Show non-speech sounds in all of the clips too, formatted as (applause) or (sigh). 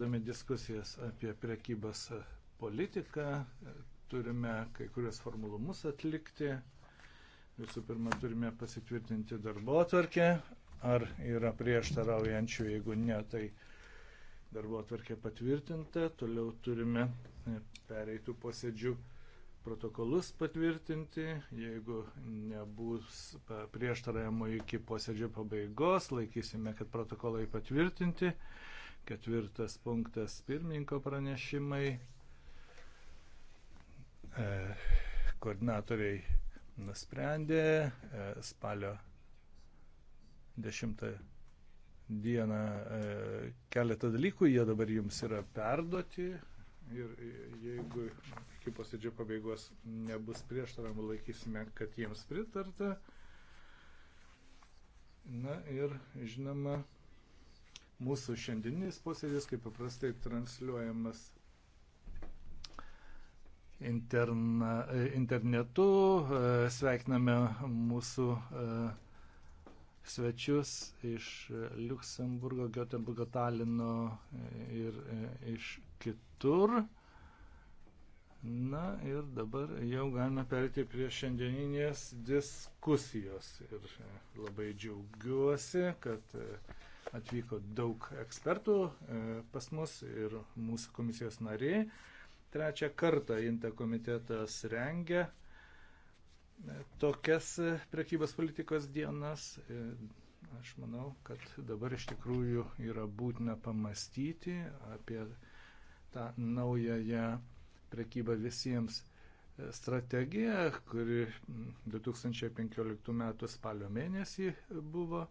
Pradame diskusijas apie prekybos politiką, turime kai kurios formulumus atlikti. Visų pirma, turime pasitvirtinti darbo atvarkę, ar yra prieštaraujančių, jeigu ne, tai darbo atvarkė patvirtinta. Toliau turime pereitų posėdžių protokolus patvirtinti. Jeigu nebus prieštaravimo iki posėdžio pabaigos, laikysime, kad protokolai patvirtinti. Ketvirtas punktas pirmininko pranešimai. E, koordinatoriai nusprendė e, spalio 10 dieną e, keletą dalykų, jie dabar jums yra perduoti ir jeigu iki posėdžio pabaigos nebus prieštaravimų, laikysime, kad jiems pritarta. Na ir žinoma, Mūsų šiandieninis posėdis, kaip paprastai, transliuojamas interna, e, internetu. E, sveikiname mūsų e, svečius iš Luksemburgo, Göteborgo, Talino ir iš kitur. Na ir dabar jau galime perėti prie šiandieninės diskusijos. Ir labai džiaugiuosi, kad atvyko daug ekspertų e, pas mus ir mūsų komisijos nariai. Trečią kartą INTA komitetas rengia e, tokias e, prekybos politikos dienas. Aš manau, kad dabar iš tikrųjų yra būtina pamastyti apie tą naująją prekybą visiems strategiją, kuri 2015 m. spalio mėnesį buvo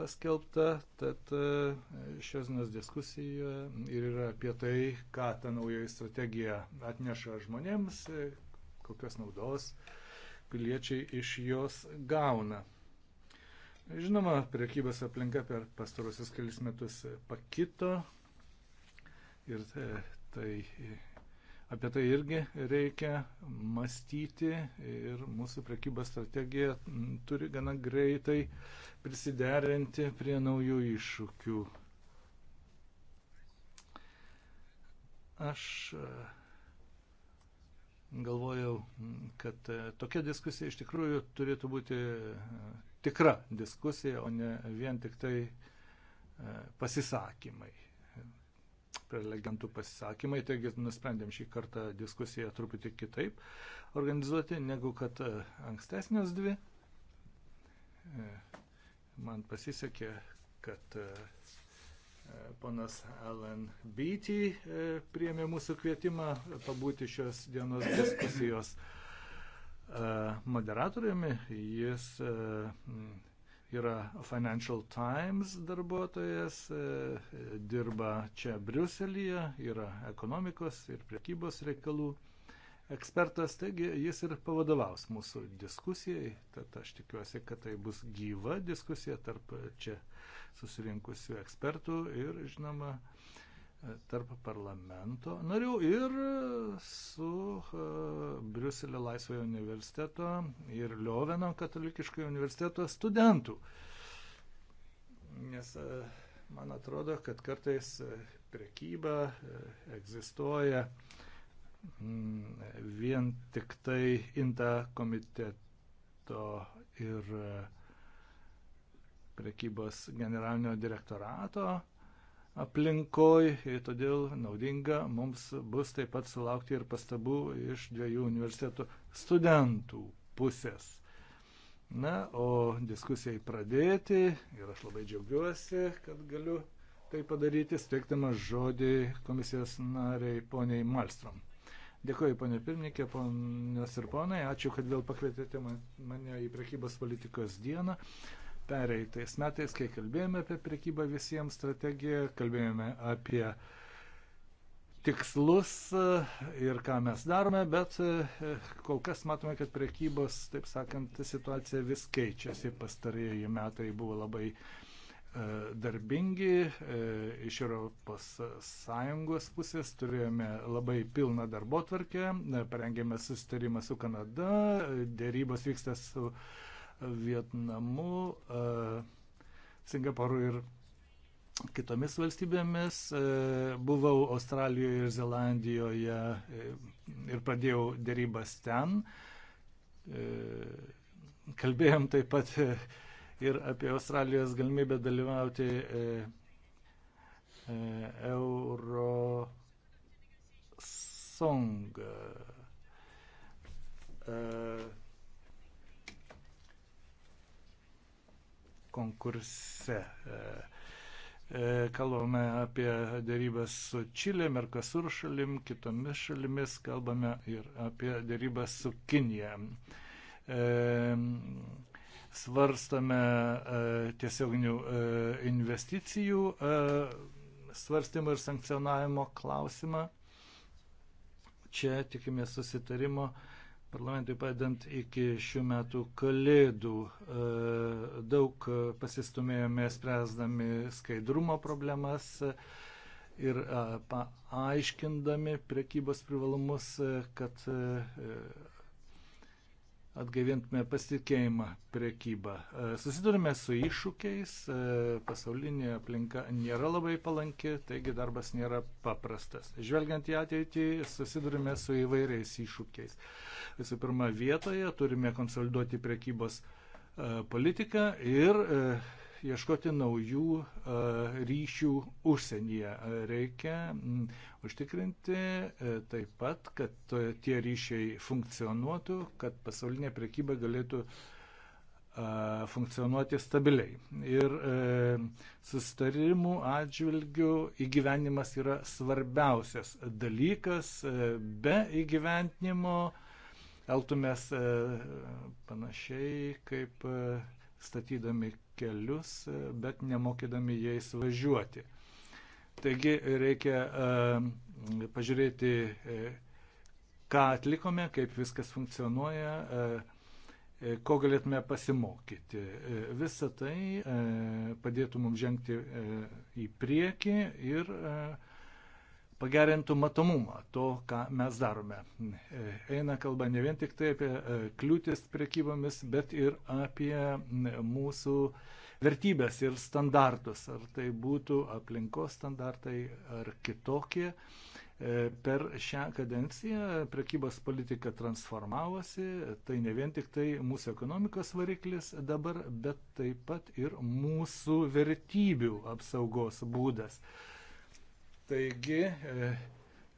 paskelbta, tad e, šios dienos diskusijoje ir yra apie tai, ką ta naujoji strategija atneša žmonėms, e, kokios naudos piliečiai iš jos gauna. Žinoma, priekybės aplinka per pastarosius kelis metus pakito ir e, tai Apie tai irgi reikia mąstyti ir mūsų prekybos strategija turi gana greitai prisiderinti prie naujų iššūkių. Aš e, galvojau, kad e, tokia diskusija iš tikrųjų turėtų būti e, tikra diskusija, o ne vien tik tai pasisakymai prelegentų pasisakymai, taigi nusprendėm šį kartą diskusiją truputį kitaip organizuoti negu kad e, ankstesnės dvi. E, man pasisekė, kad e, ponas Alan Beatty priemė mūsų kvietimą pabūti šios dienos diskusijos moderatoriumi. Jis yra Financial Times darbuotojas, e, e, dirba čia Briuselyje, yra ekonomikos ir priekybos reikalų ekspertas, taigi jis ir pavadovaus mūsų diskusijai, tad aš tikiuosi, kad tai bus gyva diskusija tarp čia susirinkusių ekspertų ir, žinoma, tarp parlamento narių ir su e, Briuselio laisvojo universiteto ir Lioveno katalikiškojo universiteto studentų. Nes e, man atrodo, kad kartais e, prekyba egzistuoja mm, vien tik tai inta komiteto ir prekybos generalinio direktorato aplinkoj, todėl naudinga mums bus taip pat sulaukti ir pastabų iš dviejų universitetų studentų pusės. Na, o diskusijai pradėti ir aš labai džiaugiuosi, kad galiu tai padaryti, steikdamas žodį komisijos nariai poniai Malstrom. Dėkuoju, ponė pirmininkė, ponios ir ponai, ačiū, kad vėl pakvietėte mane į prekybos politikos dieną pereitais metais, kai kalbėjome apie prekybą visiems strategiją, kalbėjome apie tikslus e, ir ką mes darome, bet e, kol kas matome, kad prekybos, taip sakant, situacija vis keičiasi. Pastarėjai metai buvo labai e, darbingi, iš ES pusės turėjome labai pilną darbo tvarkę, parengėme susitarimą su Kanada, dėrybos vyksta su Vietnamu, e, Singapuru ir kitomis valstybėmis. E, buvau Australijoje ir Zelandijoje e, ir pradėjau dėrybas ten. Kalbėjom taip pat ir apie Australijos galimybę dalyvauti Euro Song. Uh, konkurse. E, e, kalbame apie dėrybas su Čilė, Merkasur šalim, kitomis šalimis, kalbame ir apie dėrybas su Kinija. E, svarstame tiesioginių investicijų svarstymo ir sankcionavimo klausimą. Čia tikime susitarimo parlamentui padant iki šių metų kalėdų. E, daug pasistumėjome spręsdami skaidrumo problemas e, ir e, paaiškindami prekybos privalumus, kad atgaivintume pasitikėjimą priekybą. E, susidurime su iššūkiais, e, pasaulinė aplinka nėra labai palanki, taigi darbas nėra paprastas. Žvelgiant į ateitį, susidurime su įvairiais iššūkiais. Visų pirma, vietoje turime konsoliduoti priekybos e, politiką ir ieškoti naujų ryšių užsienyje. Reikia užtikrinti e, taip pat, kad tie ryšiai funkcionuotų, kad pasaulinė prekyba galėtų funkcionuoti stabiliai. Ir e, sustarimų atžvilgių įgyvenimas yra svarbiausias dalykas. E, be įgyventinimo elgtumės e, panašiai kaip e, statydami kelius, e, bet nemokydami jais važiuoti. Taigi reikia e, pažiūrėti, e, ką atlikome, kaip viskas funkcionuoja, ko galėtume pasimokyti. Visą tai padėtų mums žengti į priekį ir pagerintų matomumą to, ką mes darome. E, eina kalba ne vien tik tai apie e, kliūtis prekybomis, bet ir apie mūsų vertybės ir standartus, ar tai būtų aplinkos standartai ar kitokie. E, per šią kadenciją prekybos politika transformavosi, tai ne vien tik tai mūsų ekonomikos variklis dabar, bet taip pat ir mūsų vertybių apsaugos būdas. Taigi e,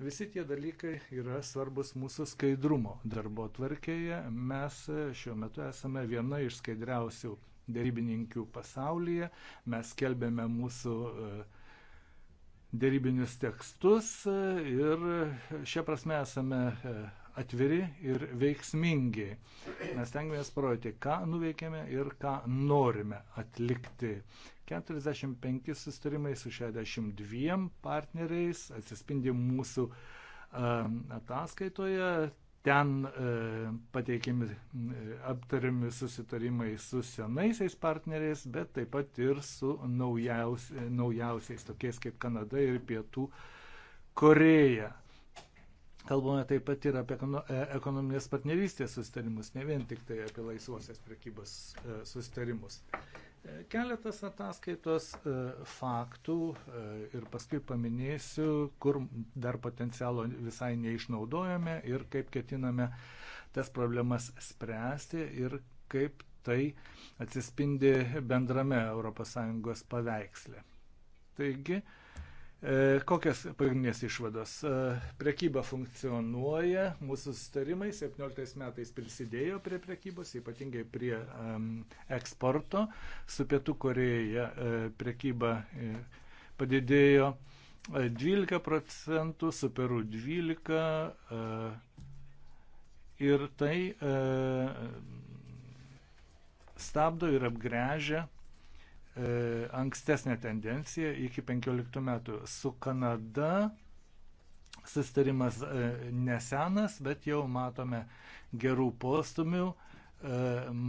visi tie dalykai yra svarbus mūsų skaidrumo darbo tvarkėje. Mes e, šiuo metu esame viena iš skaidriausių dėrybininkių pasaulyje. Mes kelbėme mūsų e, dėrybinius tekstus ir šią prasme esame atviri ir veiksmingi. Mes tengiamės parodyti, ką nuveikėme ir ką norime atlikti. 45 sustarimai su 62 partneriais atsispindi mūsų ataskaitoje. Ten e, pateikiami e, aptariami susitarimai su senaisiais partneriais, bet taip pat ir su naujaus, naujausiais, tokiais kaip Kanada ir Pietų Koreja. Kalbame taip pat ir apie e, ekonominės partnerystės sustarimus, ne vien tik tai apie laisvosios prekybos sustarimus. Keletas ataskaitos e, faktų e, ir paskui paminėsiu, kur dar potencialo visai neišnaudojame ir kaip ketiname tas problemas spręsti ir kaip tai atsispindi bendrame ES paveiksle. Taigi, E, Kokios pagrindinės išvados? E, prekyba funkcionuoja, mūsų sustarimai 17 metais prisidėjo prie prekybos, ypatingai prie eksporto. Su Pietų Koreja e, prekyba padidėjo 12 procentų, su Peru 12. Ir tai stabdo ir apgręžia E, ankstesnę tendenciją iki 15 metų. Su Kanada sustarimas e, nesenas, bet jau matome gerų postumių e,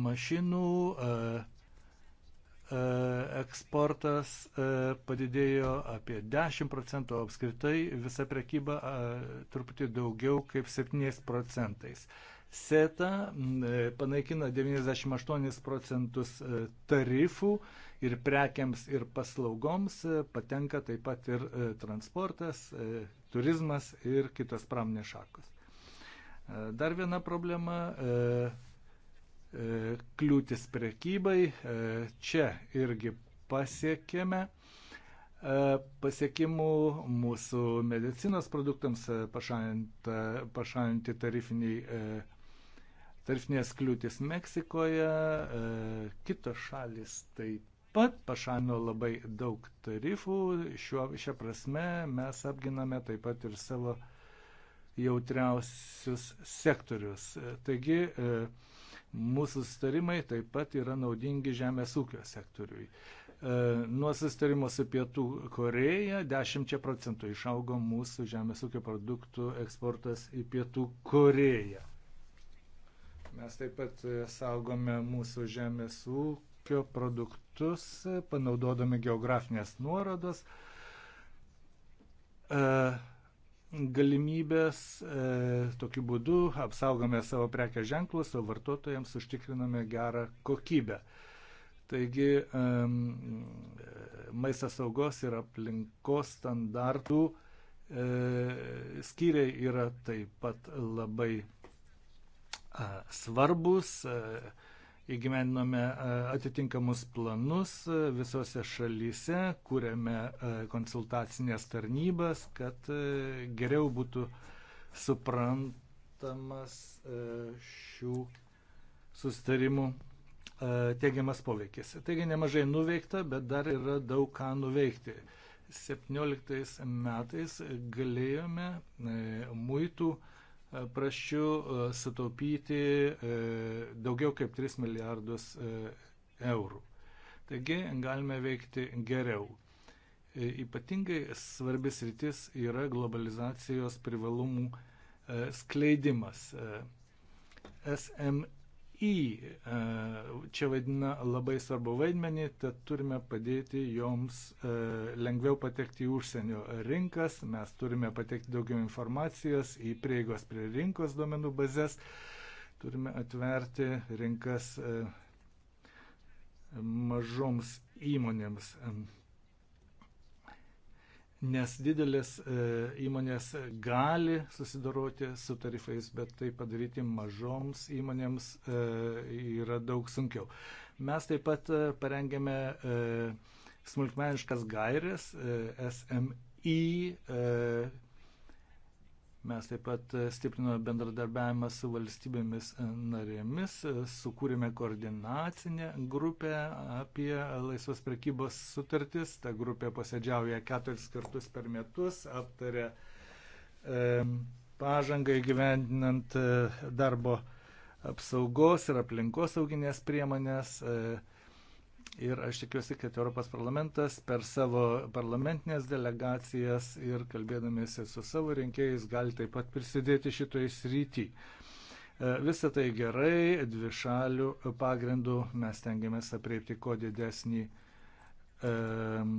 mašinų eksportas padidėjo apie 10 procentų, apskritai visa prekyba truputį daugiau kaip 7 procentais. SETA panaikina 98 procentus tarifų ir prekiams, ir paslaugoms e, patenka taip pat ir e, transportas, e, turizmas ir kitos pramonės šakos. Dar viena problema - kliūtis prekybai. Čia irgi pasiekėme pasiekimų mūsų medicinos produktams pašalinti tarifiniai tarifinės kliūtis Meksikoje, kitos šalis taip pat pašalino labai daug tarifų. Šiuo, šią prasme mes apginame taip pat ir savo jautriausius sektorius. Taigi e, mūsų sustarimai taip pat yra naudingi žemės ūkio sektoriui. E, nuo sustarimo su Pietų Koreja 10 procentų išaugo mūsų žemės ūkio produktų eksportas į Pietų Koreją. Mes taip pat e, saugome mūsų žemės ūkio ūkio produktus, panaudodami geografinės nuorodas, e, galimybės, e, tokiu būdu apsaugome savo prekės ženklus, o vartotojams užtikriname gerą kokybę. Taigi maisto saugos ir aplinkos standartų e, skyriai yra taip pat labai svarbus. A, įgyvendinome e, atitinkamus planus e, visose šalyse, kūrėme e, konsultacinės tarnybas, kad geriau būtų suprantamas šių sustarimų teigiamas poveikis. Taigi nemažai nuveikta, bet dar yra daug ką nuveikti. 17 metais galėjome muitų e, prašiu e, sutaupyti e, daugiau kaip 3 milijardus e, eurų. Taigi galime veikti geriau. Ypatingai svarbis rytis yra globalizacijos privalumų skleidimas. SMI MVI e, čia vaidina labai svarbu vaidmenį, tad turime padėti joms e, lengviau patekti į užsienio rinkas, mes turime patekti daugiau informacijos į prieigos prie rinkos duomenų bazės, turime atverti rinkas e, mažoms įmonėms nes didelės e, įmonės gali susidoroti su tarifais, bet tai padaryti mažoms įmonėms e, yra daug sunkiau. Mes taip pat e, parengėme smulkmeniškas gairės SMI Mes taip pat e, stiprinome bendradarbiavimą su valstybėmis e, narėmis, e, sukūrėme koordinacinę grupę apie laisvos prekybos sutartis. Ta grupė posėdžiauja keturis kartus per metus, aptarė e, pažangą įgyvendinant darbo apsaugos ir aplinkosauginės priemonės. E, Ir aš tikiuosi, kad Europos parlamentas per savo parlamentinės delegacijas ir kalbėdamėsi su savo rinkėjais gali taip pat prisidėti šitoj srity. E, Visą tai gerai, dvi šalių pagrindų mes tengiamės apreipti kuo didesnį um,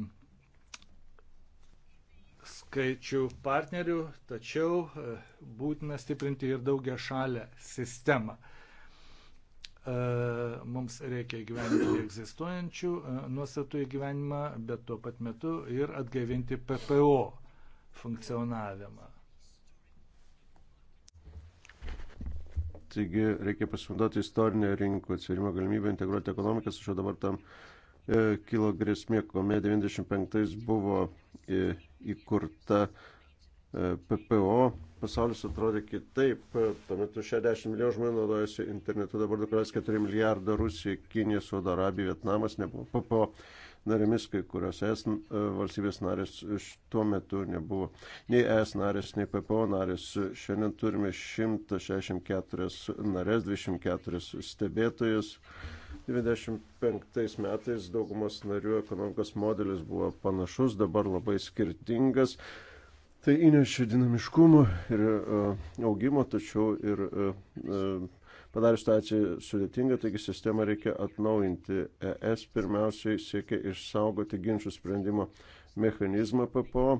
skaičių partnerių, tačiau e, būtina stiprinti ir daugia šalę sistemą. Uh, E, mums reikia gyventi egzistuojančių e, nuostatų įgyvenimą, bet tuo pat metu ir atgaivinti PPO funkcionavimą. Taigi reikia pasinaudoti istorinę rinkų atsverimo galimybę integruoti ekonomiką, su šio dabar tam e, kilo grėsmė, kuomet 95-ais buvo e, įkurta e, PPO pasaulis atrodė kitaip. Tuo metu 60 milijonų žmonių naudojasi internetu, dabar 2,4 milijardo Rusija, Kinija, Saudo Arabija, Vietnamas nebuvo PPO narėmis, kai kurios ES e, valstybės narės tuo metu nebuvo. Nei ES narės, nei PPO narės. Šiandien turime 164 narės, 24 stebėtojus. 25 metais daugumos narių ekonomikos modelis buvo panašus, dabar labai skirtingas. Tai įnešė dinamiškumo ir e, augimo, tačiau ir e, e, padarė situaciją sudėtingą, taigi sistemą reikia atnaujinti. ES pirmiausiai siekia išsaugoti ginčių sprendimo mechanizmą PPO,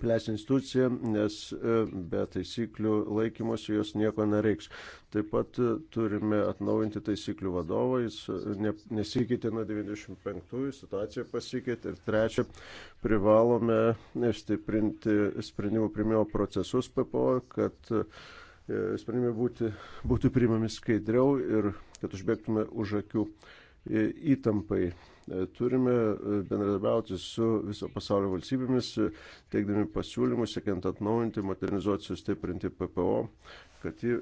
finansinė institucija, nes e, be taisyklių laikymosi jos nieko nereiks. Taip pat e, turime atnaujinti taisyklių vadovą, jis e, ne, nesikeitė nuo 95-ųjų, situacija pasikeitė. Ir trečia, privalome stiprinti sprendimų primimo procesus PPO, kad sprendimai būti, būtų priimami skaidriau ir kad užbėgtume už akių įtampai. E, turime e, bendradarbiauti su viso pasaulio valstybėmis, e, teikdami pasiūlymus, siekiant atnaujinti, modernizuoti, sustiprinti PPO, kad ji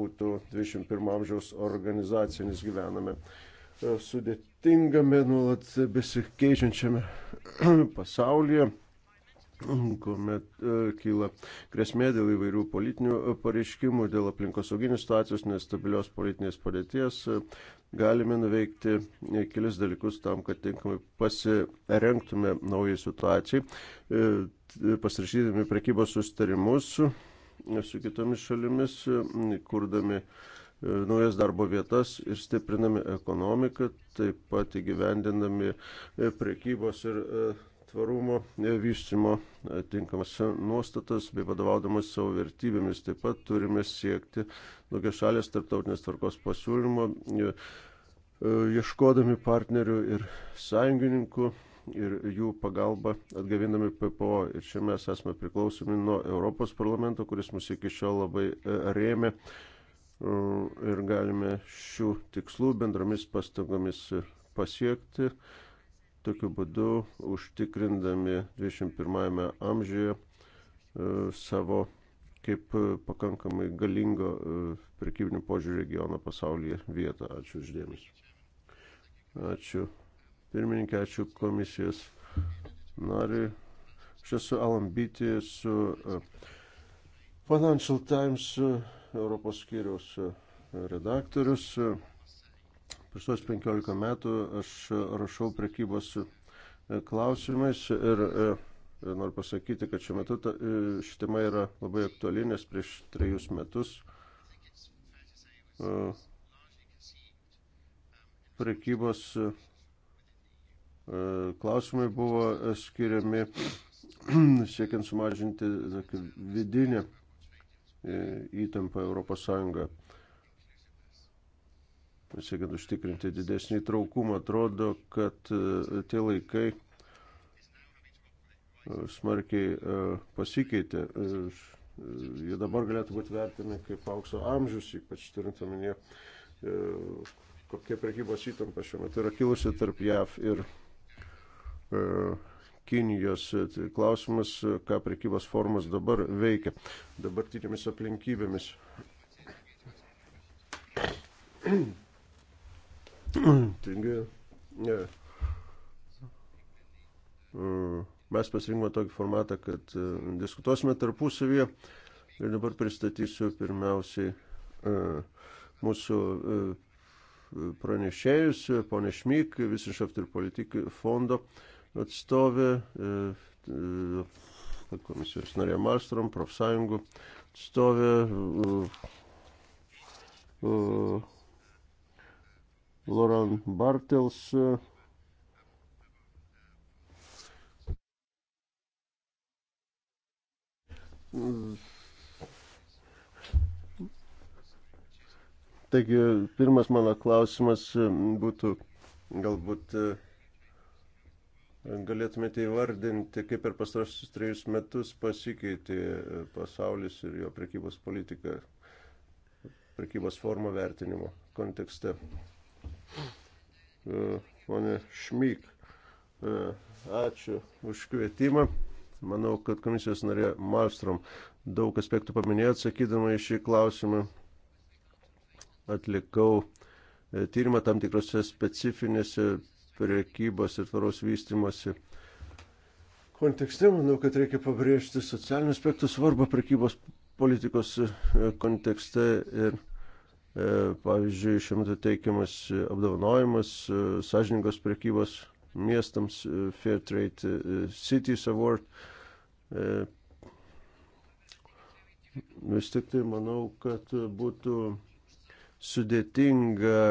būtų 21 amžiaus organizacija, nes gyvename sudėtingame, nuolat besikeičiančiame (clears throat) pasaulyje kuomet e, kyla grėsmė dėl įvairių politinių e, pareiškimų, dėl aplinkosauginių situacijos, nestabilios politinės padėties, galime nuveikti e, kelis dalykus tam, kad tinkamai pasirenktume naujai situacijai, pasirašydami prekybos sustarimus su kitomis šalimis, kurdami naujas darbo vietas ir stiprinami ekonomiką, taip pat įgyvendinami prekybos ir tvarumo e, vystimo atinkamas e, nuostatas bei vadovaudamas savo vertybėmis. Taip pat turime siekti daugia šalės tarptautinės tvarkos pasiūlymo, e, ieškodami partnerių ir sąjungininkų ir jų pagalba atgavinami PPO. Ir čia mes esame priklausomi nuo Europos parlamento, kuris mus iki šiol labai rėmė ir galime šių tikslų bendromis pastangomis pasiekti tokiu būdu užtikrindami 21 amžiuje e, savo kaip e, pakankamai galingo e, prekybinio požiūrį regiono pasaulyje vietą. Ačiū uždėmesi. Ačiū pirmininkė, ačiū komisijos nariui. Aš esu Alambyti su Financial Times Europos skyriaus redaktorius. 8-15 metų aš rašau prekybos e, klausimais e, ir noriu pasakyti, kad šiuo metu ta, e, ši tema yra labai aktuali, nes prieš trejus metus prekybos klausimai buvo skiriami (clears throat) siekiant sumažinti vidinę įtampą Europos Sąjungoje siekiant užtikrinti didesnį traukumą. Atrodo, kad e, tie laikai e, smarkiai e, pasikeitė. Jie dabar galėtų būti vertinami kaip aukso amžius, ypač turint omenyje, kokia prekybos įtampa šiuo metu yra kilusi tarp JAV ir Kinijos. Tai klausimas, ką prekybos formas dabar veikia dabartinėmis aplinkybėmis. Mm, taigi, ne. E, mes pasirinkome tokį formatą, kad e, diskutuosime tarpusavyje ir dabar pristatysiu pirmiausiai e, mūsų pranešėjus, ponė Šmyk, Visišaft ir politikų fondo atstovė, komisijos narė Marstrom, profsąjungų atstovė. Uh, uh, Loran Bartels. Taigi, pirmas mano klausimas būtų, galbūt galėtumėte įvardinti, kaip per pastarosius trejus metus pasikeitė pasaulis ir jo prekybos politika, prekybos formo vertinimo kontekste. E, ponė Šmyk. E, ačiū už kvietimą. Manau, kad komisijos narė Malstrom daug aspektų paminėjo, atsakydama į šį klausimą. Atlikau e, tyrimą tam tikrose specifinėse priekybos ir tvaraus vystimosi kontekste. Manau, kad reikia pabrėžti socialinių aspektų svarbą priekybos politikos kontekste ir E, pavyzdžiui, šiuo metu teikiamas e, apdovanojimas e, sąžiningos prekybos miestams Fair Trade Cities Award. Vis tik tai manau, kad būtų sudėtinga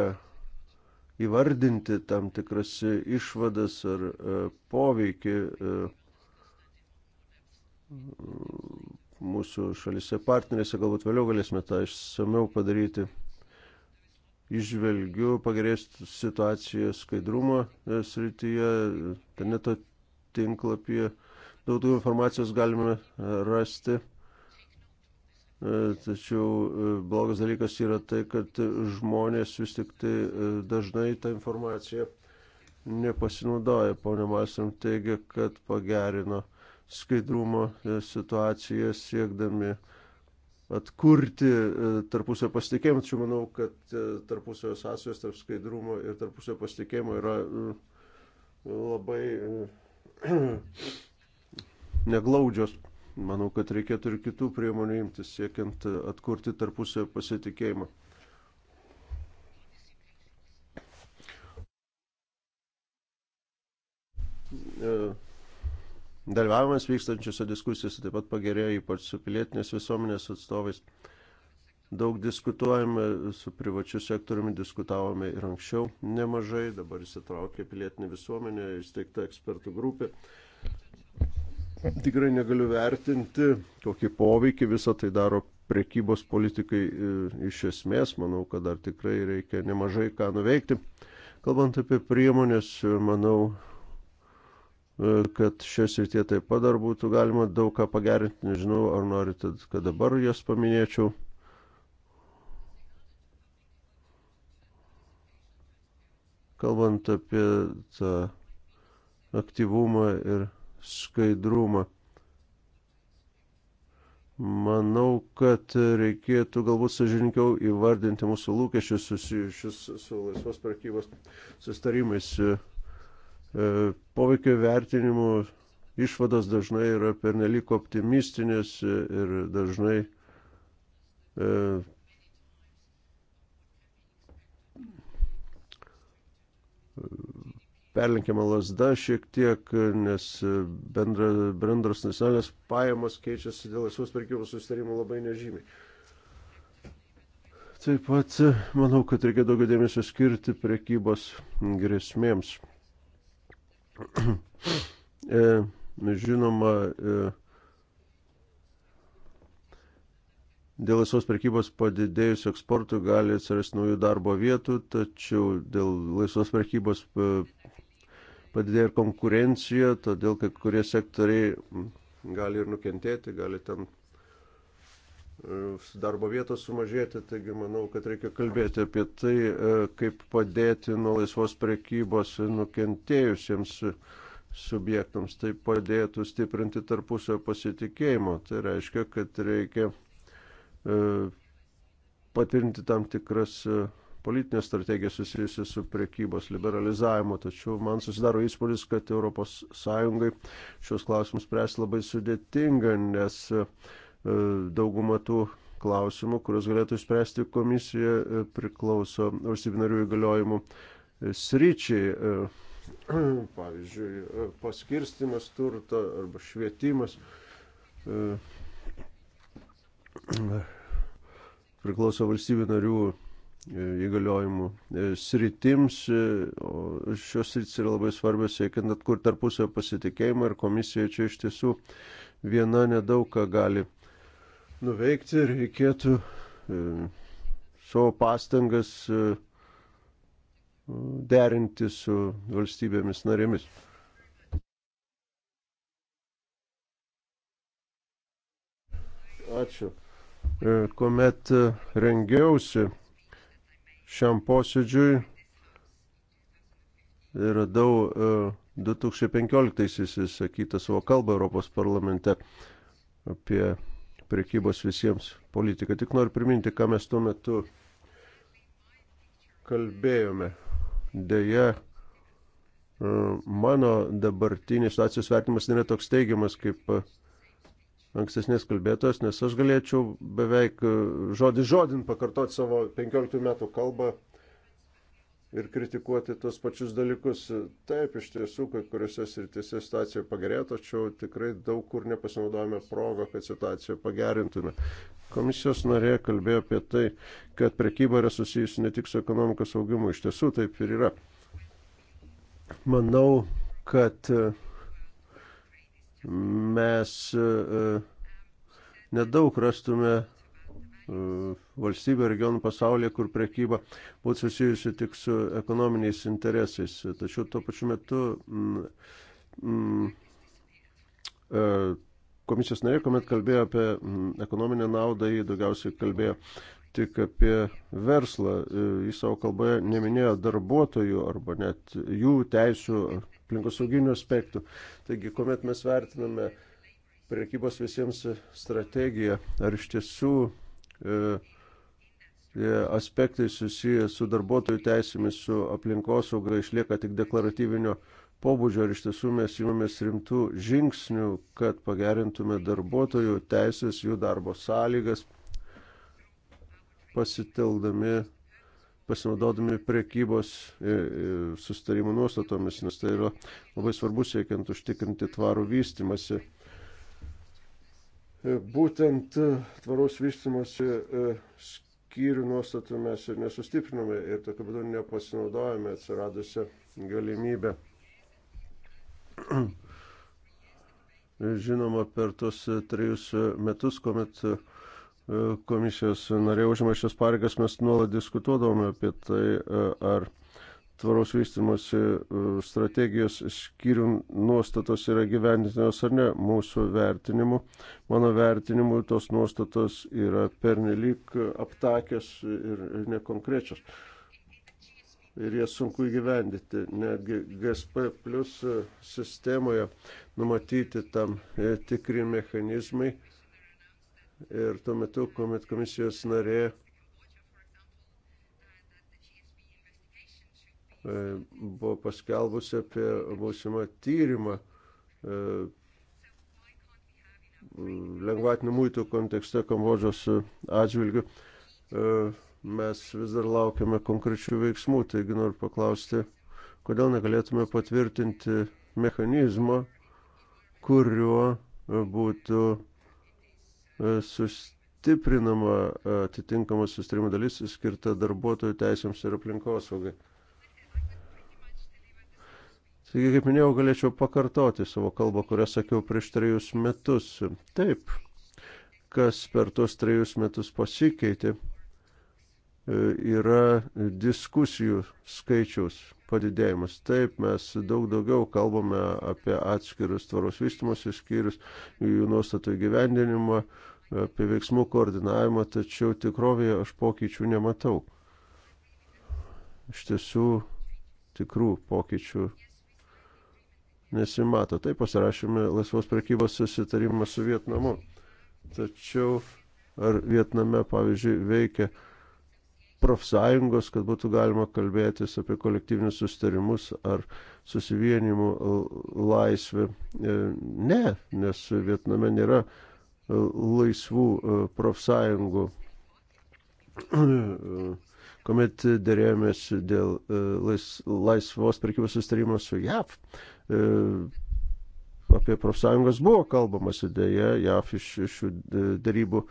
įvardinti tam tikras išvadas ar poveikį mūsų šalise partnerėse, galbūt vėliau galėsime tą išsameu padaryti išvelgiu pagerėjus situaciją skaidrumo e, srityje, interneto tinklapyje. Daugiau informacijos galime e, rasti. E, tačiau blogas dalykas yra tai, kad žmonės vis tik tai dažnai tą informaciją nepasinaudoja. Pone Masram teigia, kad pagerino skaidrumo situaciją siekdami uh, atkurti e, tarpusio pasitikėjimą. Tačiau manau, kad e, tarpusio sąsajos tarp skaidrumo ir tarpusio pasitikėjimo yra e, labai (clears throat) neglaudžios. Manau, kad reikėtų ir kitų priemonių imtis, siekiant atkurti tarpusio pasitikėjimą. Uh dalyvavimas vykstančiose diskusijose taip pat pagerėjo, ypač su pilietinės visuomenės atstovais. Daug diskutuojame, su privačiu sektoriumi diskutavome ir anksčiau nemažai, dabar įsitraukė pilietinė visuomenė, įsteigta ekspertų grupė. Tikrai negaliu vertinti, kokį poveikį visą tai daro prekybos politikai e, iš esmės. Manau, kad dar tikrai reikia nemažai ką nuveikti. Kalbant apie priemonės, manau, E, kad šios rytie taip pat dar būtų galima daug ką pagerinti. Nežinau, ar norite, kad dabar jas paminėčiau. Kalbant apie tą aktyvumą ir skaidrumą. Manau, kad reikėtų galbūt sažininkiau įvardinti mūsų lūkesčius susijusius su laisvos prekybos sustarimais. Su E, poveikio vertinimų išvados dažnai yra pernelik optimistinės e, ir dažnai e, perlenkiama lasda šiek tiek, nes bendra, bendros nacionalinės pajamos keičiasi dėl laisvos prekybos susitarimų labai nežymiai. Taip pat manau, kad reikia daugiau dėmesio skirti prekybos grėsmėms. (clears throat) E, žinoma, e, dėl laisvos prekybos padidėjusio eksportų gali atsirasti naujų darbo vietų, tačiau dėl laisvos prekybos e, padidėjo ir konkurencija, todėl kai kurie sektoriai gali ir nukentėti, gali ten E, darbo vietos sumažėti, taigi manau, kad reikia kalbėti apie tai, e, kaip padėti nuo laisvos prekybos nukentėjusiems subjektams. Tai padėtų stiprinti tarpusio pasitikėjimo. Tai reiškia, kad reikia e, patvirtinti tam tikras politinės strategijas susijusias su prekybos liberalizavimu. Tačiau man susidaro įspūdis, kad ES šios klausimus spręs labai sudėtinga, nes E, dauguma tų klausimų, kuriuos galėtų spręsti komisija, e, priklauso valstybinarių įgaliojimų e, sryčiai. (clears throat) Pavyzdžiui, paskirstimas turto arba švietimas priklauso valstybių narių įgaliojimų sritims, o šios sritis yra labai svarbios siekiant atkurti tarpusio pasitikėjimą ir komisija čia iš tiesų viena nedaug ką gali nuveikti, reikėtų e, savo pastangas e, derinti su valstybėmis narėmis. Ačiū. E, Komet rengiausi šiam posėdžiui, radau 2015-aisiais įsakytą savo kalbą Europos parlamente apie priekybos visiems politiką. Tik noriu priminti, ką mes tuo metu kalbėjome. Deja, e, mano dabartinis situacijos vertimas nėra toks teigiamas kaip e, ankstesnės kalbėtos, nes aš galėčiau beveik e, žodį žodin pakartoti savo 15 metų kalbą ir kritikuoti tos pačius dalykus. Taip, iš tiesų, kai kuriuose srityse situacija pagerėjo, tačiau tikrai daug kur nepasinaudojame progą, kad situaciją pagerintume. Komisijos narė kalbėjo apie tai, kad prekyba yra susijusi ne tik su ekonomikos augimu, iš tiesų taip ir yra. Manau, kad e, mes e, nedaug rastume E, valstybių regionų pasaulyje, kur prekyba būtų susijusi tik su ekonominiais interesais. Tačiau tuo pačiu metu mm, mm, komisijos narė, kuomet kalbėjo apie ekonominę naudą, jį daugiausiai kalbėjo tik apie verslą. E, jis savo kalboje neminėjo darbuotojų arba net jų teisų aplinkosauginių aspektų. Taigi, kuomet mes vertiname priekybos visiems strategiją, ar iš tiesų E, aspektai susiję su darbuotojų teisėmis, su aplinkosauga išlieka tik deklaratyvinio pobūdžio ir iš tiesų mes imamės rimtų žingsnių, kad pagerintume darbuotojų teisės, jų darbo sąlygas, pasitelkdami, pasinaudodami priekybos e, e, sustarimų nuostatomis, nes tai yra labai svarbu siekiant užtikrinti tvarų vystimasi. E, būtent e, tvaraus vystimosi e, skyrių nuostatų mes ir nesustiprinome ir tokiu būdu nepasinaudojame atsiradusią galimybę. (clears throat) Žinoma, per tuos trejus metus, kuomet komisijos nariai užima šias pareigas, mes nuolat diskutuodavome apie tai, ar tvaraus vystimosi e, strategijos skyrių nuostatos yra gyvendintinos ar ne. Mūsų vertinimu, mano vertinimu, tos nuostatos yra pernelyg aptakios ir nekonkrečios. Ir jas sunku įgyvendyti. Netgi GSP plus sistemoje numatyti tam e, tikri mechanizmai. Ir tuo metu, kuomet komisijos narė E, buvo paskelbusi apie būsimą tyrimą e, lengvatinių mūtų kontekste Kambodžos atžvilgių. E, mes vis dar laukiame konkrečių veiksmų, taigi noriu paklausti, kodėl negalėtume patvirtinti mechanizmo, kuriuo būtų sustiprinama atitinkama sustrimo dalis skirta darbuotojų teisėms ir aplinkosaugai. Taigi, kaip minėjau, galėčiau pakartoti savo kalbą, kurią sakiau prieš trejus metus. Taip, kas per tuos trejus metus pasikeitė, e, yra diskusijų skaičiaus padidėjimas. Taip, mes daug daugiau kalbame apie atskirius tvaros vystimosi skyrius, jų nuostatų įgyvendinimą, apie veiksmų koordinavimą, tačiau tikrovėje aš pokyčių nematau. Iš tiesų, tikrų pokyčių nesimato. Taip pasirašėme laisvos prekybos susitarimą su Vietnamu. Tačiau ar Vietname, pavyzdžiui, veikia profsąjungos, kad būtų galima kalbėtis apie kolektyvinius sustarimus ar susivienimų laisvę. E, ne, nes Vietname nėra e, laisvų e, profsąjungų (clears throat) kuomet dėrėjomės dėl e, laisvos prekybos sustarimo su JAV. E, apie profsąjungas buvo kalbamasi, dėja, JAV iš šių e, darybų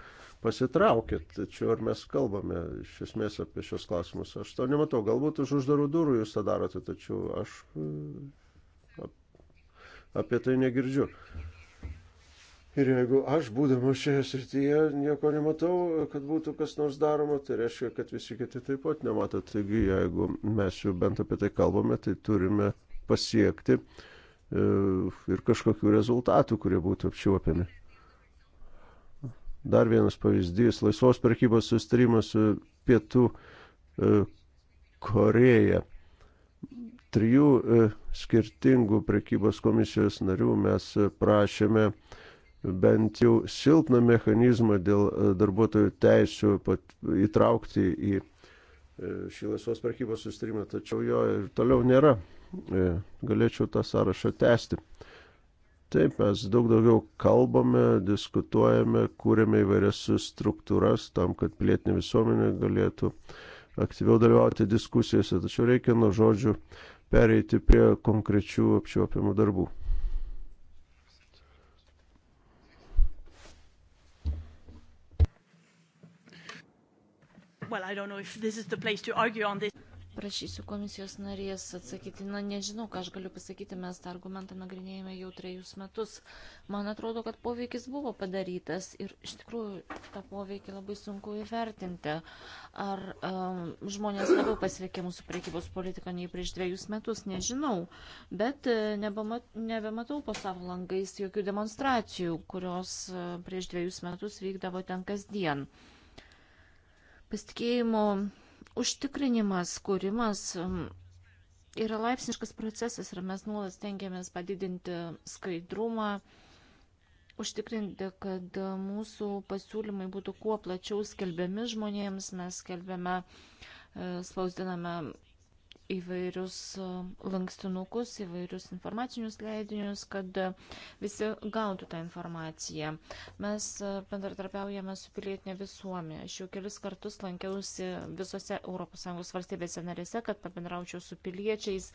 pasitraukė. Tačiau ar mes kalbame iš esmės apie šios klausimus? Aš to nematau. Galbūt už uždarų durų jūs tą darote, tačiau aš apie tai negirdžiu. Ir jeigu aš, būdamas šioje srityje, nieko nematau, kad būtų kas nors daroma, tai reiškia, kad visi kiti taip pat nemato. Taigi, jeigu mes jau bent apie tai kalbame, tai turime pasiekti e, ir kažkokių rezultatų, kurie būtų apčiuopiami. Dar vienas pavyzdys - laisvos prekybos sustarimas su Pietų e, Koreja. Trijų e, skirtingų prekybos komisijos narių mes prašėme, bent jau silpną mechanizmą dėl e, darbuotojų teisų įtraukti į e, šį laisvos prekybos sustarimą, tačiau jo ir toliau nėra. E, galėčiau tą sąrašą tęsti. Taip, mes daug daugiau kalbame, diskutuojame, kūrėme įvairias struktūras tam, kad pilietinė visuomenė galėtų aktyviau dalyvauti diskusijose, tačiau reikia nuo žodžių pereiti prie konkrečių apčiuopiamų darbų. Well, I don't know if this is the place to argue on this. Prašysiu komisijos narės atsakyti, na nežinau, ką aš galiu pasakyti, mes tą argumentą nagrinėjame jau trejus metus. Man atrodo, kad poveikis buvo padarytas ir iš tikrųjų tą poveikį labai sunku įvertinti. Ar um, žmonės labiau pasiekė mūsų priekybos politiką nei prieš dviejus metus, nežinau. Bet e, nebemat, nebematau po savo langais jokių demonstracijų, kurios e, prieš dviejus metus vykdavo ten kasdien. Uh, Pasitikėjimo užtikrinimas, kūrimas um, yra laipsniškas procesas ir mes nuolat stengiamės padidinti skaidrumą, užtikrinti, kad mūsų pasiūlymai būtų kuo plačiau skelbiami žmonėms. Mes skelbiame, e, spausdiname įvairius lankstinukus, įvairius informacinius leidinius, kad visi gautų tą informaciją. Mes bendradarbiaujame su pilietinė visuomenė. Aš jau kelis kartus lankiausi visose ES valstybėse narėse, kad pabendraučiau su piliečiais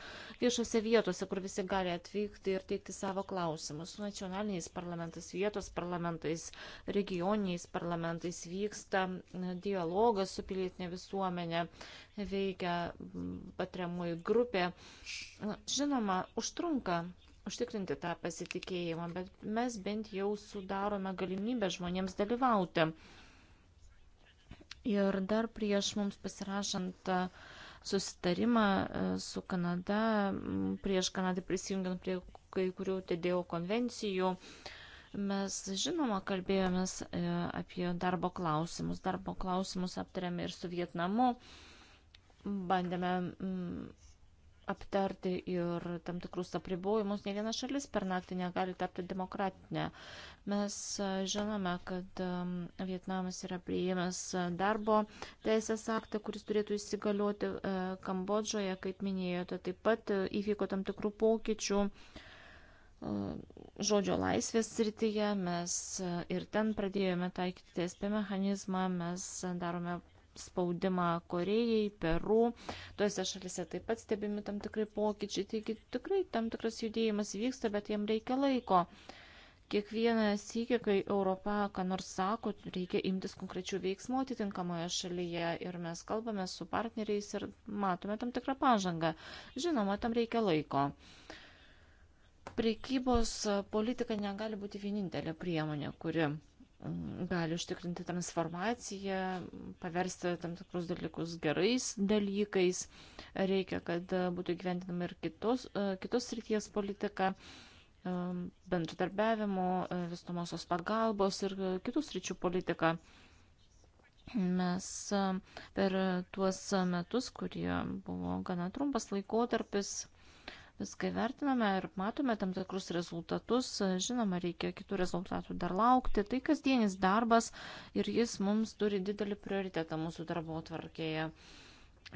viešose vietose, kur visi gali atvykti ir teikti savo klausimus. Su nacionaliniais parlamentais, vietos parlamentais, regioniniais parlamentais vyksta dialogas su pilietinė visuomenė veikia patiriamoji grupė. Žinoma, užtrunka užtikrinti tą pasitikėjimą, bet mes bent jau sudarome galimybę žmonėms dalyvauti. Ir dar prieš mums pasirašant susitarimą su Kanada, prieš Kanadą prisijungiant prie kai kurių TDO konvencijų, mes žinoma kalbėjomės e, apie darbo klausimus. Darbo klausimus aptarėme ir su Vietnamu bandėme mm, aptarti ir tam tikrus apribojimus. Ne viena šalis per naktį negali tapti demokratinė. Mes e, žinome, kad Vietnamas yra priėmęs darbo teisės aktą, kuris turėtų įsigalioti e, Kambodžoje, kaip minėjote. Taip pat e, įvyko tam tikrų pokyčių žodžio laisvės srityje, mes ir ten pradėjome taikyti TSP mechanizmą, mes darome spaudimą Korejai, Peru. Tuose šalise taip pat stebimi tam tikrai pokyčiai. Taigi tikrai tam tikras judėjimas vyksta, bet jam reikia laiko. Kiekvieną sykį, kai Europa, ką nors sako, reikia imtis konkrečių veiksmų atitinkamoje šalyje ir mes kalbame su partneriais ir matome tam tikrą pažangą. Žinoma, tam reikia laiko. Prekybos politika negali būti vienintelė priemonė, kuri gali užtikrinti transformaciją, paversti tam tikrus dalykus gerais dalykais. Reikia, kad būtų gyventinama ir kitos, kitos ryties politika um, bendradarbiavimo, visumosios pagalbos ir kitus ryčių politiką. Mes um, per tuos metus, kurie buvo gana trumpas laikotarpis, viską vertiname ir matome tam tikrus rezultatus. Žinoma, reikia kitų rezultatų dar laukti. Tai kasdienis darbas ir jis mums turi didelį prioritetą mūsų darbo atvarkėje.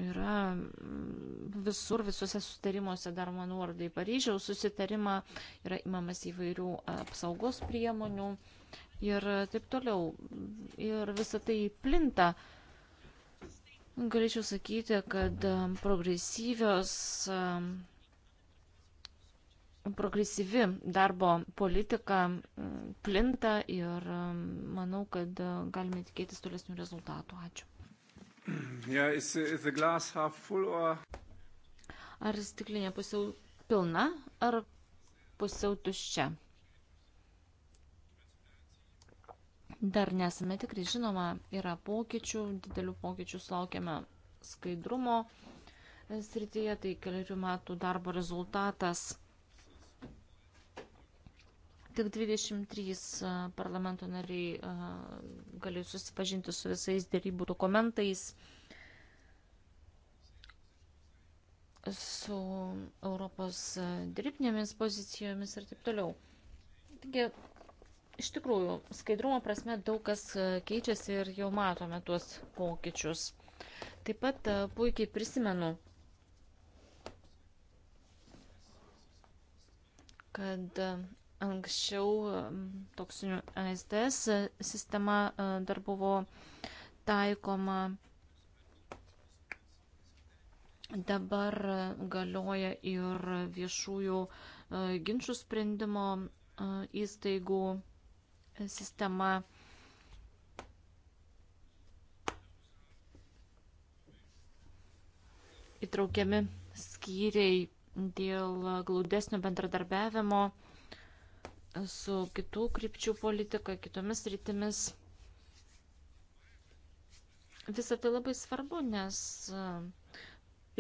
Yra mm, visur, visuose sustarimuose dar manuordai Paryžiaus susitarimą, yra imamas įvairių apsaugos priemonių ir taip toliau. Ir visa tai plinta. Galėčiau sakyti, kad progresyvios progresyvi darbo politika mm, plinta ir mm, manau, kad mm, galime tikėtis tolesnių rezultatų. Ačiū. Yeah, is, is or... Ar stiklinė pusiau pilna ar pusiau tuščia? Dar nesame tikri, žinoma, yra pokyčių, didelių pokyčių laukiame skaidrumo srityje, tai keliarių metų darbo rezultatas Tik 23 parlamento nariai gali susipažinti su visais dėrybų dokumentais, su Europos dirbtinėmis pozicijomis ir taip toliau. Taigi, iš tikrųjų, skaidrumo prasme daug kas keičiasi ir jau matome tuos pokyčius. Taip pat puikiai prisimenu, kad Anksčiau toksinių ASDS sistema e, dar buvo taikoma. Dabar galioja ir viešųjų e, ginčių sprendimo e, įstaigų sistema. Įtraukiami skyriai dėl glaudesnio bendradarbiavimo su kitų krypčių politika, kitomis rytimis. Visą tai labai svarbu, nes e,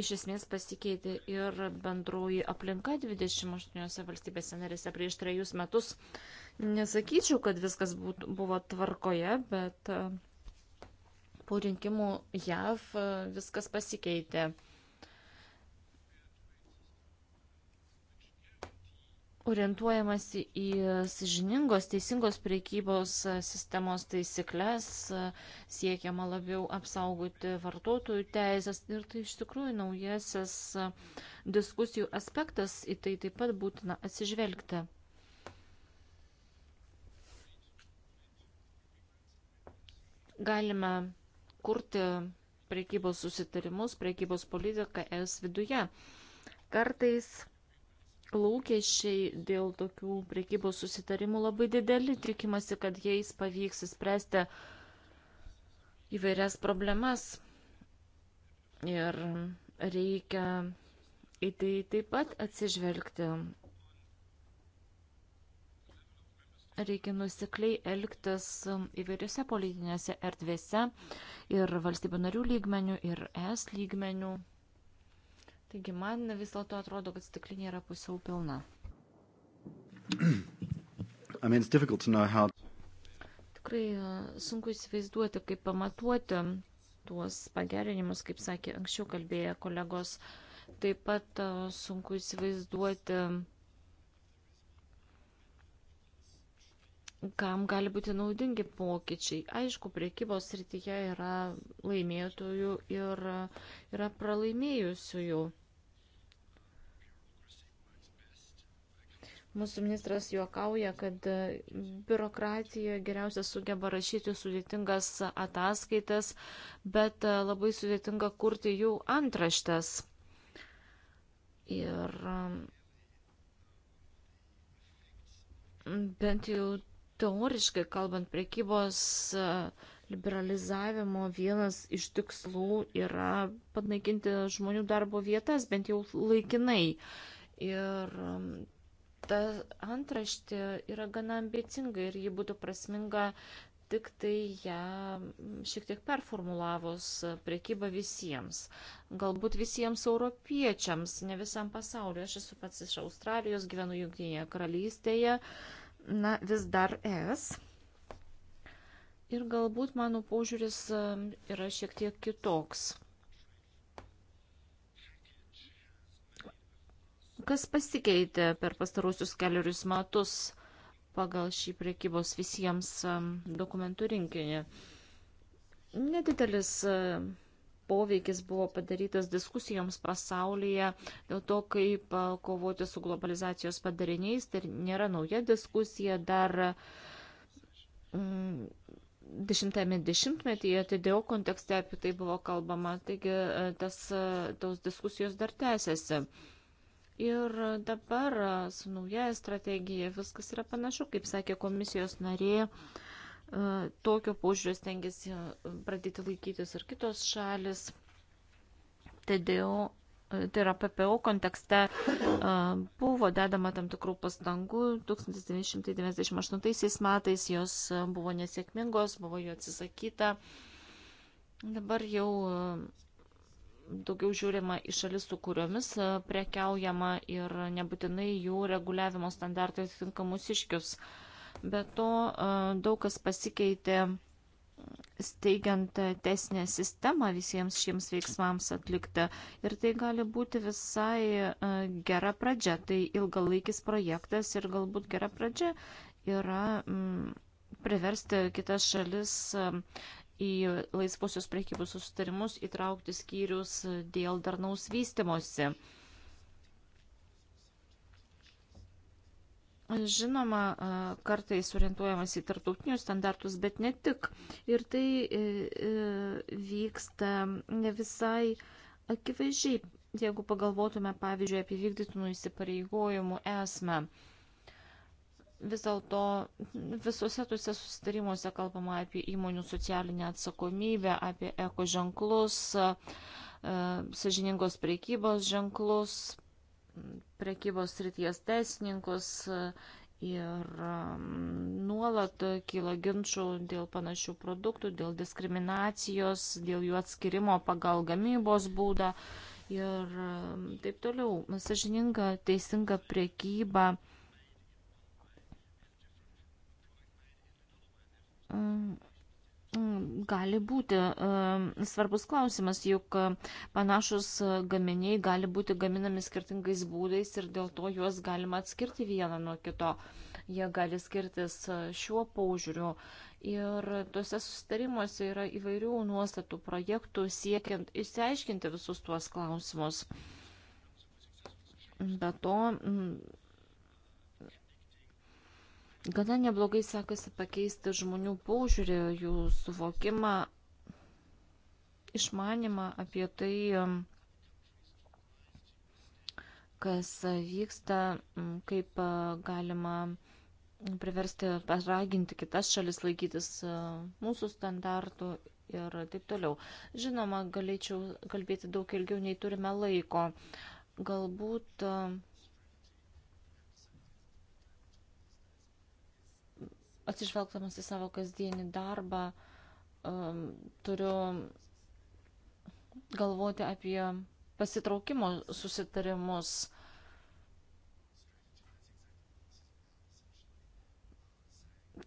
iš esmės pasikeitė ir bendroji aplinka 28 valstybėse narėse prieš trejus metus. Nesakyčiau, kad viskas būt, buvo tvarkoje, bet e, po rinkimų JAV e, viskas pasikeitė. orientuojamasi į sažiningos, teisingos priekybos sistemos taisyklės, siekiama labiau apsaugoti vartotojų teisės ir tai iš tikrųjų naujasis diskusijų aspektas, į tai taip pat būtina atsižvelgti. Galime kurti priekybos susitarimus, priekybos politiką es viduje. Kartais lūkesčiai dėl tokių priekybos susitarimų labai dideli. Tikimasi, kad jais pavyks įspręsti įvairias problemas. Ir reikia į tai taip pat atsižvelgti. Reikia nusikliai elgtis įvairiose politinėse erdvėse ir valstybių narių lygmenių, ir es lygmenių. Taigi man vis dėlto atrodo, kad stiklinė yra pusiau pilna. (clears throat) I mean, how... Tikrai uh, sunku įsivaizduoti, kaip pamatuoti tuos pagerinimus, kaip sakė anksčiau kalbėję kolegos. Taip pat uh, sunku įsivaizduoti, kam gali būti naudingi pokyčiai. Aišku, priekybos rytyje yra laimėtojų ir uh, yra pralaimėjusiųjų. Mūsų ministras juokauja, kad e, biurokratija geriausia sugeba rašyti sudėtingas ataskaitas, bet e, labai sudėtinga kurti jų antraštes. Ir e, bent jau teoriškai kalbant, prekybos liberalizavimo vienas iš tikslų yra panaikinti žmonių darbo vietas, bent jau laikinai. Ir ta antraštė yra gana ambicinga ir ji būtų prasminga tik tai ją šiek tiek performulavus priekyba visiems. Galbūt visiems europiečiams, ne visam pasauliu. Aš esu pats iš Australijos, gyvenu Junktinėje karalystėje, na vis dar es. Ir galbūt mano požiūris um, yra šiek tiek kitoks. Kas pasikeitė per pastarusius keliarius metus pagal šį priekybos visiems dokumentų rinkinį? Nedidelis e, poveikis buvo padarytas diskusijoms pasaulyje dėl to, kaip e, kovoti su globalizacijos padariniais. Tai nėra nauja diskusija, dar mm, dešimtame dešimtmetyje, tai dėl kontekste apie tai buvo kalbama, taigi e, tas, tos diskusijos dar tęsiasi. Ir dabar su nauja strategija viskas yra panašu, kaip sakė komisijos narė, e, tokio požiūrio stengiasi e, pradėti laikytis ir kitos šalis. TDO, e, tai yra PPO kontekste, buvo dedama tam tikrų pastangų. 1998 metais jos buvo nesėkmingos, buvo jų atsisakyta. Dabar jau daugiau žiūrima į šalis, su kuriomis e, prekiaujama ir nebūtinai jų reguliavimo standartai atitinka mūsiškius. Be to e, daug kas pasikeitė steigiant teisinę sistemą visiems šiems veiksmams atlikti. Ir tai gali būti visai e, gera pradžia. Tai ilgalaikis projektas ir galbūt gera pradžia yra priversti kitas šalis į laisvosios priekybos susitarimus įtraukti skyrius dėl darnaus vystimosi. Žinoma, kartais orientuojamas į tarptautinius standartus, bet ne tik. Ir tai e, e, vyksta ne visai akivaizdžiai, jeigu pagalvotume, pavyzdžiui, apie vykdytinų įsipareigojimų esmę vis dėlto visose tuose susitarimuose kalbama apie įmonių socialinę atsakomybę, apie eko ženklus, e, sažiningos priekybos ženklus, priekybos ryties teisininkus e, ir e, nuolat kyla ginčių dėl panašių produktų, dėl diskriminacijos, dėl jų atskirimo pagal gamybos būdą ir taip toliau. Sažininga, teisinga priekyba Gali būti e, svarbus klausimas, juk e, panašus e, gaminiai gali būti gaminami skirtingais būdais ir dėl to juos galima atskirti vieną nuo kito. Jie gali skirtis šiuo paužiūriu. Ir tuose sustarimuose yra įvairių nuostatų projektų siekiant išsiaiškinti visus tuos klausimus. Be to, Gana neblogai sekasi pakeisti žmonių paužiūrį, jų suvokimą, išmanimą apie tai, um, kas vyksta, um, kaip uh, galima priversti, paraginti kitas šalis laikytis uh, mūsų standartų ir taip toliau. Žinoma, galėčiau kalbėti daug ilgiau, nei turime laiko. Galbūt um, atsižvelgdamas į savo kasdienį darbą, um, turiu galvoti apie pasitraukimo susitarimus.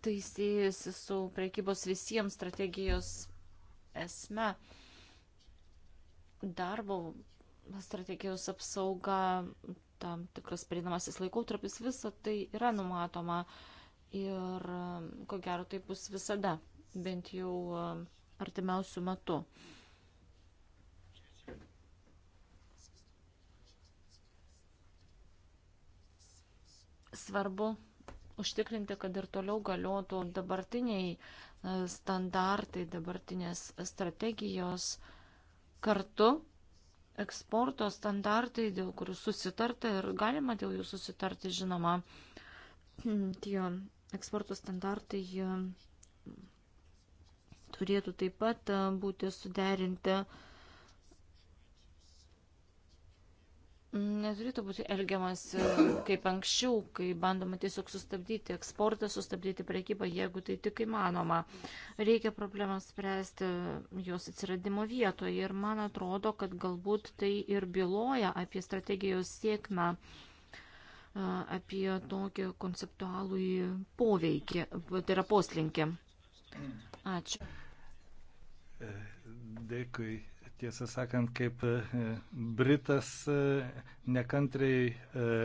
Tai siejasi su priekybos visiems strategijos esme. Darbo strategijos apsauga, tam tikras prieinamasis laikotarpis, visa tai yra numatoma uh, ir ko gero taip bus visada, bent jau artimiausių metų. Svarbu užtikrinti, kad ir toliau galiotų dabartiniai e, standartai, dabartinės strategijos kartu eksporto standartai, dėl kurių susitarta ir galima dėl jų susitarti, žinoma, (clears throat) tie eksporto standartai turėtų taip pat e, būti suderinti. Neturėtų būti elgiamas kaip anksčiau, kai bandoma tiesiog sustabdyti eksportą, sustabdyti prekybą, jeigu tai tik įmanoma. Reikia problemas spręsti jos atsiradimo vietoje ir man atrodo, kad galbūt tai ir byloja apie strategijos sėkmę apie tokį konceptualų poveikį, tai yra poslinkį. Ačiū. E, dėkui. Tiesą sakant, kaip e, Britas e, nekantriai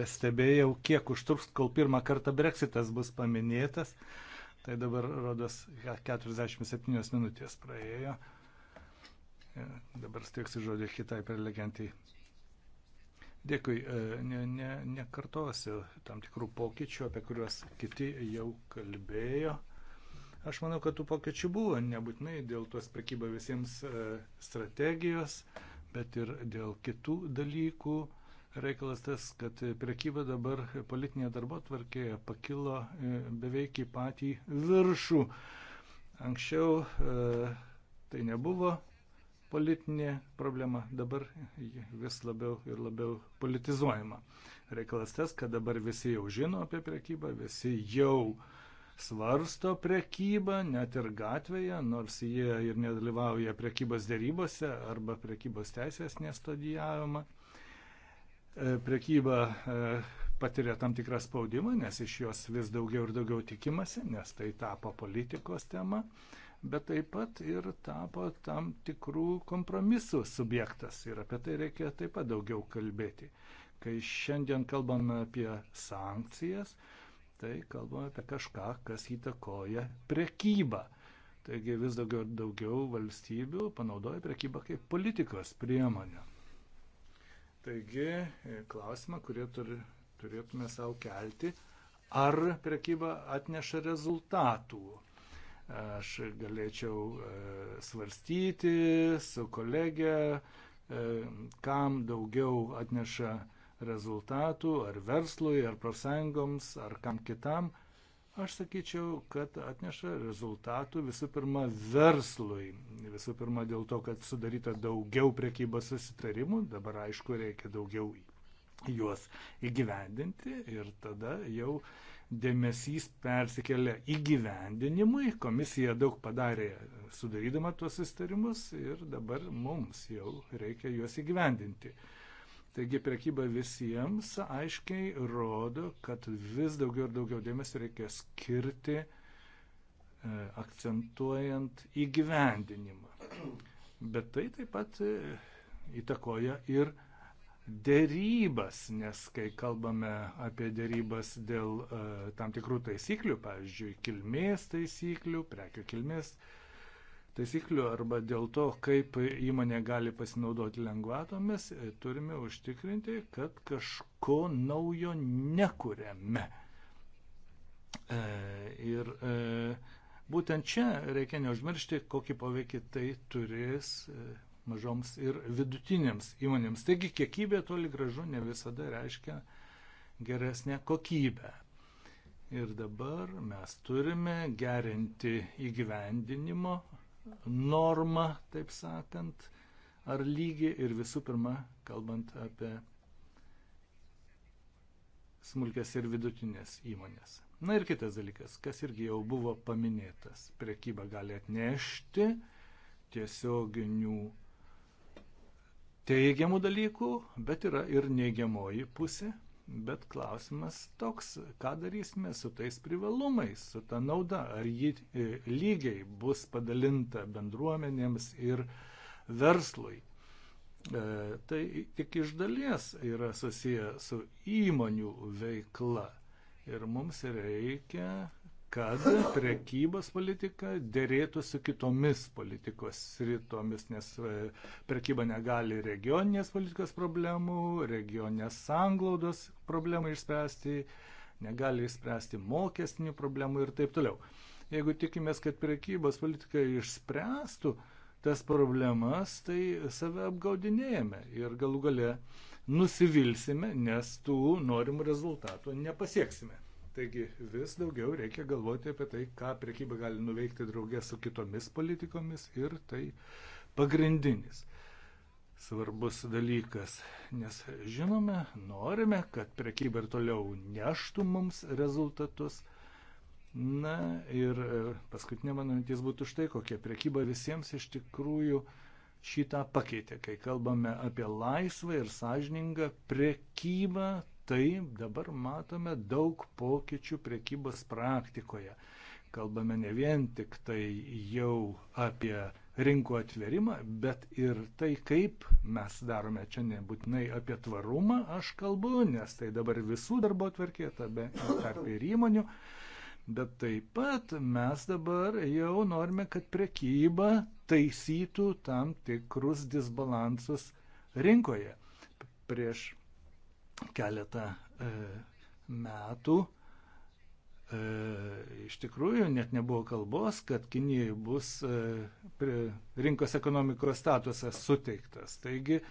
stebėjau, kiek užtruks, kol pirmą kartą Brexitas bus paminėtas. Tai dabar, rodas, 47 minutės praėjo. Dabar steiksiu žodį kitai prelegentiai. Dėkui, e, ne, ne, nekartosiu tam tikrų pokyčių, apie kuriuos kiti jau kalbėjo. Aš manau, kad tų pokyčių buvo, nebūtinai dėl tos prekyba visiems e, strategijos, bet ir dėl kitų dalykų. Reikalas tas, kad prekyba dabar politinėje darbo tvarkėje pakilo e, beveik į patį viršų. Anksčiau tai nebuvo politinė problema, dabar vis labiau ir labiau politizuojama. Reikalas tas, kad dabar visi jau žino apie prekybą, visi jau svarsto prekybą, net ir gatvėje, nors jie ir nedalyvauja prekybos dėrybose arba prekybos teisės nestudijavimą. E, prekyba e, patiria tam tikrą spaudimą, nes iš jos vis daugiau ir daugiau tikimasi, nes tai tapo politikos tema bet taip pat ir tapo tam tikrų kompromisų subjektas ir apie tai reikia taip pat daugiau kalbėti. Kai šiandien kalbame apie sankcijas, tai kalbame apie kažką, kas įtakoja prekybą. Taigi vis daugiau ir daugiau valstybių panaudoja prekybą kaip politikos priemonę. Taigi e, klausimą, kurį turi, turėtume savo kelti, ar prekyba atneša rezultatų, Aš galėčiau e, svarstyti su kolegė, e, kam daugiau atneša rezultatų, ar verslui, ar profsąjungoms, ar kam kitam. Aš sakyčiau, kad atneša rezultatų visų pirma verslui. Visų pirma dėl to, kad sudaryta daugiau priekybos susitarimų, dabar aišku reikia daugiau juos įgyvendinti ir tada jau uh, dėmesys persikelia įgyvendinimui. Komisija daug padarė sudarydama tuos sustarimus ir dabar mums jau reikia juos įgyvendinti. Taigi prekyba visiems aiškiai rodo, kad vis daugiau ir daugiau dėmesio reikia skirti e, akcentuojant įgyvendinimą. Bet tai taip pat e, įtakoja ir dėrybas, nes kai kalbame apie dėrybas dėl e, tam tikrų taisyklių, pavyzdžiui, kilmės taisyklių, prekių kilmės taisyklių arba dėl to, kaip įmonė gali pasinaudoti lengvatomis, e, turime užtikrinti, kad kažko naujo nekuriame. E, ir e, būtent čia reikia neužmiršti, kokį poveikį tai turės e, mažoms ir vidutinėms įmonėms. Taigi kiekybė toli gražu ne visada reiškia geresnę kokybę. Ir dabar mes turime gerinti įgyvendinimo normą, taip sakant, ar lygį ir visų pirma, kalbant apie smulkės ir vidutinės įmonės. Na ir kitas dalykas, kas irgi jau buvo paminėtas, priekyba gali atnešti tiesioginių teigiamų dalykų, bet yra ir neigiamoji pusė. Bet klausimas toks, ką darysime su tais privalumais, su ta nauda, ar ji e, lygiai bus padalinta bendruomenėms ir verslui. E, tai tik iš dalies yra susiję su įmonių veikla ir mums reikia kad prekybos politika dėrėtų su kitomis politikos sritomis, nes e, prekyba negali regioninės politikos problemų, regioninės sanglaudos problemų išspręsti, negali išspręsti mokestinių problemų ir taip toliau. Jeigu tikimės, kad prekybos politika išspręstų tas problemas, tai save apgaudinėjame ir galų gale nusivilsime, nes tų norimų rezultatų nepasieksime. Taigi vis daugiau reikia galvoti apie tai, ką priekyba gali nuveikti draugė su kitomis politikomis ir tai pagrindinis svarbus dalykas. Nes žinome, norime, kad priekyba ir toliau neštų mums rezultatus. Na ir paskutinė mano mintis būtų štai kokia. Priekyba visiems iš tikrųjų šitą pakeitė. Kai kalbame apie laisvą ir sąžiningą priekybą, tai dabar matome daug pokyčių prekybos praktikoje. Kalbame ne vien tik tai jau apie rinkų atverimą, bet ir tai, kaip mes darome. Čia nebūtinai apie tvarumą aš kalbu, nes tai dabar visų darbo atverkė, tarp ir įmonių. Bet taip pat mes dabar jau norime, kad prekyba taisytų tam tikrus disbalansus rinkoje. Prieš keletą e, metų e, iš tikrųjų net nebuvo kalbos, kad Kinijai bus e, rinkos ekonomikos statusas suteiktas. Taigi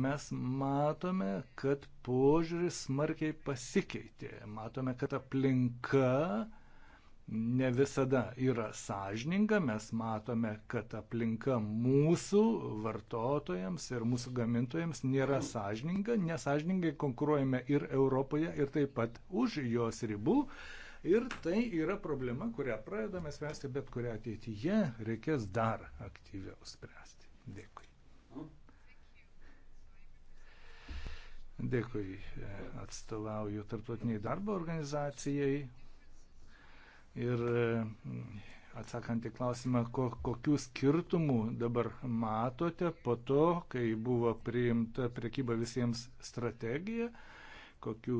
mes matome, kad požiūris smarkiai pasikeitė. Matome, kad aplinka ne visada yra sąžininga, mes matome, kad aplinka mūsų vartotojams ir mūsų gamintojams nėra sąžininga, nesažiningai konkuruojame ir Europoje, ir taip pat už jos ribų. Ir tai yra problema, kurią pradedame spręsti, bet kurią ateityje reikės dar aktyviau spręsti. Dėkui. Dėkui, e, atstovauju Tarptautiniai darbo organizacijai Ir e, atsakant į klausimą, ko, kokių skirtumų dabar matote po to, kai buvo priimta priekyba visiems strategija, kokių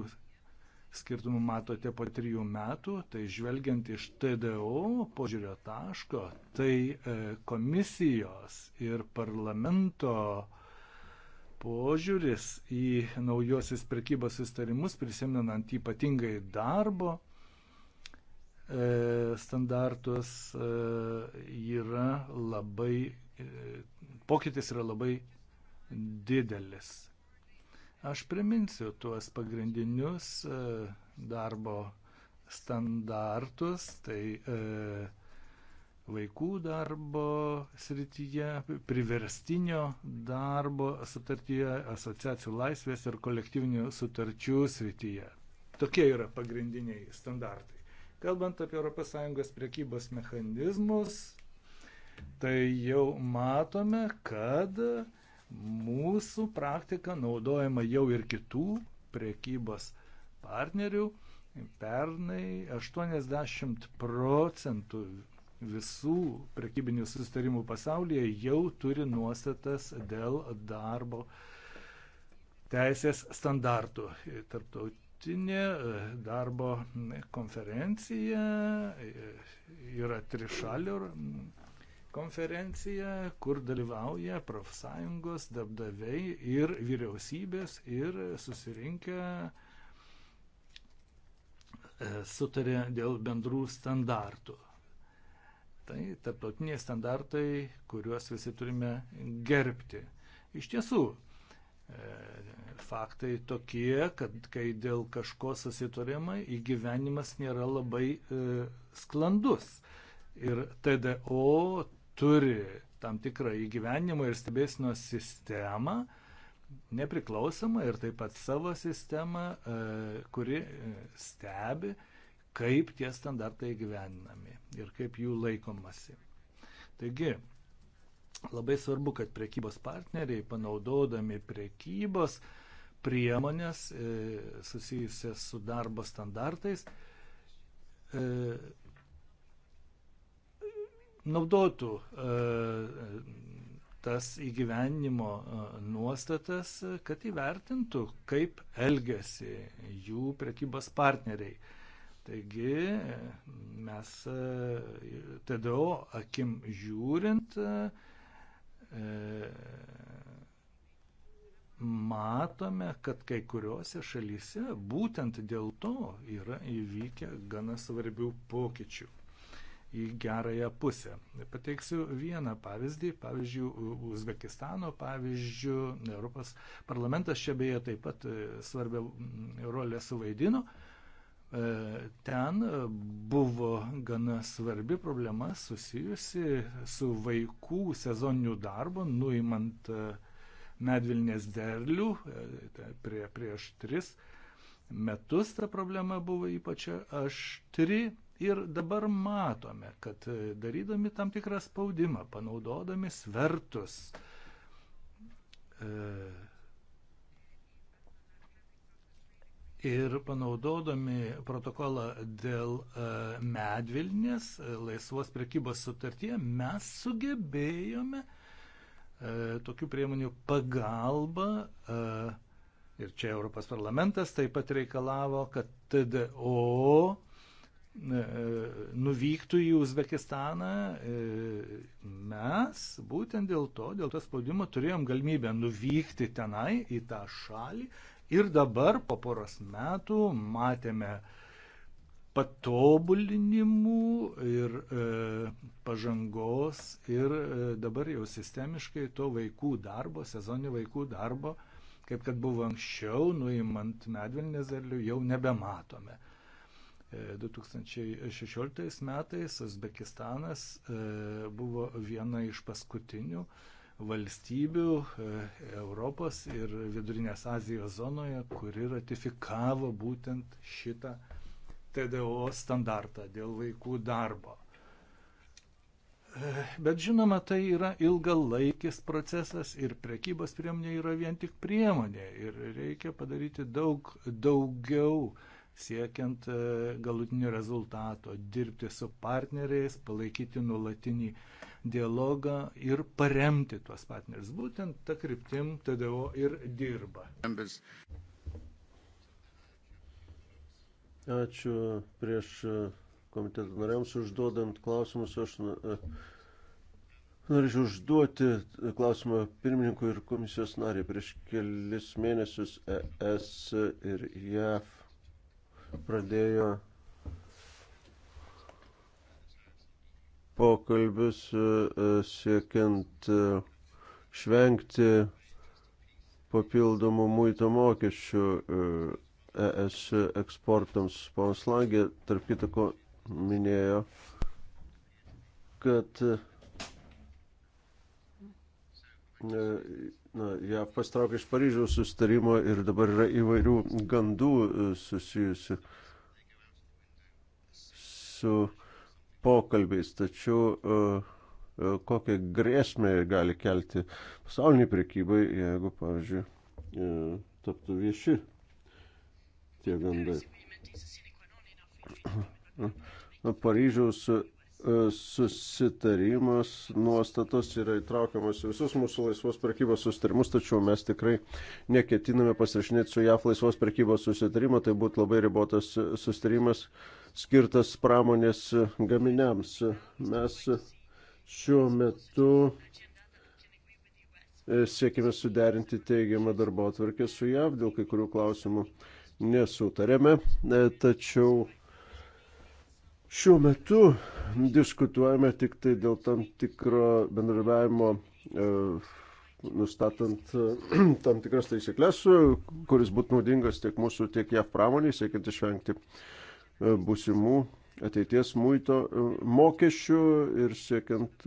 skirtumų matote po trijų metų, tai žvelgiant iš TDO požiūrio taško, tai e, komisijos ir parlamento požiūris į naujosius prekybos sustarimus, prisimenant ypatingai darbo E, standartus e, yra labai, e, pokytis yra labai didelis. Aš priminsiu tuos pagrindinius darbo standartus, tai e, vaikų darbo srityje, priverstinio darbo sutartyje, asociacijų laisvės ir kolektyvinių sutarčių srityje. Tokie yra pagrindiniai standartai. Kalbant apie ES priekybos mechanizmus, tai jau matome, kad mūsų praktika naudojama jau ir kitų priekybos partnerių. Pernai 80 procentų visų prekybinių sustarimų pasaulyje jau turi nuostatas dėl darbo teisės standartų. Tarptaut, tarptautinė e, darbo konferencija, e, yra trišalių konferencija, kur dalyvauja profsąjungos, darbdaviai ir vyriausybės ir susirinkę e, sutarė dėl bendrų standartų. Tai tarptautiniai standartai, kuriuos visi turime gerbti. Iš tiesų, faktai tokie, kad kai dėl kažko susitarima, įgyvenimas nėra labai e, sklandus. Ir TDO turi tam tikrą įgyvenimo ir stebėsino sistemą, nepriklausomą ir taip pat savo sistemą, e, kuri e, stebi, kaip tie standartai gyvenami ir kaip jų laikomasi. Taigi, labai svarbu, kad prekybos partneriai, panaudodami prekybos, e, priemonės e, susijusias su darbo standartais e, naudotų e, tas įgyvenimo nuostatas, kad įvertintų, kaip elgesi jų prekybos partneriai. Taigi mes TDO akim žiūrint matome, kad kai kuriuose šalyse būtent dėl to yra įvykę gana svarbių pokyčių į gerąją pusę. Pateiksiu vieną pavyzdį, pavyzdžių Uzbekistano pavyzdžių, Europos parlamentas čia beje taip pat e, svarbią mm, rolę suvaidino. E, ten buvo gana svarbi problema susijusi su vaikų sezoniniu darbu, nuimant uh, medvilnės derlių e, prie, prieš tris metus ta problema buvo ypač aštri ir dabar matome, kad e, darydami tam tikrą spaudimą, panaudodami svertus, e, Ir panaudodami protokolą dėl medvilnės laisvos prekybos sutartyje mes sugebėjome uh, E, tokių priemonių pagalba e, ir čia Europos parlamentas taip pat reikalavo, kad TDO e, nuvyktų į Uzbekistaną. Mes būtent dėl to, dėl to spaudimo turėjom galimybę nuvykti tenai į tą šalį ir dabar po poros metų matėme uh, patobulinimų ir e, pažangos ir e, dabar jau sistemiškai to vaikų darbo, sezoninio vaikų darbo, kaip kad buvo anksčiau, nuimant medvilnės derlių, jau nebematome. E, 2016 metais Uzbekistanas e, buvo viena iš paskutinių valstybių e, Europos ir Vidurinės Azijos zonoje, kuri ratifikavo būtent šitą TDO standartą dėl vaikų darbo. Eh, bet žinoma, tai yra ilgalaikis procesas ir prekybos priemonė yra vien tik priemonė ir reikia padaryti daug daugiau siekiant eh, galutinio rezultato, dirbti su partneriais, palaikyti nulatinį dialogą ir paremti tuos partnerius. Būtent ta kryptim TDO ir dirba. Ačiū prieš e, komiteto nariams užduodant klausimus. Aš e, norėčiau užduoti klausimą pirmininkui ir komisijos nariai. Prieš kelis mėnesius ES ir JAF pradėjo pokalbius e, siekiant švengti papildomų muito mokesčių ES eksportams. Ponas Langė, tarp kitako, minėjo, kad e, na, JAV pastraukė iš Paryžiaus sustarimo ir dabar yra įvairių gandų e, susijusių su pokalbiais. Tačiau e, kokią grėsmę gali kelti pasauliniai prekybai, jeigu, pavyzdžiui, taptų vieši tie gandai. Paryžiaus e, susitarimas, nuostatos yra įtraukiamas į visus mūsų laisvos prekybos susitarimus, tačiau mes tikrai neketiname pasirašinėti su JAF laisvos prekybos susitarimą, tai būtų labai ribotas e, susitarimas skirtas pramonės e, gaminiams. Mes šiuo metu siekime suderinti teigiamą darbo atvarkę su JAV dėl kai kurių klausimų nesutarėme, e, tačiau šiuo metu diskutuojame tik tai dėl tam tikro bendradarbiavimo, e, nustatant e, (clears throat) tam tikras taisyklės, kuris būtų naudingas tiek mūsų, tiek JAV pramoniai, siekiant išvengti būsimų ateities muito mokesčių ir siekiant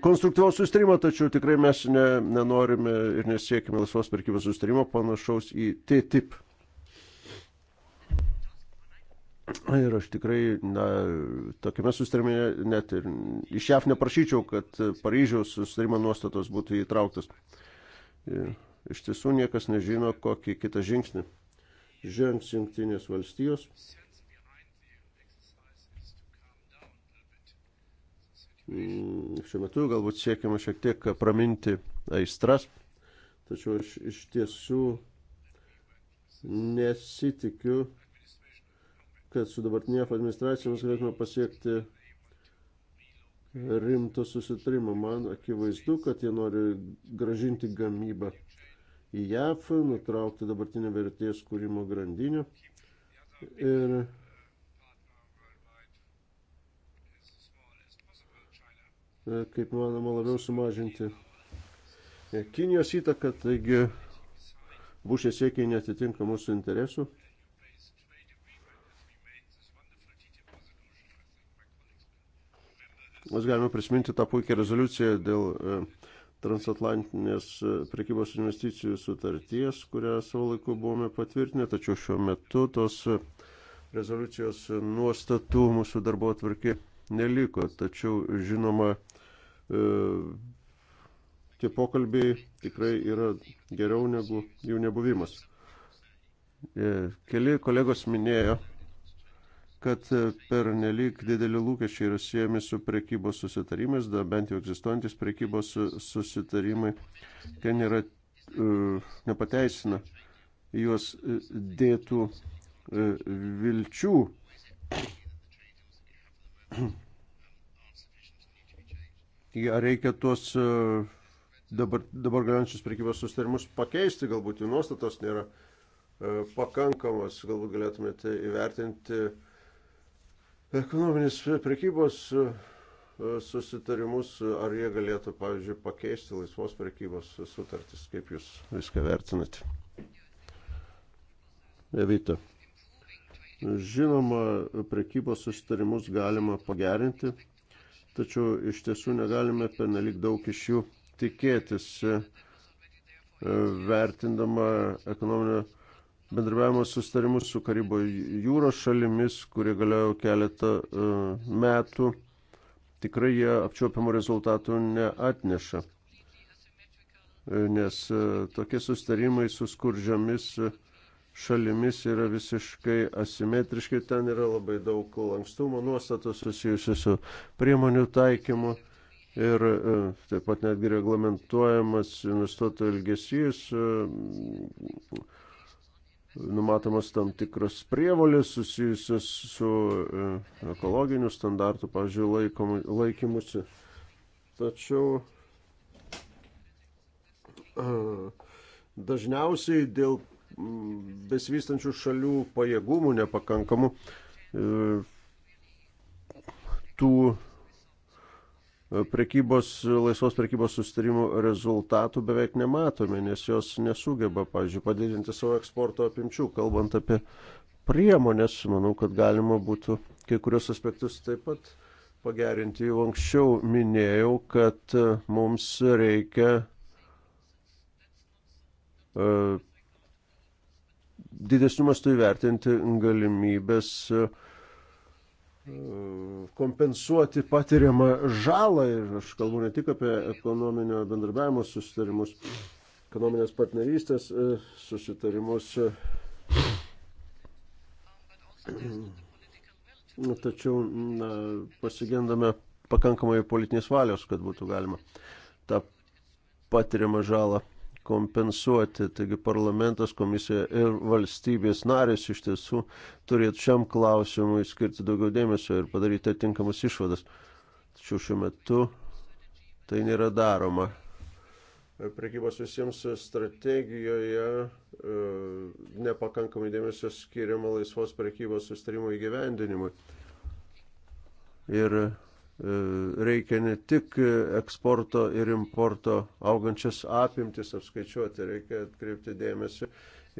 konstruktyvaus sustarimo, tačiau tikrai mes ne, nenorime ir nesiekime laisvos prekybos sustarimo panašaus į TTIP. Ir aš tikrai, na, tokiame sustarime net ir iš JAF neprašyčiau, kad Paryžiaus sustarimo nuostatos būtų įtrauktas. Ir iš tiesų niekas nežino, kokį kitą žingsnį žengs Junktinės valstijos. Mm, šiuo metu galbūt siekiama šiek tiek praminti aistras, tačiau aš iš tiesų nesitikiu, kad su dabartinė administracija mes galėtume pasiekti rimto susitarimo. Man akivaizdu, kad jie nori gražinti gamybą į JAF, nutraukti dabartinę vertės kūrimo grandinę ir E, kaip manoma, labiau sumažinti e, Kinijos įtaką, taigi bušė siekiai netitinka mūsų interesų. Mes galime prisiminti tą puikią rezoliuciją dėl e, transatlantinės prekybos investicijų sutarties, kurią savo laiku buvome patvirtinę, tačiau šiuo metu tos rezoliucijos nuostatų mūsų darbo atvarkė neliko. Tačiau, žinoma, E, tie pokalbiai tikrai yra geriau negu jų nebuvimas. E, keli kolegos minėjo, kad per nelik dideli lūkesčiai yra siejami su prekybos susitarimais, da bent jau egzistuojantis prekybos susitarimai, ten yra e, nepateisina juos dėtų vilčių ja, reikia tuos e, dabar, dabar galiančius prekybos sustarimus pakeisti, galbūt jų nuostatos nėra e, pakankamos, galbūt galėtumėte įvertinti ekonominis prekybos e, susitarimus, ar jie galėtų, pavyzdžiui, pakeisti laisvos prekybos sutartis, kaip jūs viską vertinate. Evita. Žinoma, prekybos susitarimus galima pagerinti, tačiau iš tiesų negalime pernelik daug iš jų tikėtis, e, vertindama ekonominio bendrabiavimo sustarimus su Karibo jūros šalimis, kurie galėjo keletą e, metų, tikrai jie apčiopiamų rezultatų neatneša, e, nes tokie sustarimai su skurdžiomis šalimis yra visiškai asimetriški, ten yra labai daug lankstumo nuostatų susijusių su priemonių taikymu ir e, taip pat netgi reglamentuojamas investuotojų elgesys, e, numatomas tam tikras prievolės susijusios su e, ekologiniu standartu, pavyzdžiui, laikymusi. Tačiau dažniausiai dėl besivystančių šalių pajėgumų nepakankamų e, tų e, prekybos, laisvos prekybos sustarimų rezultatų beveik nematome, nes jos nesugeba, pavyzdžiui, padidinti savo eksporto apimčių. Kalbant apie priemonės, manau, kad galima būtų kai kurios aspektus taip pat pagerinti. Jau anksčiau minėjau, kad mums reikia e, didesnių mastų įvertinti galimybės e, kompensuoti patiriamą žalą ir aš kalbu ne tik apie ekonominio bendradarbiavimo susitarimus, ekonominės partnerystės e, susitarimus, tačiau na, pasigendame pakankamai politinės valios, kad būtų galima tą patiriamą žalą kompensuoti. Taigi parlamentas, komisija ir valstybės narės iš tiesų turėtų šiam klausimui skirti daugiau dėmesio ir padaryti atinkamas išvadas. Tačiau šiuo metu tai nėra daroma. Prekybos visiems strategijoje e, nepakankamai dėmesio skiriama laisvos prekybos sustarimo įgyvendinimui. Ir E, reikia ne tik eksporto ir importo augančias apimtis apskaičiuoti, reikia atkreipti dėmesį,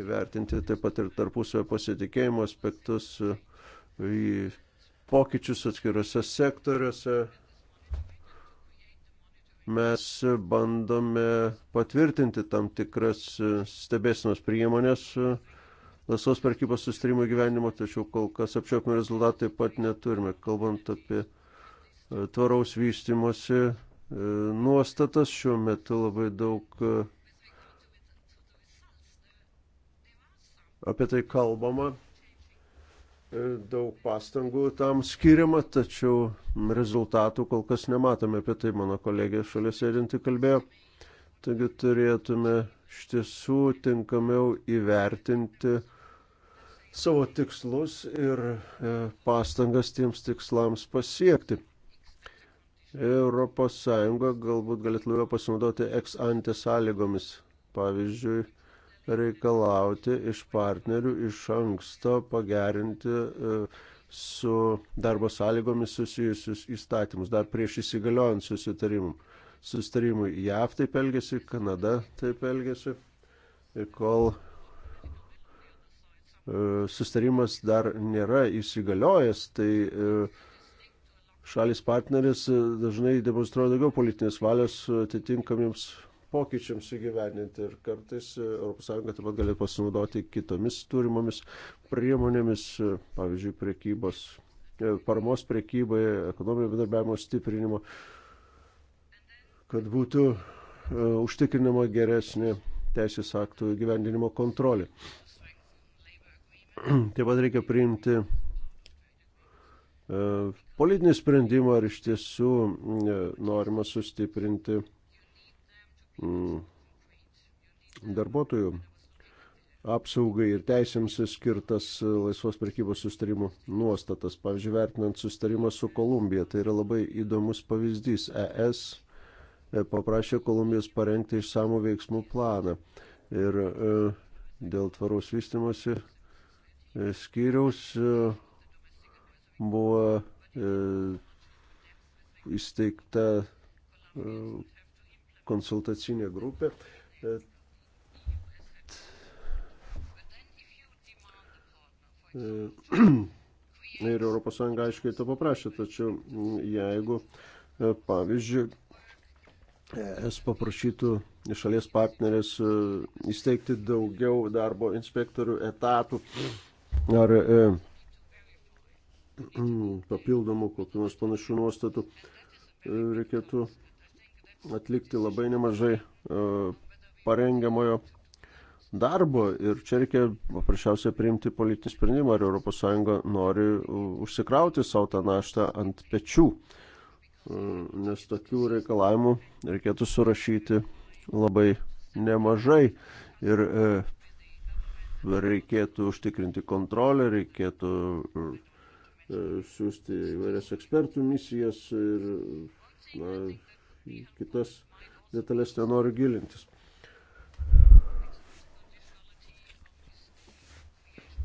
įvertinti taip pat ir tarpusavio pasitikėjimo aspektus, e, į pokyčius atskiruose sektoriuose. Mes bandome patvirtinti tam tikras stebėsinos priemonės, lasos perkybos sustrimo gyvenimo, tačiau kol kas apčiopimo rezultatų taip pat neturime. Kalbant apie tvaraus vystimosi e, nuostatas. Šiuo metu labai daug e, apie tai kalbama, e, daug pastangų tam skiriama, tačiau rezultatų kol kas nematome. Apie tai mano kolegė šalia sėdinti kalbėjo. Taigi turėtume iš tiesų tinkamiau įvertinti savo tikslus ir pastangas tiems tikslams pasiekti. Europos Sąjunga galbūt galėtų labiau pasinaudoti ex ante sąlygomis. Pavyzdžiui, reikalauti iš partnerių iš anksto pagerinti e, su darbo sąlygomis susijusius įstatymus, dar prieš įsigaliojant susitarimui. Susitarimui JAV taip elgesi, Kanada taip elgesi. Ir kol e, susitarimas dar nėra įsigaliojęs, tai uh, šalis partneris e, dažnai demonstruoja daugiau politinės valios e, atitinkamiems pokyčiams įgyveninti ir kartais ES taip pat gali pasinaudoti kitomis turimomis priemonėmis, e, pavyzdžiui, priekybos, paramos priekybai, ekonominio bendarbiavimo stiprinimo, kad būtų užtikrinama geresnė teisės aktų gyvendinimo kontrolė. Taip pat reikia priimti politinį sprendimą, ar iš tiesų e, norima sustiprinti darbuotojų apsaugai ir teisėms skirtas laisvos prekybos sustarimų nuostatas. Pavyzdžiui, vertinant sustarimą su Kolumbija, tai yra labai įdomus pavyzdys. ES e, paprašė Kolumbijos parengti išsamų veiksmų planą. Ir e, dėl tvaraus vystimosi skyriaus buvo E, įsteigta e, konsultacinė grupė. E, ir ES aiškiai to paprašė, tačiau jeigu, pavyzdžiui, es paprašytų šalies partnerės įsteigti daugiau darbo inspektorių etatų ar Mm, papildomų kokių nors panašių nuostatų e, reikėtų atlikti labai nemažai e, parengiamojo darbo ir čia reikia paprasčiausiai priimti politinį sprendimą, ar ES nori e, užsikrauti savo tą naštą ant pečių, nes tokių reikalavimų reikėtų surašyti labai nemažai ir reikėtų užtikrinti kontrolę, reikėtų siūsti įvairias ekspertų misijas ir na, kitas detalės nenoriu gilintis.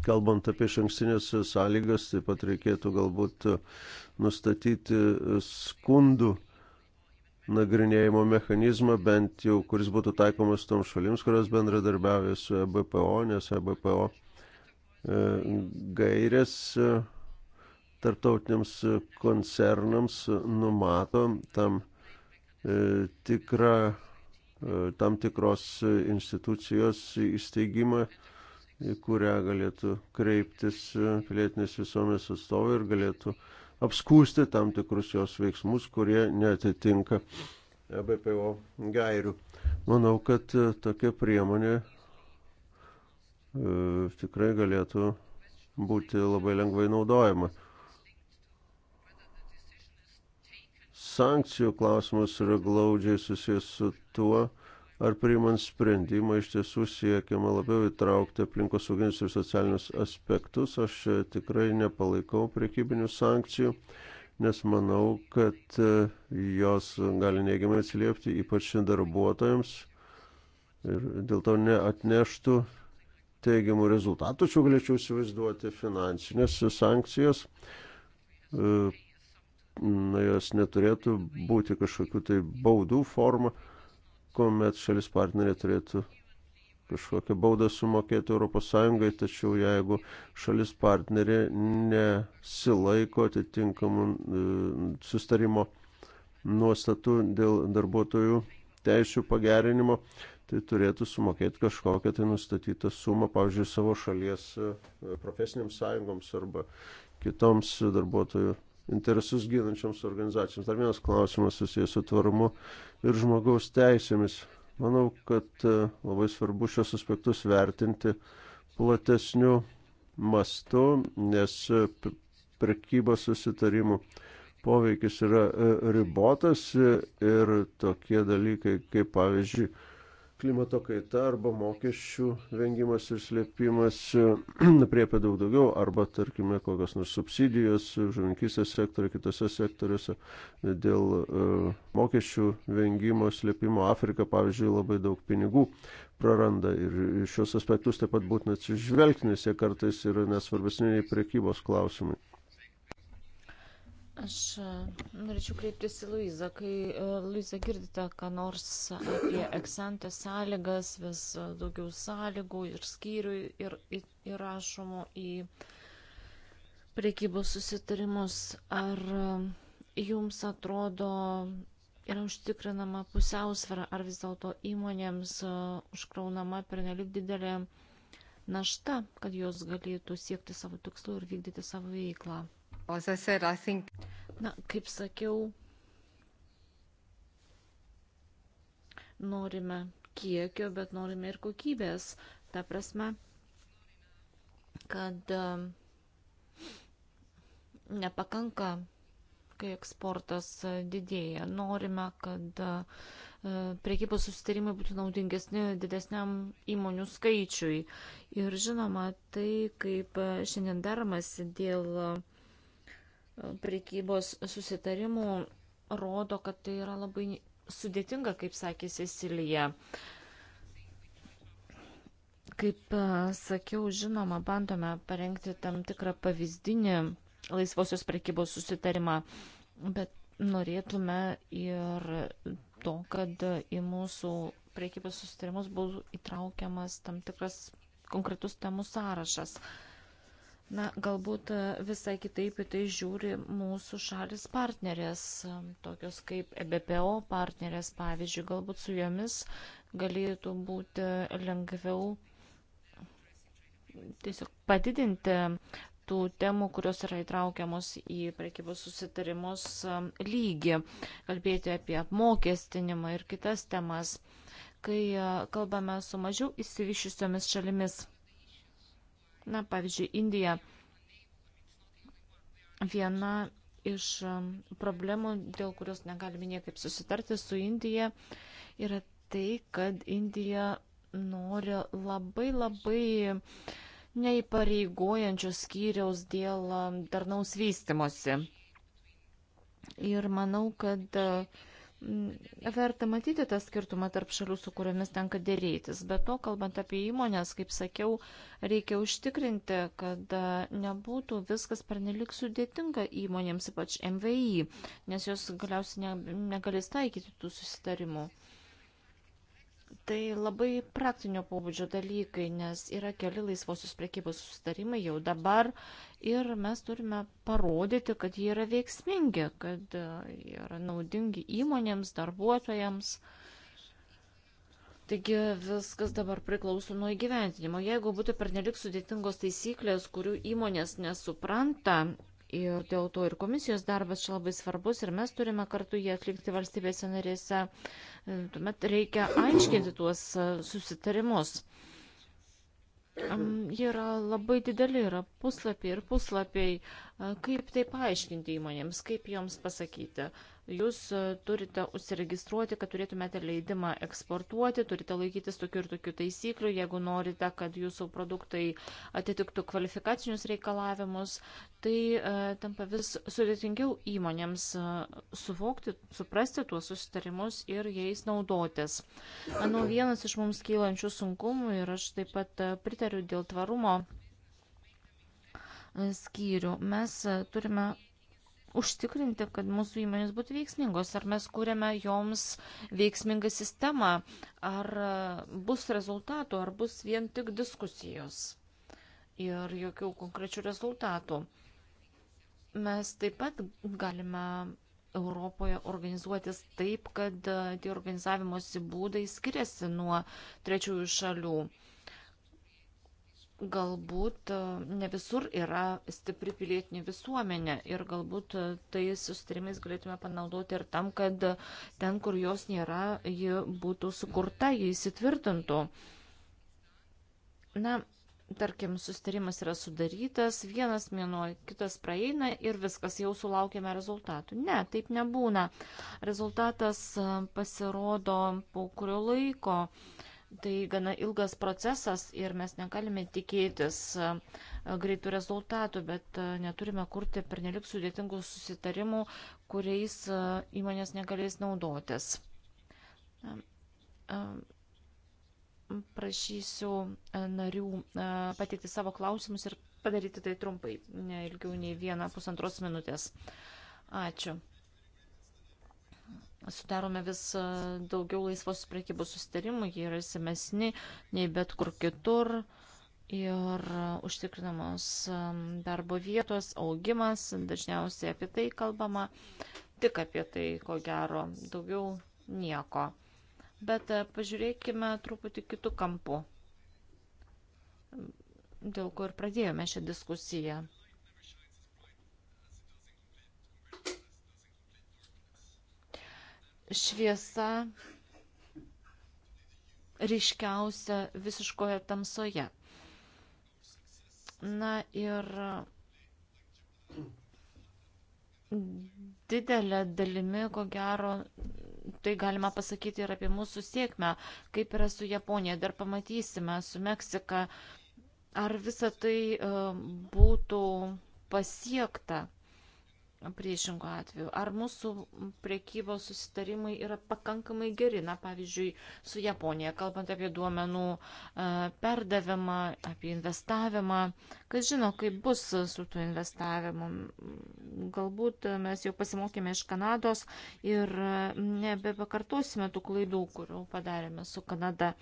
Kalbant apie šankstinės sąlygas, taip pat reikėtų galbūt nustatyti skundų nagrinėjimo mechanizmą, bent jau kuris būtų taikomas tom šalims, kurios bendradarbiavė su EBPO, nes EBPO e, gairės tarptautiniams koncernams numato tam e, tikrą e, tam tikros institucijos įsteigimą, į kurią galėtų kreiptis e, pilietinės visuomenės atstovai ir galėtų apskūsti tam tikrus jos veiksmus, kurie netitinka BPO gairių. Manau, kad tokia priemonė tikrai galėtų būti labai lengvai naudojama. sankcijų klausimas yra glaudžiai susijęs su tuo, ar priimant sprendimą iš tiesų siekiama labiau įtraukti aplinkosauginius ir socialinius aspektus. Aš tikrai nepalaikau priekybinių sankcijų, nes manau, kad e, jos gali neigiamai atsiliepti ypač darbuotojams ir dėl to neatneštų teigiamų rezultatų. Čia galėčiau įsivaizduoti finansinės sankcijas e, na, jos neturėtų būti kažkokiu tai baudų forma, kuomet šalis partnerė turėtų kažkokią baudą sumokėti ES, tačiau jeigu šalis partnerė nesilaiko atitinkamų e, sustarimo nuostatų dėl darbuotojų teisų pagerinimo, tai turėtų sumokėti kažkokią tai nustatytą sumą, pavyzdžiui, savo šalies e, profesiniams sąjungoms arba kitoms darbuotojų interesus ginančioms organizacijoms. Dar vienas klausimas susijęs su tvarumu ir žmogaus teisėmis. Manau, kad e, labai svarbu šios aspektus vertinti platesniu mastu, nes e, prekybos susitarimų poveikis yra e, ribotas ir tokie dalykai kaip pavyzdžiui klimato kaita arba mokesčių vengimas ir slėpimas (clears throat) priepia daug daugiau, arba tarkime kokios nors subsidijos žuvinkystės sektoriuje, kitose sektoriuose dėl uh, mokesčių vengimo, slėpimo Afrika, pavyzdžiui, labai daug pinigų praranda ir šios aspektus taip pat būtina atsižvelgti, nes jie kartais yra nesvarbesni nei priekybos klausimai. Aš e, norėčiau kreiptis į Luizą. Kai e, Luiza girdite, ką nors apie eksantę sąlygas, vis daugiau sąlygų ir skyrių ir įrašomų į priekybos susitarimus, ar e, jums atrodo yra užtikrinama pusiausvara, ar vis dėlto įmonėms užkraunama pernelik didelė našta, kad jos galėtų siekti savo tikslų ir vykdyti savo veiklą? Said, think... Na, kaip sakiau, norime kiekio, bet norime ir kokybės. Ta prasme, kad um, nepakanka, kai eksportas uh, didėja. Norime, kad uh, priekybos susitarimai būtų naudingesni didesniam įmonių skaičiui. Ir žinoma, tai kaip uh, šiandien daromasi dėl prekybos susitarimų rodo, kad tai yra labai sudėtinga, kaip sakė Cecilija. Kaip e, sakiau, žinoma, bandome parengti tam tikrą pavyzdinį laisvosios prekybos susitarimą, bet norėtume ir to, kad į mūsų prekybos susitarimus būtų įtraukiamas tam tikras konkretus temų sąrašas. Uh, Na, galbūt e, visai kitaip į tai žiūri mūsų šalis partnerės, e, tokios kaip EBPO partnerės, pavyzdžiui, galbūt su jomis galėtų būti lengviau tiesiog padidinti tų temų, kurios yra įtraukiamos į prekybos susitarimus e, lygį, kalbėti apie apmokestinimą ir kitas temas, kai kalbame su mažiau įsivyšiusiomis šalimis. Na, pavyzdžiui, Indija viena iš um, problemų, dėl kurios negalime niekaip susitarti su Indija, yra tai, kad Indija nori labai labai neįpareigojančios skyriaus dėl um, darnaus vystimosi. Ir manau, kad uh, Mm, verta matyti tą skirtumą tarp šalių, su kuriomis tenka dėrėtis. Bet to, kalbant apie įmonės, kaip sakiau, reikia užtikrinti, kad e, nebūtų viskas pernelik sudėtinga įmonėms, ypač MVI, nes jos galiausiai negalės taikyti tų susitarimų. Tai labai praktinio pobūdžio dalykai, nes yra keli laisvosios priekybos susitarimai jau dabar ir mes turime parodyti, kad jie yra veiksmingi, kad e, jie yra naudingi įmonėms, darbuotojams. Taigi viskas dabar priklauso nuo įgyventinimo. Jeigu būtų pernelik sudėtingos taisyklės, kurių įmonės nesupranta, Ir dėl to ir komisijos darbas čia labai svarbus ir mes turime kartu jį atlikti valstybėse narėse. Tuomet reikia aiškinti tuos e, susitarimus. Jie yra labai dideli, yra puslapiai ir puslapiai. E, kaip tai paaiškinti įmonėms, kaip joms pasakyti, Jūs e, turite užsiregistruoti, kad turėtumėte leidimą eksportuoti, turite laikytis tokių ir tokių taisyklių, jeigu norite, kad jūsų produktai atitiktų kvalifikacinius reikalavimus, tai e, tampa vis sudėtingiau įmonėms e, suvokti, suprasti tuos susitarimus ir jais naudotis. Manau, vienas iš mums kylančių sunkumų ir aš taip pat e, pritariu dėl tvarumo e, skyrių. Mes turime užtikrinti, kad mūsų įmonės būtų veiksmingos, ar mes kūrėme joms veiksmingą sistemą, ar bus rezultatų, ar bus vien tik diskusijos ir jokių konkrečių rezultatų. Mes taip pat galime Europoje organizuotis taip, kad tie organizavimosi būdai skiriasi nuo trečiųjų šalių galbūt e, ne visur yra stipri pilietinė visuomenė ir galbūt e, tai sustarimais galėtume panaudoti ir tam, kad ten, kur jos nėra, ji būtų sukurta, ji įsitvirtintų. Na, tarkim, sustarimas yra sudarytas, vienas mėnuo, kitas praeina ir viskas, jau sulaukėme rezultatų. Ne, taip nebūna. Rezultatas e, pasirodo po kurio laiko. Uh, Tai gana ilgas procesas ir mes negalime tikėtis greitų rezultatų, bet neturime kurti pernelik sudėtingų susitarimų, kuriais įmonės negalės naudotis. Prašysiu narių pateikti savo klausimus ir padaryti tai trumpai, ne ilgiau nei vieną pusantros minutės. Ačiū sudarome vis e, daugiau laisvos priekybos sustarimų, jie yra įsimesni nei bet kur kitur ir e, užtikrinamos e, darbo vietos, augimas, dažniausiai apie tai kalbama, tik apie tai, ko gero, daugiau nieko. Bet pažiūrėkime truputį kitų kampų, dėl ko ir pradėjome šią diskusiją. šviesa ryškiausia visiškoje tamsoje. Na ir didelė dalimi, ko gero, tai galima pasakyti ir apie mūsų sėkmę, kaip yra su Japonija, dar pamatysime, su Meksika, ar visa tai e, būtų pasiekta priešingų atveju. Ar mūsų priekybos susitarimai yra pakankamai geri, na, pavyzdžiui, su Japonija, kalbant apie duomenų e, perdavimą, apie investavimą, kas žino, kaip bus su tuo investavimu. Galbūt mes jau pasimokėme iš Kanados ir e, nebepakartosime tų klaidų, kurių padarėme su Kanada.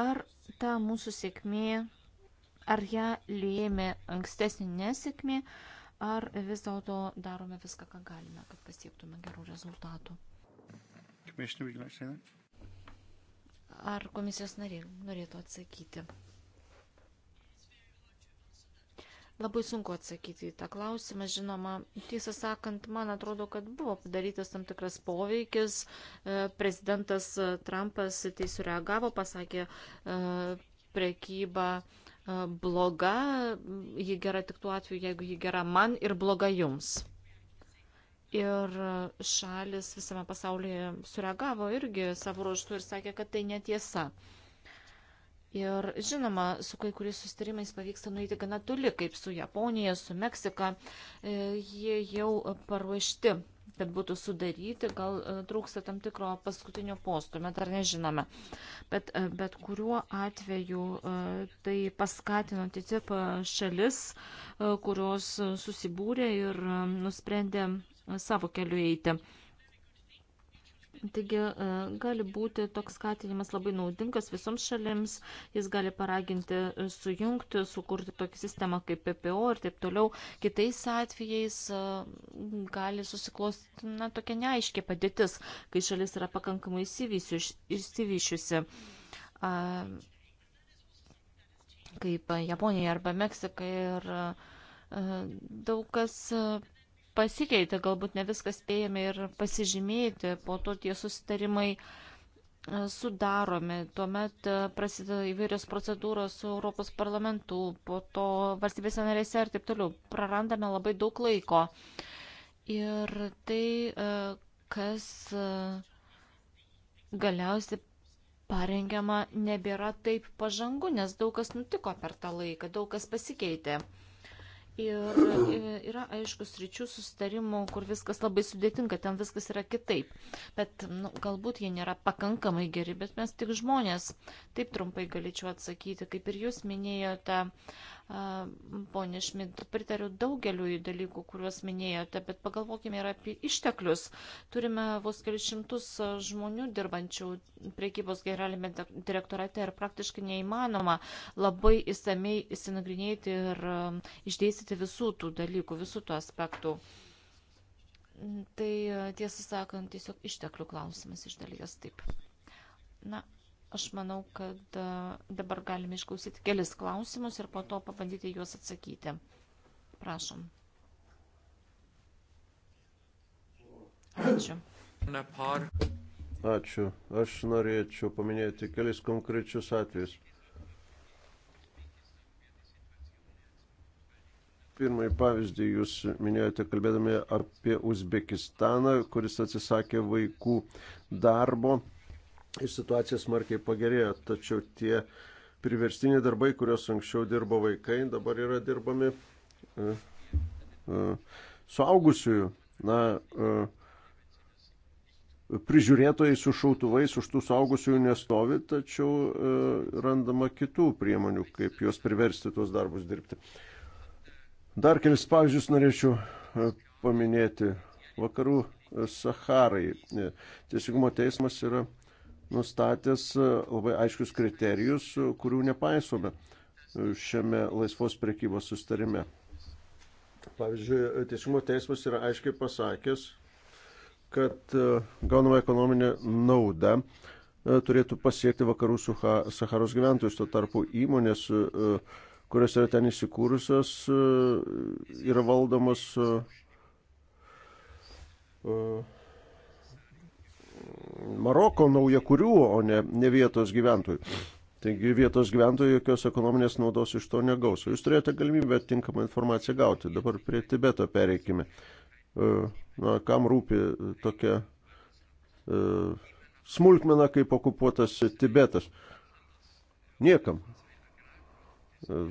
Ar ta mūsų sėkmė, ar ją lėmė ankstesnė nesėkmė, ar vis dėlto darome viską, ką galime, kad pasiektume gerų rezultatų. Ar komisijos nariai norėtų atsakyti? Labai sunku atsakyti į tą klausimą, žinoma. Tiesą sakant, man atrodo, kad buvo padarytas tam tikras poveikis. E, prezidentas e, Trumpas tai sureagavo, pasakė, e, prekyba bloga, ji gera tik tuo atveju, jeigu ji gera man ir bloga jums. Ir šalis visame pasaulyje sureagavo irgi savo ruoštų ir sakė, kad tai netiesa. Uh, Ir žinoma, su kai kuriais sustarimais pavyksta nueiti gana toli, kaip su Japonija, su Meksika. E, jie jau paruošti, kad būtų sudaryti, gal e, trūksta tam tikro paskutinio postumio, dar nežinome. Bet, e, bet kuriuo atveju tai paskatino TTIP šalis, kurios susibūrė ir nusprendė savo keliu eiti. Taigi e, gali būti toks skatinimas labai naudingas visoms šalims, jis gali paraginti e, sujungti, sukurti tokią sistemą kaip PPO ir taip toliau. Kitais atvejais e, gali susiklosti na, tokia neaiškia padėtis, kai šalis yra pakankamai išsivyšiusi kaip Japonija arba Meksika ir daug kas pasikeitė, galbūt ne viskas spėjame ir pasižymėti, po to tie susitarimai e, sudaromi, tuomet e, prasideda įvairios procedūros su Europos parlamentu, po to valstybėse narėse ir taip toliau. Prarandame labai daug laiko. Ir tai, e, kas galiausiai parengiama, nebėra taip pažangu, nes daug kas nutiko per tą laiką, daug kas pasikeitė. Ir e, yra aiškus ryčių sustarimų, kur viskas labai sudėtinga, ten viskas yra kitaip. Bet nu, galbūt jie nėra pakankamai geri, bet mes tik žmonės. Taip trumpai galėčiau atsakyti, kaip ir jūs minėjote. Uh, Pone Šmit, pritariu daugeliu dalykų, kuriuos minėjote, bet pagalvokime ir apie išteklius. Turime vos kelius šimtus žmonių dirbančių priekybos generalinėme direktorate ir praktiškai neįmanoma labai įsamei įsinagrinėti ir um, išdėstyti visų tų dalykų, visų tų aspektų. Tai tiesą sakant, tiesiog išteklių klausimas iš dalies taip. Na, Aš manau, kad e, dabar galime išklausyti kelis klausimus ir po to pabandyti juos atsakyti. Prašom. Ačiū. Ačiū. Aš norėčiau paminėti kelis konkrečius atvejus. pirmąjį pavyzdį jūs minėjote, kalbėdami apie Uzbekistaną, kuris atsisakė vaikų darbo ir situacija smarkiai pagerėjo, tačiau tie priverstiniai darbai, kuriuos anksčiau dirbo vaikai, dabar yra dirbami e, e, suaugusiųjų. Na, e, prižiūrėtojai su šautuvais už tų suaugusiųjų nestovi, tačiau e, randama kitų priemonių, kaip juos priversti tuos darbus dirbti. Dar kelis pavyzdžius norėčiau e, paminėti. Vakarų e, Saharai. E, Teisingumo teismas yra nustatęs e, labai aiškius kriterijus, e, kurių nepaisome e, šiame laisvos prekybos sustarime. Pavyzdžiui, Teisingumo teismas yra aiškiai pasakęs, kad gaunama ekonominė nauda turėtų pasiekti vakarų Saharos gyventojus. Tuo tarpu įmonės, kurios yra ten įsikūrusios, yra valdomos Maroko naujakurių, o ne, ne vietos gyventojų. Taigi vietos gyventojai jokios ekonominės naudos iš to negaus. Jūs turėjote galimybę tinkamą informaciją gauti. Dabar prie Tibeto pereikime. E, na, kam rūpi tokia e, smulkmena kaip okupuotas Tibetas? Niekam. E,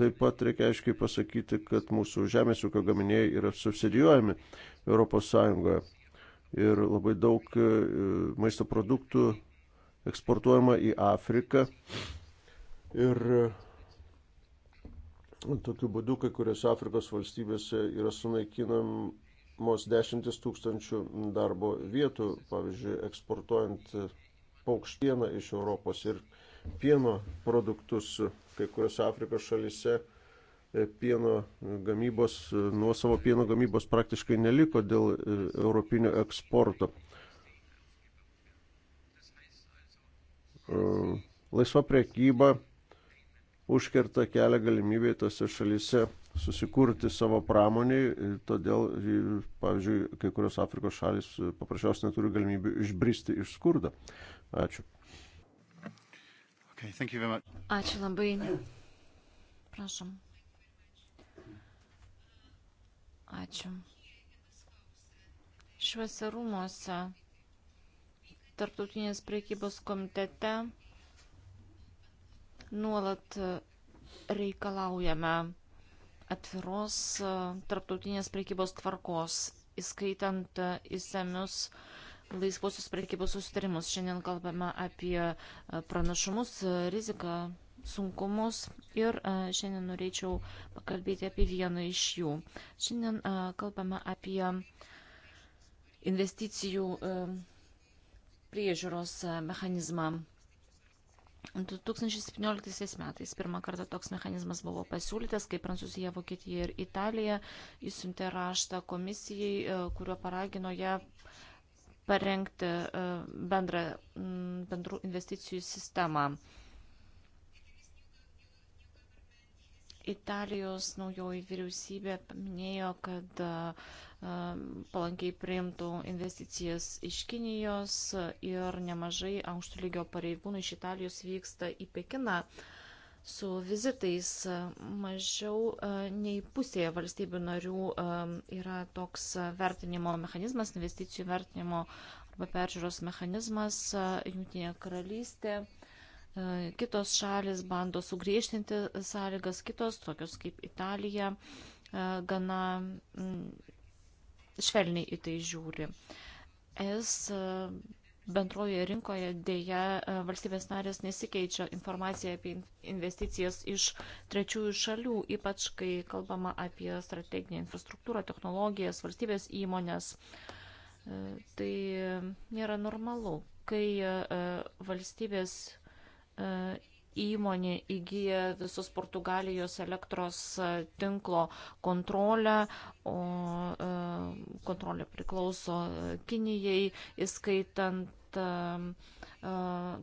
Taip pat reikia aiškiai pasakyti, kad mūsų žemės ūkio gaminiai yra subsidijuojami ES. Ir labai daug e, maisto produktų eksportuojama į Afriką. Ir e, tokiu būdu kai kuriuose Afrikos valstybėse yra sunaikinamos dešimtis tūkstančių darbo vietų, pavyzdžiui, eksportuojant paukštieną iš Europos. Ir pieno produktus kai kuriuose Afrikos šalise e, pieno gamybos, e, nuo savo pieno gamybos praktiškai neliko dėl e, europinio eksporto. Laisva priekyba užkerta kelią galimybėje tose šalyse susikurti savo pramoniai, todėl, pavyzdžiui, kai kurios Afrikos šalis paprasčiausiai neturi galimybių išbristi iš skurdo. Ačiū. Okay, Ačiū labai. Prašom. Ačiū. Šiuose rūmose, tarptautinės priekybos komitete, nuolat reikalaujame atviros tarptautinės priekybos tvarkos, įskaitant įsamius uh, laisvosios prekybos sustarimus. Šiandien kalbame apie e, pranašumus, e, riziką, sunkumus ir e, šiandien norėčiau pakalbėti apie vieną iš jų. Šiandien kalbame apie investicijų priežiūros mechanizmą. 2017 metais pirmą kartą toks mechanizmas buvo pasiūlytas, kai Prancūzija, Vokietija ir Italija įsiuntė raštą komisijai, kuriuo paragino ją parengti e, bendrą bendrų investicijų sistemą. Italijos naujoji vyriausybė paminėjo, kad e, palankiai priimtų investicijas iš Kinijos ir nemažai aukštų lygio pareigūnų iš Italijos vyksta į Pekiną su vizitais. E, mažiau e, nei pusėje valstybių narių e, yra toks vertinimo mechanizmas, investicijų vertinimo arba peržiūros mechanizmas, Junktinė karalystė. Kitos šalis bando sugriežtinti sąlygas, kitos, tokios kaip Italija, gana švelniai į tai žiūri. Es bendrojoje rinkoje dėja e, valstybės narės nesikeičia informacija apie investicijas iš trečiųjų šalių, ypač kai kalbama apie strateginę infrastruktūrą, technologijas, valstybės įmonės. E, tai nėra normalu, kai e, valstybės įmonė įgyja visus Portugalijos elektros e, tinklo kontrolę, o e, kontrolė priklauso e, Kinijai, įskaitant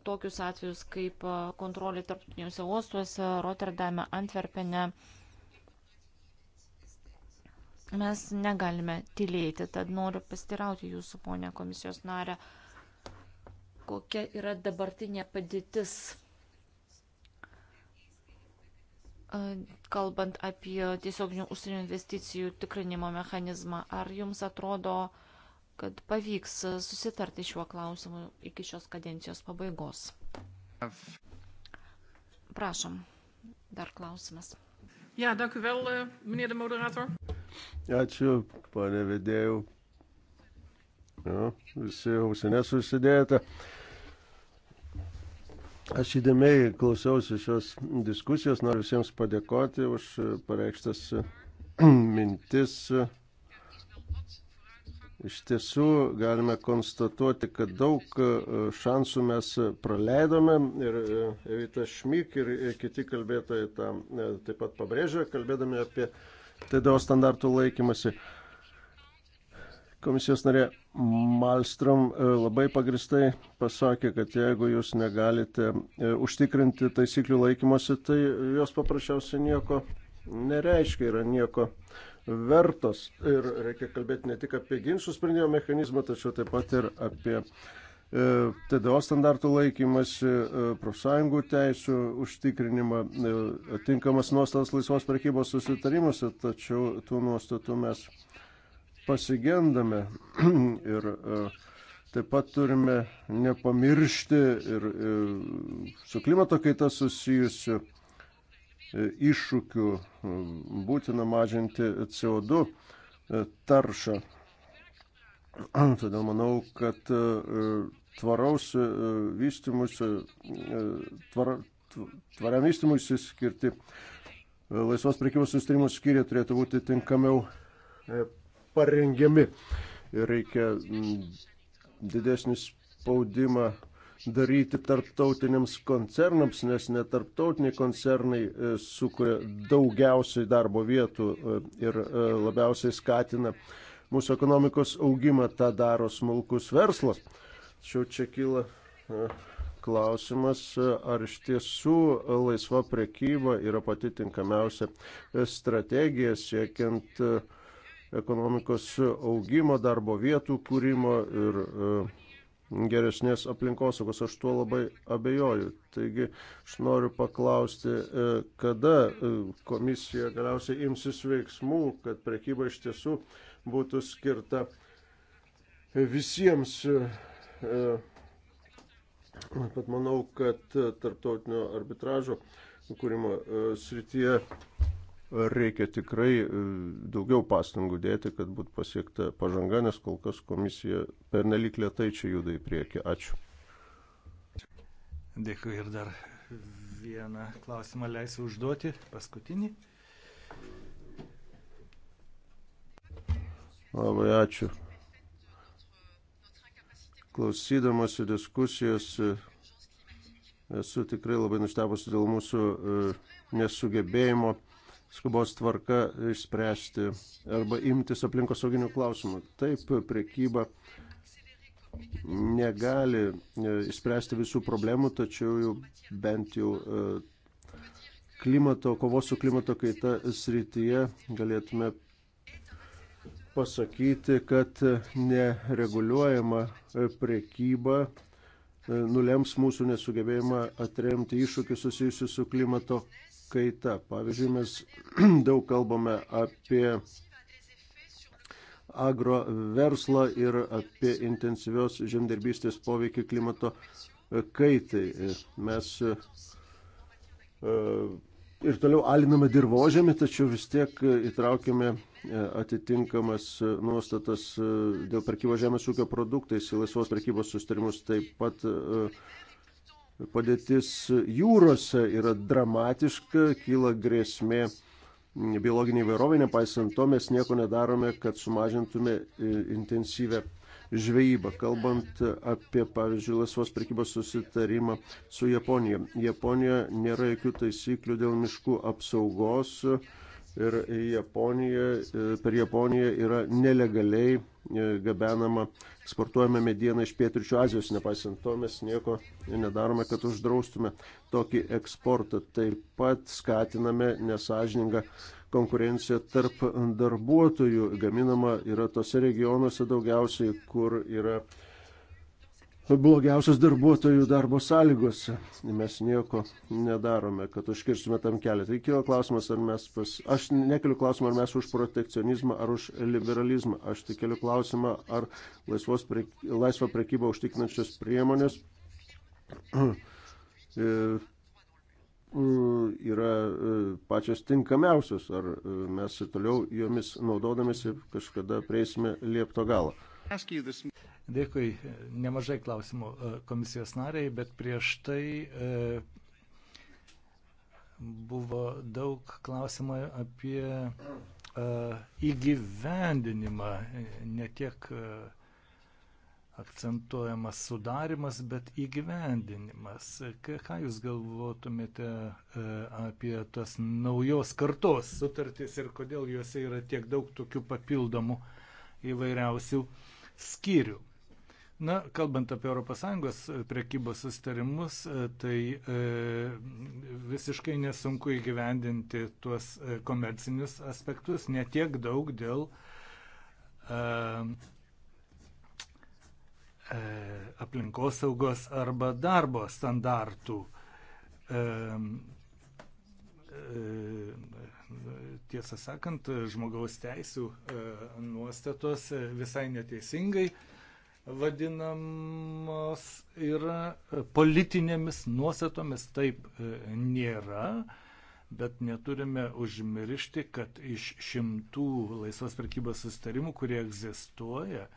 tokius atvejus kaip kontrolė tarptautiniuose uostuose, Rotterdame, Antverpene. Mes negalime tylėti, tad noriu pastirauti jūsų, ponė komisijos narė, kokia yra dabartinė padėtis kalbant apie tiesioginių užsienio investicijų tikrinimo mechanizmą, ar jums atrodo, kad pavyks susitarti šiuo klausimu iki šios kadencijos pabaigos? Prašom, dar klausimas. Ja, dank u wel, eh, meneer de moderator. Ačiū, pane vedėjau. Ja, visi ausinės susidėjote. Uh, Aš įdėmiai klausiausi šios diskusijos, noriu visiems padėkoti už pareikštas (clears throat) mintis. Iš tiesų galime konstatuoti, kad daug e, šansų mes praleidome ir e, Evita Šmyk ir e, kiti kalbėtojai tam taip pat pabrėžia, kalbėdami apie TDO standartų laikymasi. Komisijos narė Malstrom e, labai pagristai pasakė, kad jeigu jūs negalite e, užtikrinti taisyklių laikymosi, tai jos paprasčiausiai nieko nereiškia, yra nieko vertos. Ir reikia kalbėti ne tik apie ginčių sprendimo mechanizmą, tačiau taip pat ir apie e, TDO standartų laikymasi, profsąjungų teisų užtikrinimą, atinkamas nuostatas laisvos prekybos susitarimuose, tačiau tų nuostatų mes pasigendame. (clears throat) ir e, taip pat turime nepamiršti ir, ir e, su klimato kaita susijusių e, iššūkių būtina mažinti CO2 taršą. (clears throat) Todėl manau, kad tvaraus vystimus, tvar, tvariam vystimus skirti laisvos prekybos sustarimus skyriai turėtų būti tinkamiau parengiami. Ir reikia mm, didesnį spaudimą daryti tarptautiniams koncernams, nes netarptautiniai koncernai e, sukuria daugiausiai darbo vietų e, ir e, labiausiai skatina mūsų ekonomikos augimą, tą daro smulkus verslas. Tačiau čia kyla klausimas, ar iš tiesų laisva prekyba yra pati tinkamiausia strategija siekiant uh, ekonomikos augimo, darbo vietų kūrimo ir e, geresnės aplinkosaugos. Aš tuo labai abejoju. Taigi aš noriu paklausti, e, kada e, komisija galiausiai imsis veiksmų, kad prekyba iš tiesų būtų skirta visiems. Bet manau, kad tarptautinio arbitražo kūrimo srityje reikia tikrai e, daugiau pastangų dėti, kad būtų pasiekta pažanga, nes kol kas komisija pernelik lietai čia juda į priekį. Ačiū. Dėkui ir dar vieną klausimą leisiu užduoti, paskutinį. Labai ačiū. Klausydamasi diskusijos e, esu tikrai labai nustebusi dėl mūsų e, nesugebėjimo skubos tvarka išspręsti arba imtis aplinkosauginių klausimų. Taip, priekyba negali e, išspręsti visų problemų, tačiau jau bent jau e, klimato, kovos su klimato kaita srityje galėtume pasakyti, kad nereguliuojama priekyba e, nulems mūsų nesugebėjimą atremti iššūkius susijusius su klimato kaita. Pavyzdžiui, mes (clears throat) daug kalbame apie agro verslą ir apie intensyvios žemdirbystės poveikį klimato kaitai. Mes e, ir toliau aliname dirbožėmį, tačiau vis tiek įtraukime e, atitinkamas nuostatas e, dėl prekybo žemės ūkio produktais į laisvos prekybos sustarimus. Taip pat padėtis jūrose yra dramatiška, kyla grėsmė biologinė įvairovė, nepaisant to mes nieko nedarome, kad sumažintume e, intensyvę žvejybą. Kalbant apie, pavyzdžiui, laisvos prekybos susitarimą su Japonija. Japonija nėra jokių taisyklių dėl miškų apsaugos ir Japonija, e, per Japoniją yra nelegaliai e, gabenama, eksportuojame medieną iš Pietričio Azijos, nepaisant to mes nieko nedarome, kad uždraustume tokį eksportą. Taip pat skatiname nesažiningą konkurenciją tarp darbuotojų, gaminama yra tose regionuose daugiausiai, kur yra uh, blogiausios darbuotojų darbo sąlygose. Mes nieko nedarome, kad užkirstume tam kelią. Tai kilo klausimas, ar mes pas... Aš nekeliu klausimą, ar mes už protekcionizmą, ar už liberalizmą. Aš tik keliu klausimą, ar laisvos pre... laisvą prekybą užtikrinančios priemonės (clears throat) e, mm, yra e, pačios tinkamiausios, ar e, mes ir toliau jomis naudodamėsi kažkada prieisime liepto galą. Dėkui, nemažai klausimų e, komisijos nariai, bet prieš tai e, buvo daug klausimų apie e, įgyvendinimą, ne tiek akcentuojamas sudarimas, bet įgyvendinimas. Ką Jūs galvotumėte apie tas naujos kartos sutartys ir kodėl juose yra tiek daug tokių papildomų įvairiausių uh, skyrių. Na, kalbant apie ES e, prekybos sustarimus, e, tai e, visiškai nesunku įgyvendinti tuos e, komercinius aspektus, netiek daug dėl e, e, aplinkosaugos arba darbo standartų. E, e, Tiesą sakant, žmogaus teisų e, nuostatos e, visai neteisingai vadinamos yra e, politinėmis nuostatomis, taip nėra bet neturime užmiršti, kad iš šimtų laisvos prekybos sustarimų, kurie egzistuoja,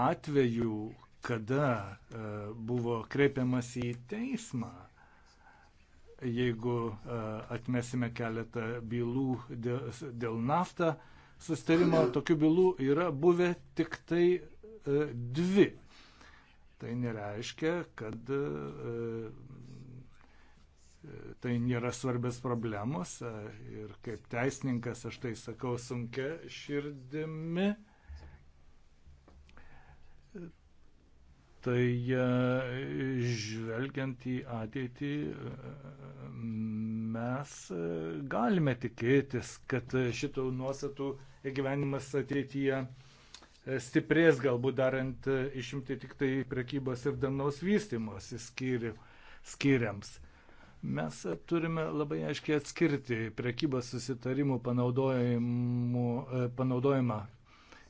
atveju, kada e, buvo kreipiamas į teismą, jeigu e, atmesime keletą bylų dėl naftą sustarimo, tokių bylų yra buvę tik tai e, dvi. Tai nereiškia, kad e, tai nėra svarbės problemos ir kaip teisininkas aš tai sakau sunkia širdimi Tai e, žvelgiant į ateitį, e, mes e, galime tikėtis, kad šitų nuostatų gyvenimas ateityje stiprės, galbūt darant išimti tik tai prekybos ir dangaus vystimos skyriams. Mes turime labai aiškiai atskirti prekybos susitarimų panaudojimą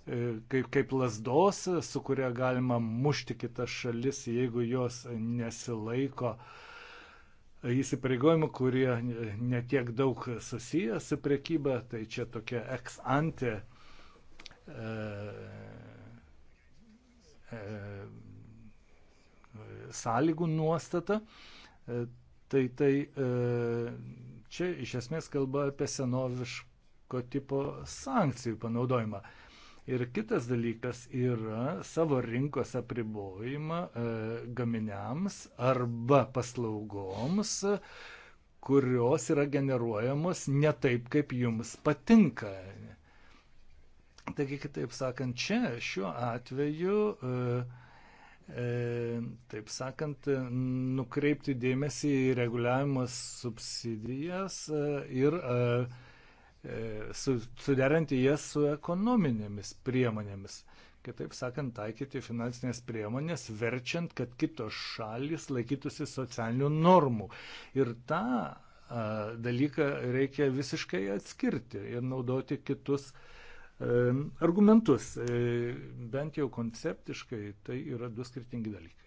E, kaip, kaip lasdos, su kuria galima mušti kitas šalis, jeigu jos nesilaiko įsipareigojimų, kurie netiek daug susiję su priekyba, tai čia tokia ex ante e, e, sąlygų nuostata. E, tai tai e, čia iš esmės kalba apie senoviško tipo sankcijų panaudojimą. E, Ir kitas dalykas yra savo rinkos apribojimą e, gaminiams arba paslaugoms, kurios yra generuojamos ne taip, kaip jums patinka. Taigi, kitaip sakant, čia šiuo atveju, e, e, taip sakant, nukreipti dėmesį į reguliavimo subsidijas e, ir e, E, su, suderinti jas su ekonominėmis priemonėmis. Kitaip sakant, taikyti finansinės priemonės, verčiant, kad kitos šalis laikytųsi socialinių normų. Ir tą a, dalyką reikia visiškai atskirti ir naudoti kitus e, argumentus. E, bent jau konceptiškai tai yra du skirtingi dalykai.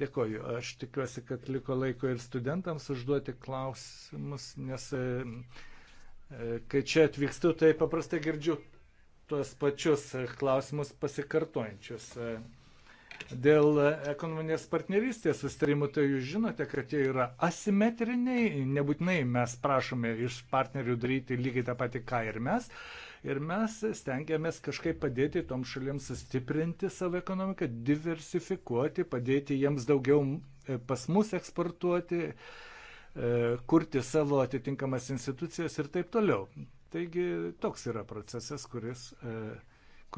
Dėkoju. Aš tikiuosi, kad liko laiko ir studentams užduoti klausimus, nes e, e, kai čia atvykstu, tai paprastai girdžiu tuos pačius klausimus pasikartojančius. E, dėl ekonominės partnerystės sustarimų, tai jūs žinote, kad jie yra asimetriniai, nebūtinai mes prašome iš partnerių daryti lygiai tą patį, ką ir mes, Ir mes stengiamės kažkaip padėti tom šalims sustiprinti savo ekonomiką, diversifikuoti, padėti jiems daugiau e, pas mus eksportuoti, e, kurti savo atitinkamas institucijas ir taip toliau. Taigi toks yra procesas, kuris e,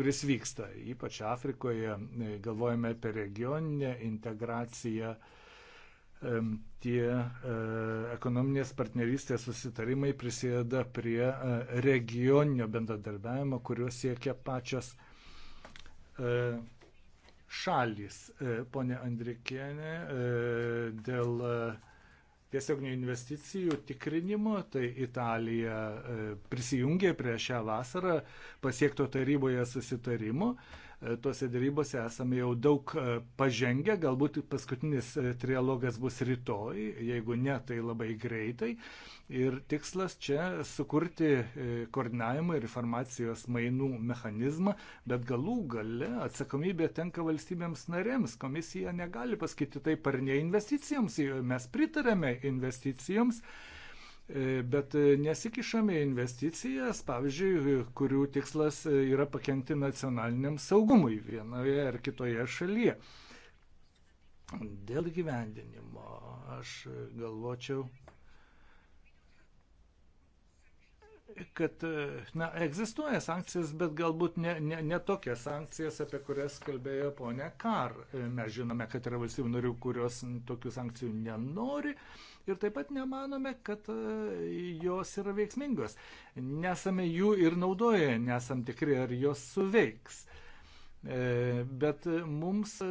kuris vyksta, ypač Afrikoje, galvojame apie regioninę integraciją, uh, tie e, ekonominės partnerystės susitarimai prisėda prie e, regioninio bendradarbiavimo, kuriuo siekia pačios e, šalis. Pone Andrikienė, dėl tiesioginių investicijų tikrinimo, tai Italija prisijungė prie šią vasarą pasiekto taryboje susitarimo E, tuose dėrybose esame jau daug e, pažengę, galbūt paskutinis e, trialogas bus rytoj, jeigu ne, tai labai greitai. Ir tikslas čia sukurti koordinavimo ir informacijos mainų mechanizmą, bet galų gale atsakomybė tenka valstybėms narėms. Komisija negali pasakyti taip ar ne investicijoms, mes pritarėme investicijoms. investicijoms E, bet e, nesikišame į investicijas, pavyzdžiui, kurių tikslas e, yra pakengti nacionaliniam saugumui vienoje ar kitoje šalyje. Dėl gyvendinimo aš galvočiau, kad, na, egzistuoja sankcijas, bet galbūt ne, ne, ne tokias sankcijas, apie kurias kalbėjo ponia Kar. Mes žinome, kad yra valstybių narių, kurios tokių sankcijų nenori. Uh, ir taip pat nemanome, kad e, jos yra veiksmingos. Nesame jų ir naudoję, nesam tikri, ar jos suveiks. E, bet mums e,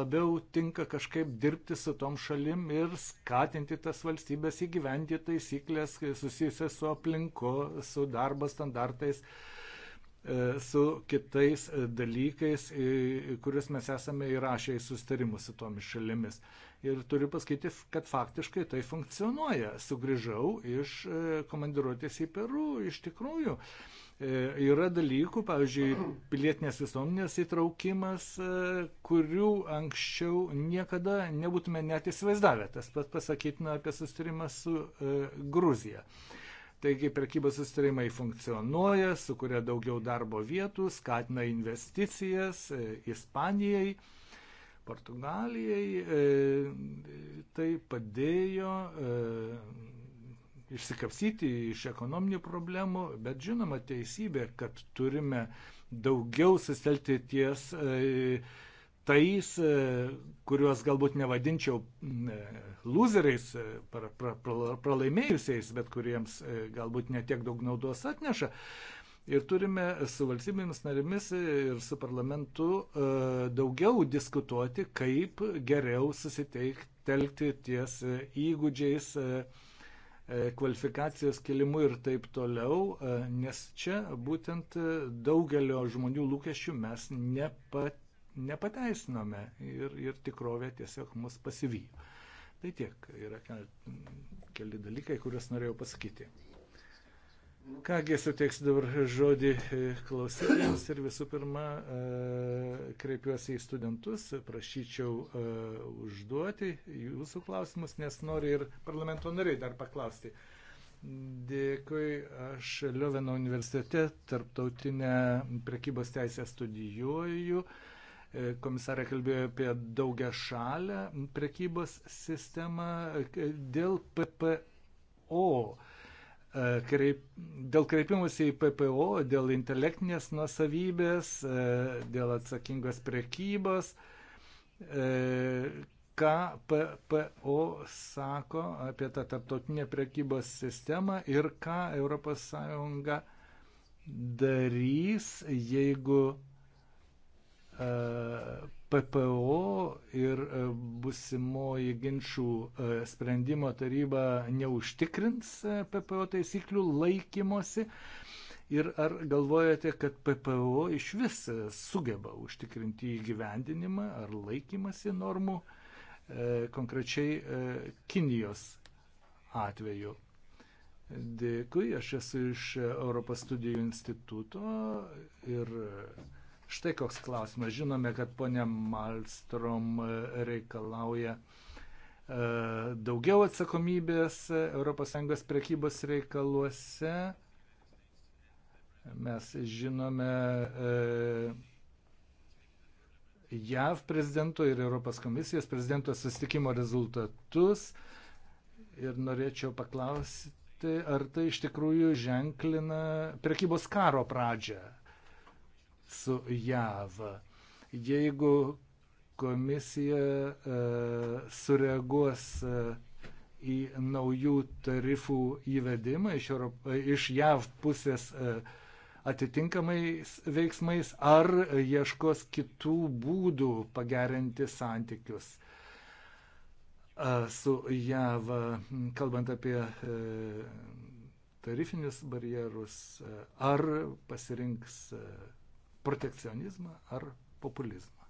labiau tinka kažkaip dirbti su tom šalim ir skatinti tas valstybės įgyventi taisyklės susijusias su aplinko, su darbo standartais, E, su kitais e, dalykais, kuriuos mes esame įrašę į sustarimus su tomis šalimis. Ir turiu pasakyti, kad faktiškai tai funkcionuoja. Sugrižau iš e, komandiruotės į Peru, iš tikrųjų. Yra dalykų, pavyzdžiui, pilietinės visuomenės įtraukimas, kurių anksčiau niekada nebūtume net įsivaizdavę. Tas pat pasakytina apie sustarimą su Gruzija. E, Taigi prekybos sustarimai funkcionuoja, sukuria daugiau darbo vietų, skatina investicijas e, Ispanijai, Portugalijai. E, tai padėjo e, išsikapsyti iš ekonominių problemų, bet žinoma teisybė, kad turime daugiau sustelti ties tais, e, kuriuos galbūt nevadinčiau e, loseriais, e, pra, pra, pra, pralaimėjusiais, bet kuriems galbūt netiek daug naudos atneša. Ir turime su valstybėmis narimis ir su parlamentu daugiau diskutuoti, kaip geriau susitelkti ties įgūdžiais, kvalifikacijos kelimu ir taip toliau, nes čia būtent daugelio žmonių lūkesčių mes nepat nepateisinome ir, ir tikrovė tiesiog mus pasivijo. Tai tiek, yra keli dalykai, kuriuos norėjau pasakyti. Kągi suteiksiu dabar žodį e, klausytėms ir visų pirma e, kreipiuosi į studentus, prašyčiau e, užduoti jūsų klausimus, nes nori ir parlamento nariai dar paklausti. Dėkui, aš Lioveno universitete tarptautinę prekybos teisę studijuoju. Uh, Komisarė kalbėjo apie daugia šalę prekybos sistemą dėl PPO. E, kreip, dėl kreipimusi į PPO, dėl intelektinės nuosavybės, e, dėl atsakingos prekybos, e, ką PPO sako apie tą tarptautinę prekybos sistemą ir ką ES darys, jeigu PPO ir e, busimoji ginčių e, sprendimo taryba neužtikrins e, PPO taisyklių laikymosi. Ir ar galvojate, kad PPO iš vis sugeba užtikrinti įgyvendinimą ar laikymasi normų e, konkrečiai e, Kinijos atveju? Dėkui, aš esu iš Europos studijų instituto ir e, Štai koks klausimas. Žinome, kad ponia Malstrom e, reikalauja e, daugiau atsakomybės ES prekybos reikaluose. Mes žinome e, JAV prezidento ir Europos komisijos prezidento susitikimo rezultatus ir norėčiau paklausti, ar tai iš tikrųjų ženklina prekybos karo pradžią su JAV. Jeigu komisija e, sureaguos e, į naujų tarifų įvedimą iš, Europ... E, iš JAV pusės atitinkamais veiksmais ar ieškos kitų būdų pagerinti santykius su JAV, kalbant apie tarifinius barjerus, ar pasirinks protekcionizmą ar populizmą.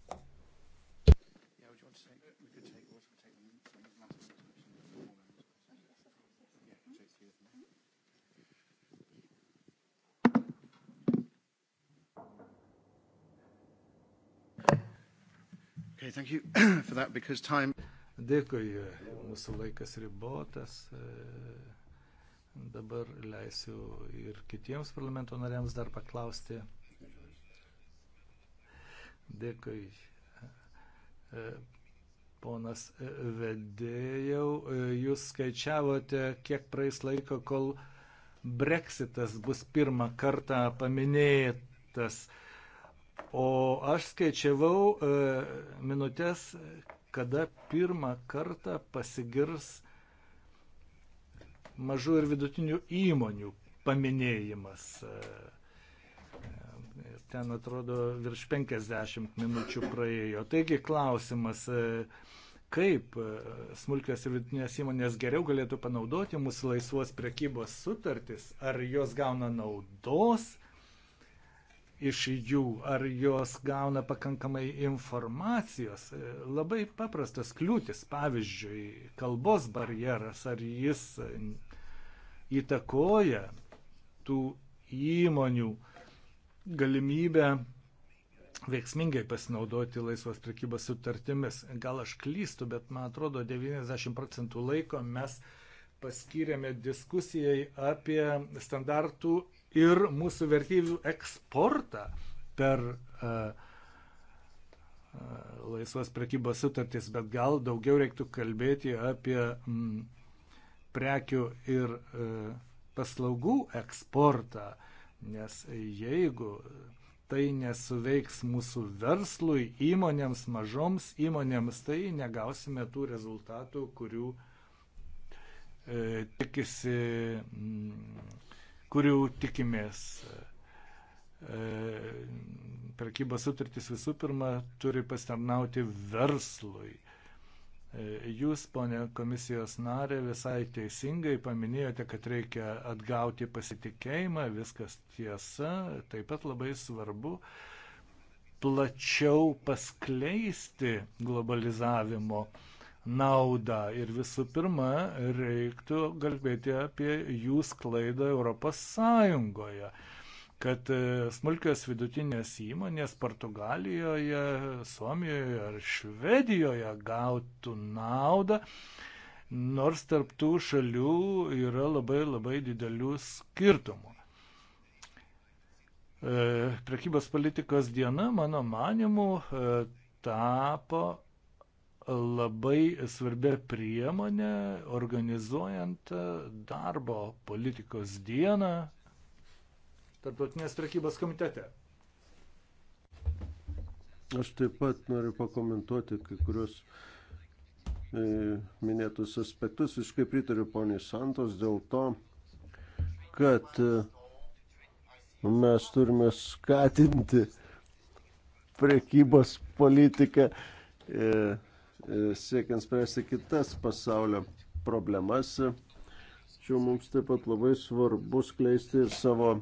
Okay, thank you (coughs) for that because time. Dėkui, mūsų laikas ribotas. Dabar leisiu ir kitiems parlamento nariams dar paklausti. Dėkui. E, ponas vedėjau, e, jūs skaičiavote, kiek praeis laiko, kol Brexitas bus pirmą kartą paminėtas. O aš skaičiavau e, minutės, kada pirmą kartą pasigirs mažų ir vidutinių įmonių paminėjimas. E, ten atrodo virš 50 minučių praėjo. Taigi klausimas, e, kaip e, smulkios ir vidutinės įmonės geriau galėtų panaudoti mūsų laisvos prekybos sutartis, ar jos gauna naudos iš jų, ar jos gauna pakankamai informacijos. E, labai paprastas kliūtis, pavyzdžiui, kalbos barjeras, ar jis įtakoja tų įmonių uh, galimybę veiksmingai pasinaudoti laisvos prekybos sutartimis. Gal aš klystu, bet man atrodo 90 procentų laiko mes paskyrėme diskusijai apie standartų ir mūsų vertybių eksportą per uh, laisvos prekybos sutartys, bet gal daugiau reiktų kalbėti apie m, prekių ir e, paslaugų eksportą. Nes jeigu tai nesuveiks mūsų verslui, įmonėms, mažoms įmonėms, tai negausime tų rezultatų, kurių e, tikisi, m, mm, kurių tikimės. E, prekybos sutartys visų pirma turi pasitarnauti verslui. E, Jūs, ponė komisijos narė, visai teisingai paminėjote, kad reikia atgauti pasitikėjimą, viskas tiesa, taip pat labai svarbu plačiau paskleisti globalizavimo naudą. Ir visų pirma, reiktų kalbėti apie jų sklaidą Europos Sąjungoje kad e, smulkios vidutinės įmonės Portugalijoje, Suomijoje ar Švedijoje gautų naudą, nors tarptų šalių yra labai labai didelių skirtumų. E, prekybos politikos diena, mano manimu, e, tapo labai svarbia priemonė organizuojant darbo politikos dieną Tarptautinės prekybos komitete. Aš taip pat noriu pakomentuoti kai kurios e, minėtus aspektus. Visiškai pritariu poniai Santos dėl to, kad e, mes turime skatinti prekybos politiką e, e siekiant spręsti kitas pasaulio problemas. Čia mums taip pat labai svarbu skleisti ir savo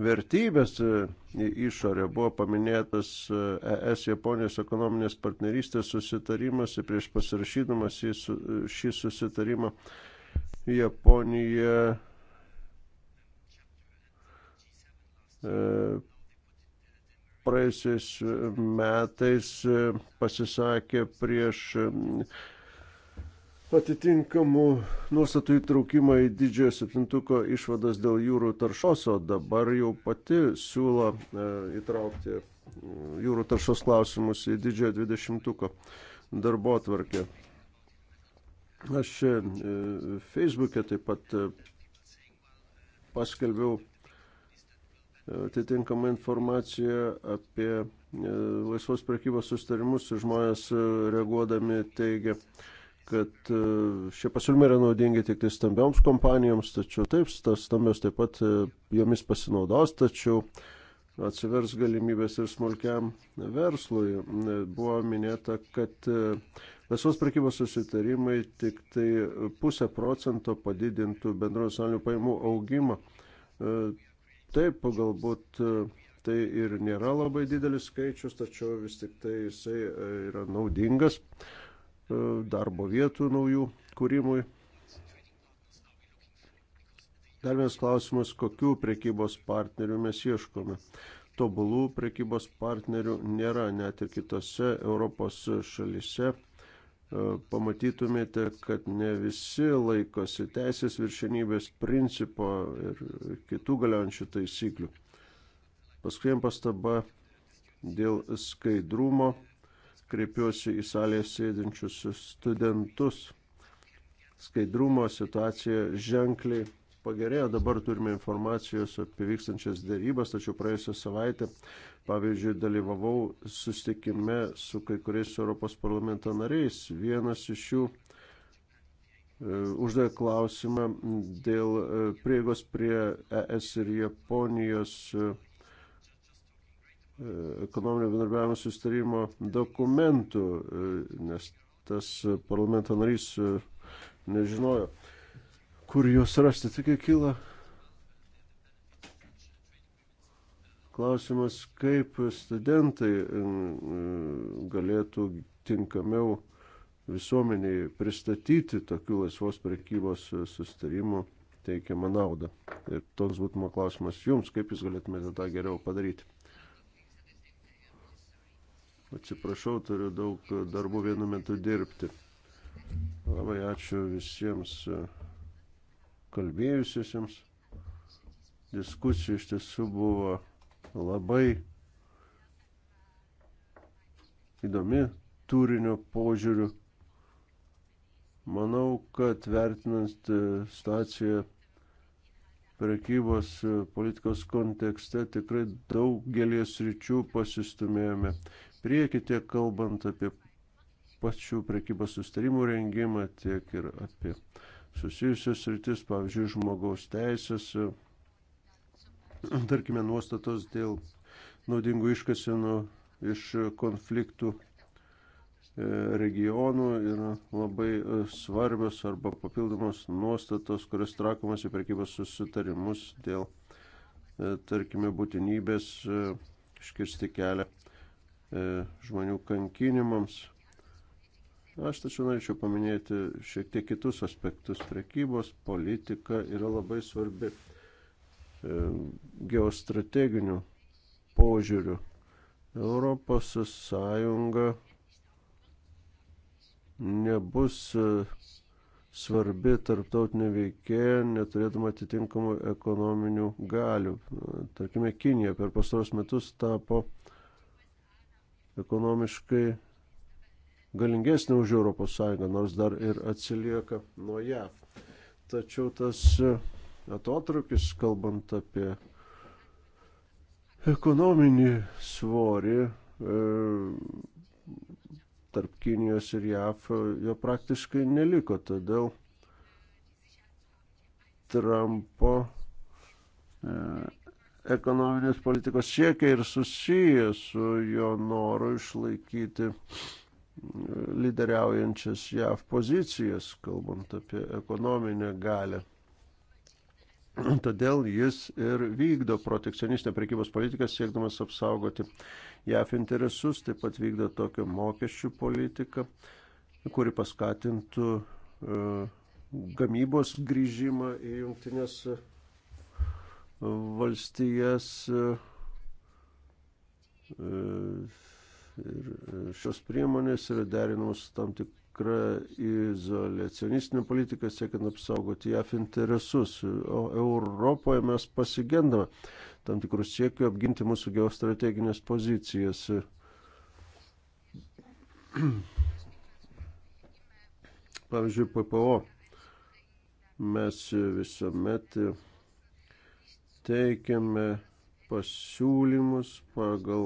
vertybės e, į išorę. Buvo paminėtas ES e Japonijos ekonominės partnerystės susitarimas ir prieš pasirašydamas e, šį susitarimą Japonija praėjusiais metais pasisakė prieš atitinkamų nuostatų įtraukimą į didžiojo septintuko išvadas dėl jūrų taršos, o dabar jau pati siūlo e, įtraukti mm, jūrų taršos klausimus į didžiojo dvidešimtuko darbo atvarkę. Aš e, Facebook'e taip pat e, paskelbiau e, atitinkamą informaciją apie e, laisvos prekybos sustarimus ir žmonės e, reaguodami teigia, kad e, šie pasiūlymai yra naudingi tik tai stambioms kompanijoms, tačiau taip, tas stambios taip pat e, jomis pasinaudos, tačiau atsivers galimybės ir smulkiam verslui. E, buvo minėta, kad laisvos prekybos susitarimai tik tai pusę procento padidintų bendrojo salinių paimų augimą. Taip, galbūt tai ir nėra labai didelis skaičius, tačiau vis tik tai jisai yra naudingas. Uh, E, darbo vietų naujų kūrimui. Dar vienas klausimas, kokių prekybos partnerių mes ieškome. Tobulų prekybos partnerių nėra, net ir kitose Europos šalise. E, pamatytumėte, kad ne visi laikosi teisės viršenybės principo ir kitų galiojančių taisyklių. Paskui jam pastaba dėl skaidrumo kreipiuosi į salėje sėdinčius studentus. Skaidrumo situacija ženkliai pagerėjo, dabar turime informacijos apie vykstančias dėrybas, tačiau praėjusią savaitę, pavyzdžiui, dalyvavau susitikime su kai kuriais Europos parlamento nariais. Vienas iš jų e, uždavė klausimą dėl e, prieigos prie ES ir Japonijos e, ekonominio bendarbiavimo sustarimo dokumentų, e, nes tas parlamento narys e, nežinojo, kur juos rasti. Tokia kyla klausimas, kaip studentai e, galėtų tinkamiau visuomeniai pristatyti tokių laisvos prekybos sustarimų teikiamą naudą. Ir toks būtų mano klausimas jums, kaip jūs galėtumėte tą geriau padaryti. Atsiprašau, turiu daug darbų vienu metu dirbti. Labai ačiū visiems e, kalbėjusiesiems. Diskusija iš tiesų buvo labai įdomi turinio požiūriu. Manau, kad vertinant e, situaciją prekybos e, politikos kontekste tikrai daugelį sričių pasistumėjome priekį tiek kalbant apie pačių prekybos sustarimų rengimą, tiek ir apie susijusios rytis, pavyzdžiui, žmogaus teisės, tarkime, nuostatos dėl naudingų iškasenų iš konfliktų e, regionų yra labai e, svarbios arba papildomos nuostatos, kurias trakomas į prekybos susitarimus dėl, e, tarkime, būtinybės iškirsti kelią E, žmonių kankinimams. Aš tačiau norėčiau paminėti šiek tiek kitus aspektus. Prekybos politika yra labai svarbi e, geostrateginių požiūrių. Europos Sąjunga nebus e, svarbi tarptautinė veikėja, neturėdama atitinkamų ekonominių galių. Tarkime, Kinija per pastaros metus tapo ekonomiškai galingesnė už ES, nors dar ir atsilieka nuo JAV. Tačiau tas atotrukis, kalbant apie ekonominį svorį e, tarp Kinijos ir JAV, jo praktiškai neliko. Todėl Trumpo e, ekonominės politikos siekiai ir susiję su jo noru išlaikyti e, lyderiaujančias JAV pozicijas, kalbant apie ekonominę galę. (clears throat) Todėl jis ir vykdo protekcionistinę prekybos politiką, siekdamas apsaugoti JAV interesus, taip pat vykdo tokią mokesčių politiką, kuri paskatintų uh, gamybos grįžimą į Junktinės valstijas e, e, ir šios priemonės yra derinamos tam tikra izolacionistinė politika, siekiant apsaugoti JAF interesus. O Europoje mes pasigendame tam tikrus siekių apginti mūsų geostrateginės pozicijas. Pavyzdžiui, PPO mes visuomet teikiame pasiūlymus, pagal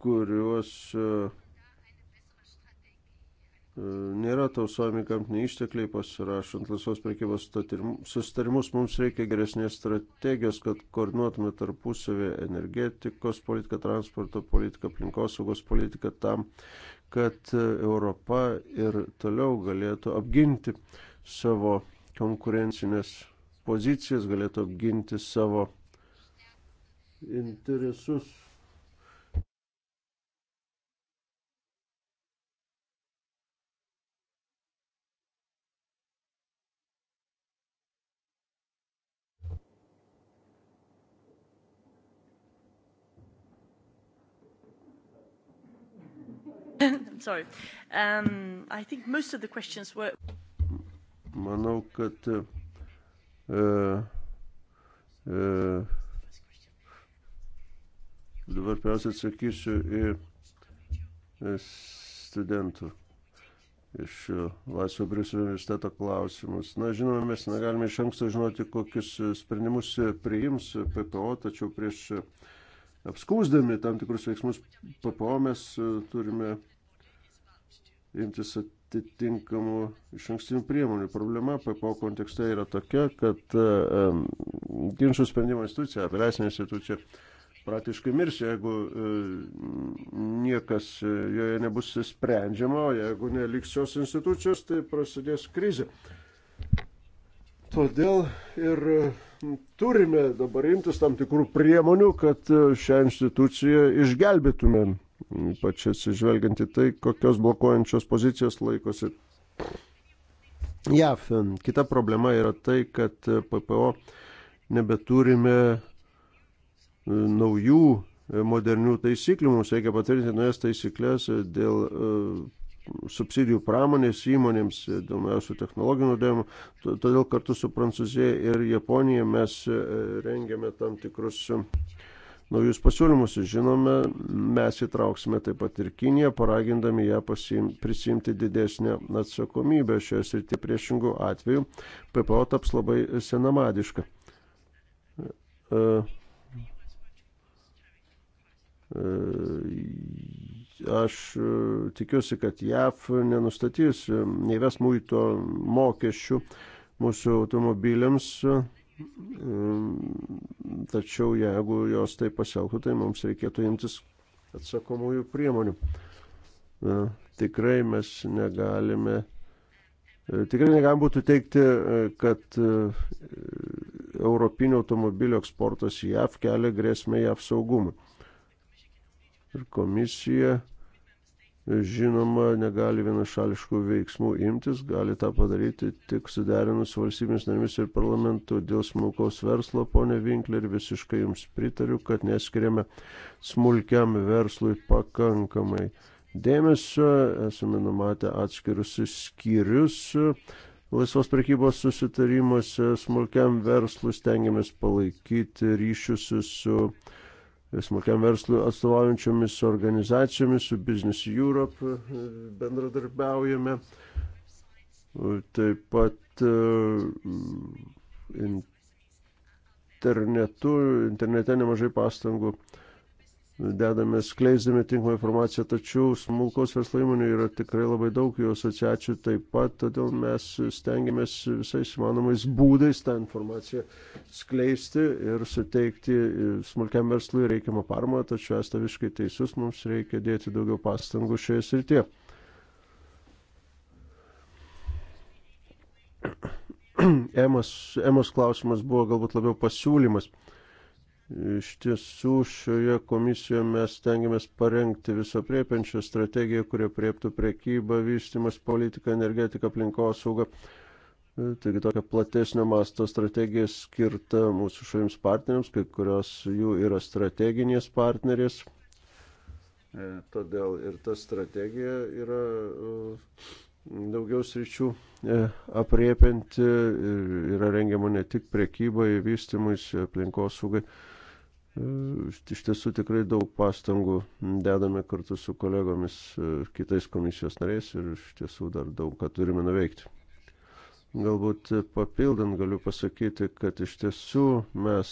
kuriuos e, e, nėra tausojami gamtiniai ištekliai, pasirašant laisvos prekybos sustarimus, mums reikia geresnės strategijos, kad koordinuotume tarpusavį energetikos politiką, transporto politiką, aplinkosaugos politiką tam, kad e, Europa ir toliau galėtų apginti savo konkurencinės pozicijas, galėtų apginti savo interesus. (laughs) Sorry. Um, I think most of the questions were. Manau, kad E, e, dabar pirmiausia atsakysiu į studentų iš Laisvo Briuselio universiteto klausimus. Na, žinoma, mes negalime iš anksto žinoti, kokius sprendimus priims PPO, tačiau prieš apskūsdami tam tikrus veiksmus PPO mes turime imtis atitinkamų iš ankstinių priemonių. Problema PPO kontekste yra tokia, kad ginčių sprendimo institucija, apeliacinė institucija praktiškai mirs, jeigu niekas e, joje nebus sprendžiama, o jeigu neliks šios institucijos, tai prasidės krizė. Todėl ir turime dabar imtis tam tikrų priemonių, kad e, šią instituciją išgelbėtumėm ypač atsižvelgiant į tai, kokios blokuojančios pozicijos laikosi JAF. Kita problema yra tai, kad PPO nebeturime e, naujų e, modernių taisyklių, mums reikia patvirtinti naujas taisyklės e, dėl subsidijų pramonės įmonėms, dėl naujausių technologijų naudojimo. Todėl kartu su Prancūzija ir Japonija mes rengiame tam tikrus naujus pasiūlymus. Žinome, mes įtrauksime taip pat ir Kiniją, paragindami ją pasiim, prisimti didesnę atsakomybę šioje srityje priešingų atveju. PPO taps labai senamadiška. E, e, aš e, tikiuosi, kad JAF nenustatys, neves muito mokesčių mūsų automobiliams Tačiau jeigu jos tai pasielgtų, tai mums reikėtų imtis atsakomųjų priemonių. E, tikrai mes negalime, e, tikrai negalime būtų teikti, e, kad europinio automobilio eksportas į JAV kelia grėsmę JAV saugumui. Ir komisija žinoma, negali vienašališkų veiksmų imtis, gali tą padaryti tik suderinus valstybės narėmis ir parlamentu. Dėl smulkaus verslo, ponė Vinkler, visiškai jums pritariu, kad neskiriame smulkiam verslui pakankamai dėmesio. Esame numatę atskirus skyrius. Laisvos prekybos susitarimuose smulkiam verslui stengiamės palaikyti ryšius su, su smulkiam verslui atstovaujančiomis organizacijomis, su Business Europe e, bendradarbiaujame. E, taip pat e, internetu, internete nemažai pastangų dedame skleisdami tinkamą informaciją, tačiau smulkos verslo įmonių yra tikrai labai daug jų asociacijų taip pat, todėl mes stengiamės visais įmanomais būdais tą informaciją skleisti ir suteikti smulkiam verslui reikiamą paramą, tačiau esate visiškai teisus, mums reikia dėti daugiau pastangų šioje srityje. Emos, emos klausimas buvo galbūt labiau pasiūlymas. Iš tiesų šioje komisijoje mes tengiamės parengti viso priepiančią strategiją, kurie prieptų priekybą, vystimas, politiką, energetiką, aplinkosaugą. Taigi tokia platesnio masto strategija skirta mūsų šalims partneriams, kai kurios jų yra strateginės partnerės. E, todėl ir ta strategija yra e, daugiau sričių e, apriepinti, yra rengiama ne tik priekybai, vystimui, aplinkosaugai. Iš tiesų tikrai daug pastangų dedame kartu su kolegomis, e, kitais komisijos nariais ir iš tiesų dar daug ką turime nuveikti. Galbūt papildant galiu pasakyti, kad iš tiesų mes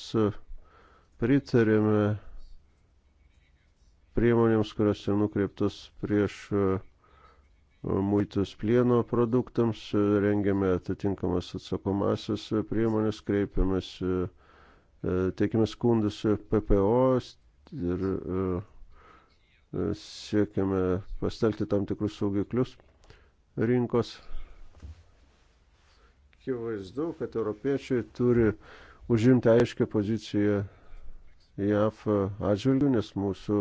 pritarėme priemonėms, kurios yra nukreiptos prieš e, muitus plieno produktams, rengiame atitinkamas atsakomasias priemonės, kreipiamės į e, E, teikiame skundus PPO ir e, e, siekiame pastelti tam tikrus saugiklius rinkos. Kivaizdu, kad europiečiai turi užimti aiškę poziciją JAF atžvilgių, nes mūsų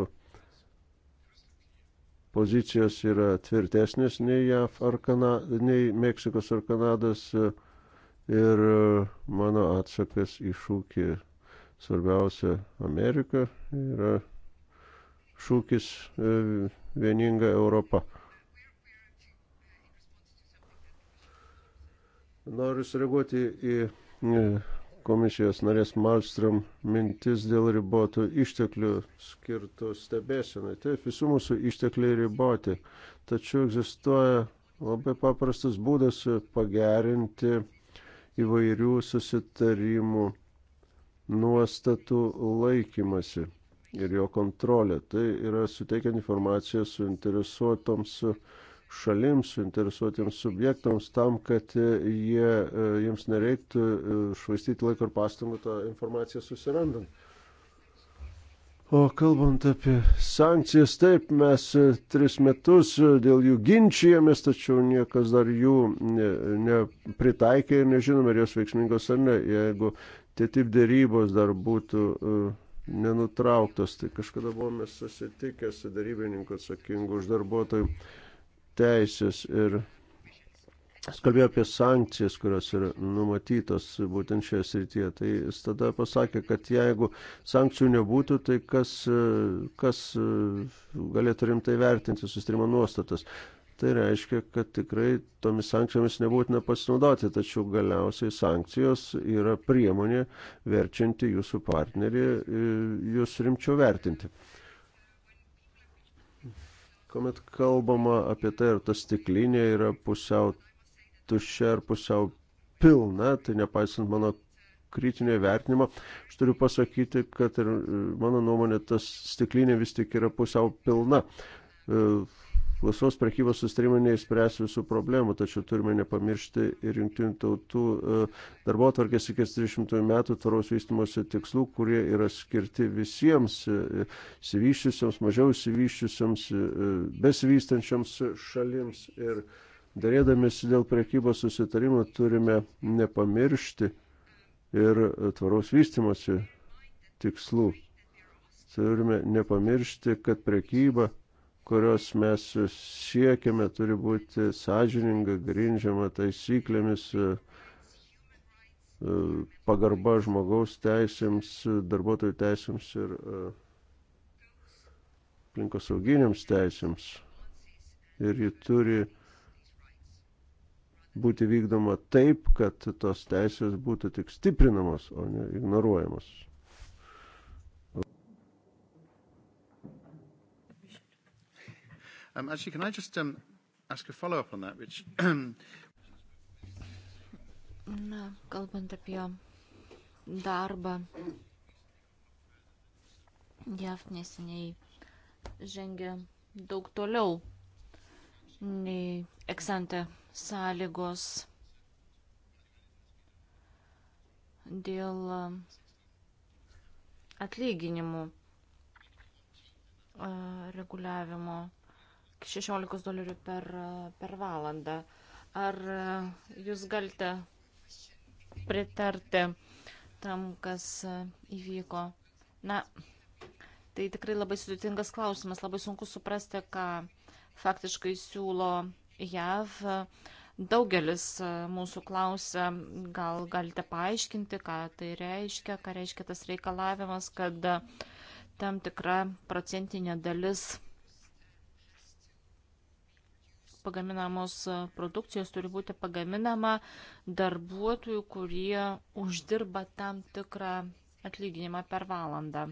pozicijos yra tvirtesnės nei JAF ar Kana, nei Meksikos ar Kanados ir mano atsakas iššūkį svarbiausia Amerika, yra šūkis e, vieninga Europa. Noriu sureaguoti į e, komisijos narės Malmström mintis dėl ribotų išteklių skirtų stebėsenai. Taip, visų mūsų ištekliai riboti, tačiau egzistuoja labai paprastas būdas pagerinti įvairių susitarimų nuostatų laikymasi ir jo kontrolė. Tai yra suteikiant informaciją suinteresuotoms šalims, suinteresuotiems subjektams tam, kad jie, e, jiems nereiktų e, švaistyti laiko ir pastangų tą informaciją susirandant. O kalbant apie sankcijas, taip, mes e, tris metus dėl jų ginčijamės, tačiau niekas dar jų nepritaikė ne ir nežinome, ar jos veiksmingos ar ne. Jeigu tie taip dėrybos dar būtų e, nenutrauktos. Tai kažkada buvome susitikę su darybininku atsakingu už darbuotojų teisės ir jis kalbėjo apie sankcijas, kurios yra numatytos būtent šioje srityje. Tai jis tada pasakė, kad jeigu sankcijų nebūtų, tai kas, e, kas e, galėtų rimtai vertinti sustarimo nuostatas tai reiškia, kad tikrai tomis sankcijomis nebūtina pasinaudoti, tačiau galiausiai sankcijos yra priemonė verčianti jūsų partnerį e, jūs rimčiau vertinti. Komet kalbama apie tai, ar ta stiklinė yra pusiau tuščia ar pusiau pilna, tai nepaisant mano kritinio vertinimo, aš turiu pasakyti, kad ir e, mano nuomonė, tas stiklinė vis tik yra pusiau pilna e, Laisvos prekybos sustarimai neišspręs visų problemų, tačiau turime nepamiršti ir jungtinių tautų e, darbo atvarkės iki 30 metų tvaraus vystimosi tikslų, kurie yra skirti visiems įsivyščiusiams, e, mažiau įsivyščiusiams, e, besivystančiams šalims. Ir darėdamėsi dėl prekybos susitarimo turime nepamiršti ir tvaraus vystimosi tikslų. Turime nepamiršti, kad prekyba kurios mes siekiame, turi būti sąžininga, grindžiama taisyklėmis, e, e, pagarba žmogaus teisėms, darbuotojų teisėms ir e, aplinkosauginiams teisėms. Ir ji turi būti vykdoma taip, kad tos teisės būtų tik stiprinamos, o ne ignoruojamos. Um, actually, can I just um, ask a follow-up on that, which... Um, Na, kalbant apie darbą, JAV neseniai žengė daug toliau nei eksante sąlygos dėl um, atlyginimų uh, reguliavimo 16 dolerių per, per valandą. Ar jūs galite pritarti tam, kas įvyko? Na, tai tikrai labai sudėtingas klausimas, labai sunku suprasti, ką faktiškai siūlo JAV. Daugelis mūsų klausia, gal galite paaiškinti, ką tai reiškia, ką reiškia tas reikalavimas, kad tam tikra procentinė dalis pagaminamos e, produkcijos turi būti pagaminama darbuotojų, kurie uždirba tam tikrą atlyginimą per valandą.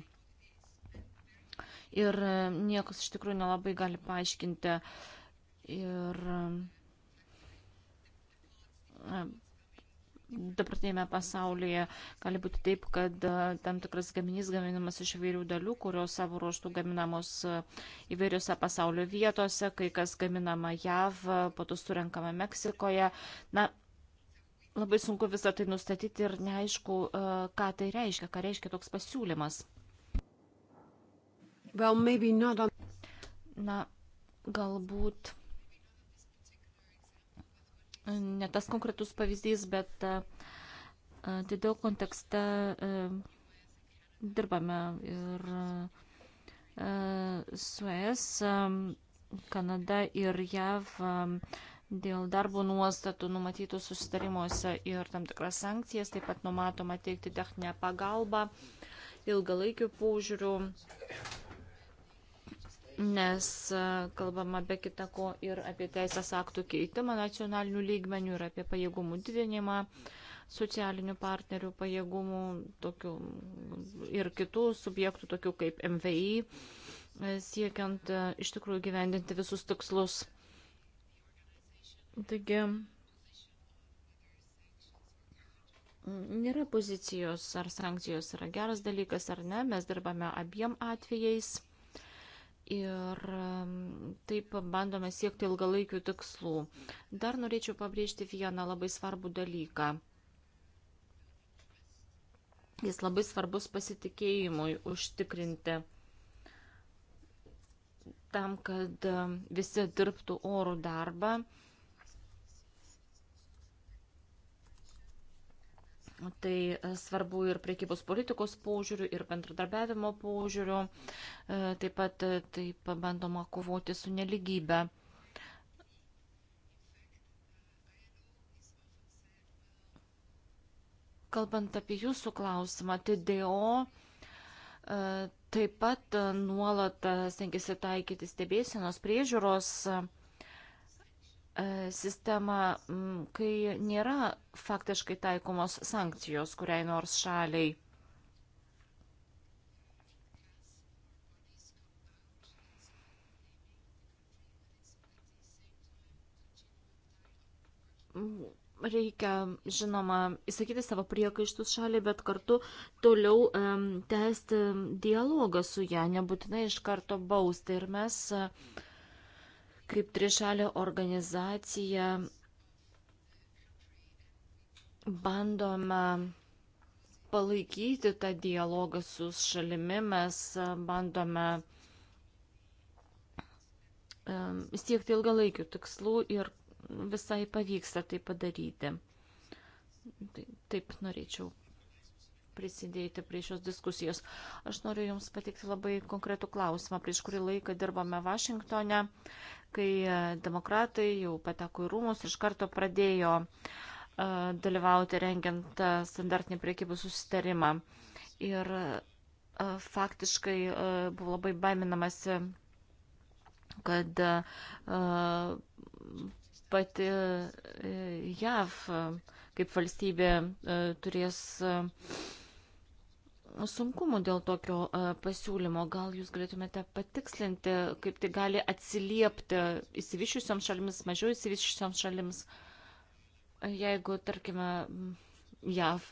Ir e, niekas iš tikrųjų nelabai gali paaiškinti. Ir e, dabartinėme pasaulyje gali būti taip, kad e, tam tikras gaminys gaminamas iš įvairių dalių, kurios savo ruoštų gaminamos e, įvairiose pasaulio vietose, kai kas gaminama JAV, e, po to surenkama Meksikoje. Na, labai sunku visą tai nustatyti ir neaišku, ką tai reiškia, ką reiškia toks pasiūlymas. Well, on... Na, galbūt ne tas konkretus pavyzdys, bet e, e, tai didel kontekste e, dirbame ir su ES, Kanada ir JAV dėl darbo nuostatų numatytų susitarimuose ir tam tikras sankcijas, taip pat numatoma teikti techninę pagalbą ilgalaikių požiūrių nes e, kalbama be kita ko ir apie teisės aktų keitimą nacionalinių lygmenių ir apie pajėgumų didinimą, socialinių partnerių pajėgumų tokių, ir kitų subjektų, tokių kaip MVI, e, siekiant e, iš tikrųjų gyvendinti visus tikslus. Taigi, nėra pozicijos, ar sankcijos yra geras dalykas ar ne, mes dirbame abiem atvejais ir taip bandome siekti ilgalaikių tikslų. Dar norėčiau pabrėžti vieną labai svarbų dalyką. Jis labai svarbus pasitikėjimui užtikrinti tam, kad visi dirbtų orų darbą Tai e, svarbu ir priekybos politikos požiūrių, ir bendradarbiavimo požiūrių. E, taip pat e, taip bandoma kovoti su neligybė. Kalbant apie jūsų klausimą, TDO taip pat nuolat stengiasi taikyti stebėsienos priežiūros E, sistemą, kai nėra faktiškai taikomos sankcijos kuriai nors šaliai. reikia, žinoma, įsakyti savo priekaištus šaliai, bet kartu toliau um, tęsti dialogą su ją, nebūtinai iš karto bausti. Ir mes uh, kaip trišalė organizacija bandome palaikyti tą dialogą su šalimi, mes bandome siekti ilgalaikių tikslų ir visai pavyksta tai padaryti. Tai taip norėčiau prisidėti prie šios diskusijos. Aš noriu Jums patikti labai konkretų klausimą. Prieš kurį laiką dirbome Vašingtone kai e, demokratai jau pateko į rūmus, iš karto pradėjo e, dalyvauti rengiant e, standartinį priekybų susitarimą. Ir faktiškai buvo labai baiminamasi, kad pati JAV kaip valstybė turės sunkumų dėl tokio e, pasiūlymo. Gal jūs galėtumėte patikslinti, kaip tai gali atsiliepti įsivyšiusioms šalims, mažiau įsivyšiusioms šalims, jeigu, tarkime, JAV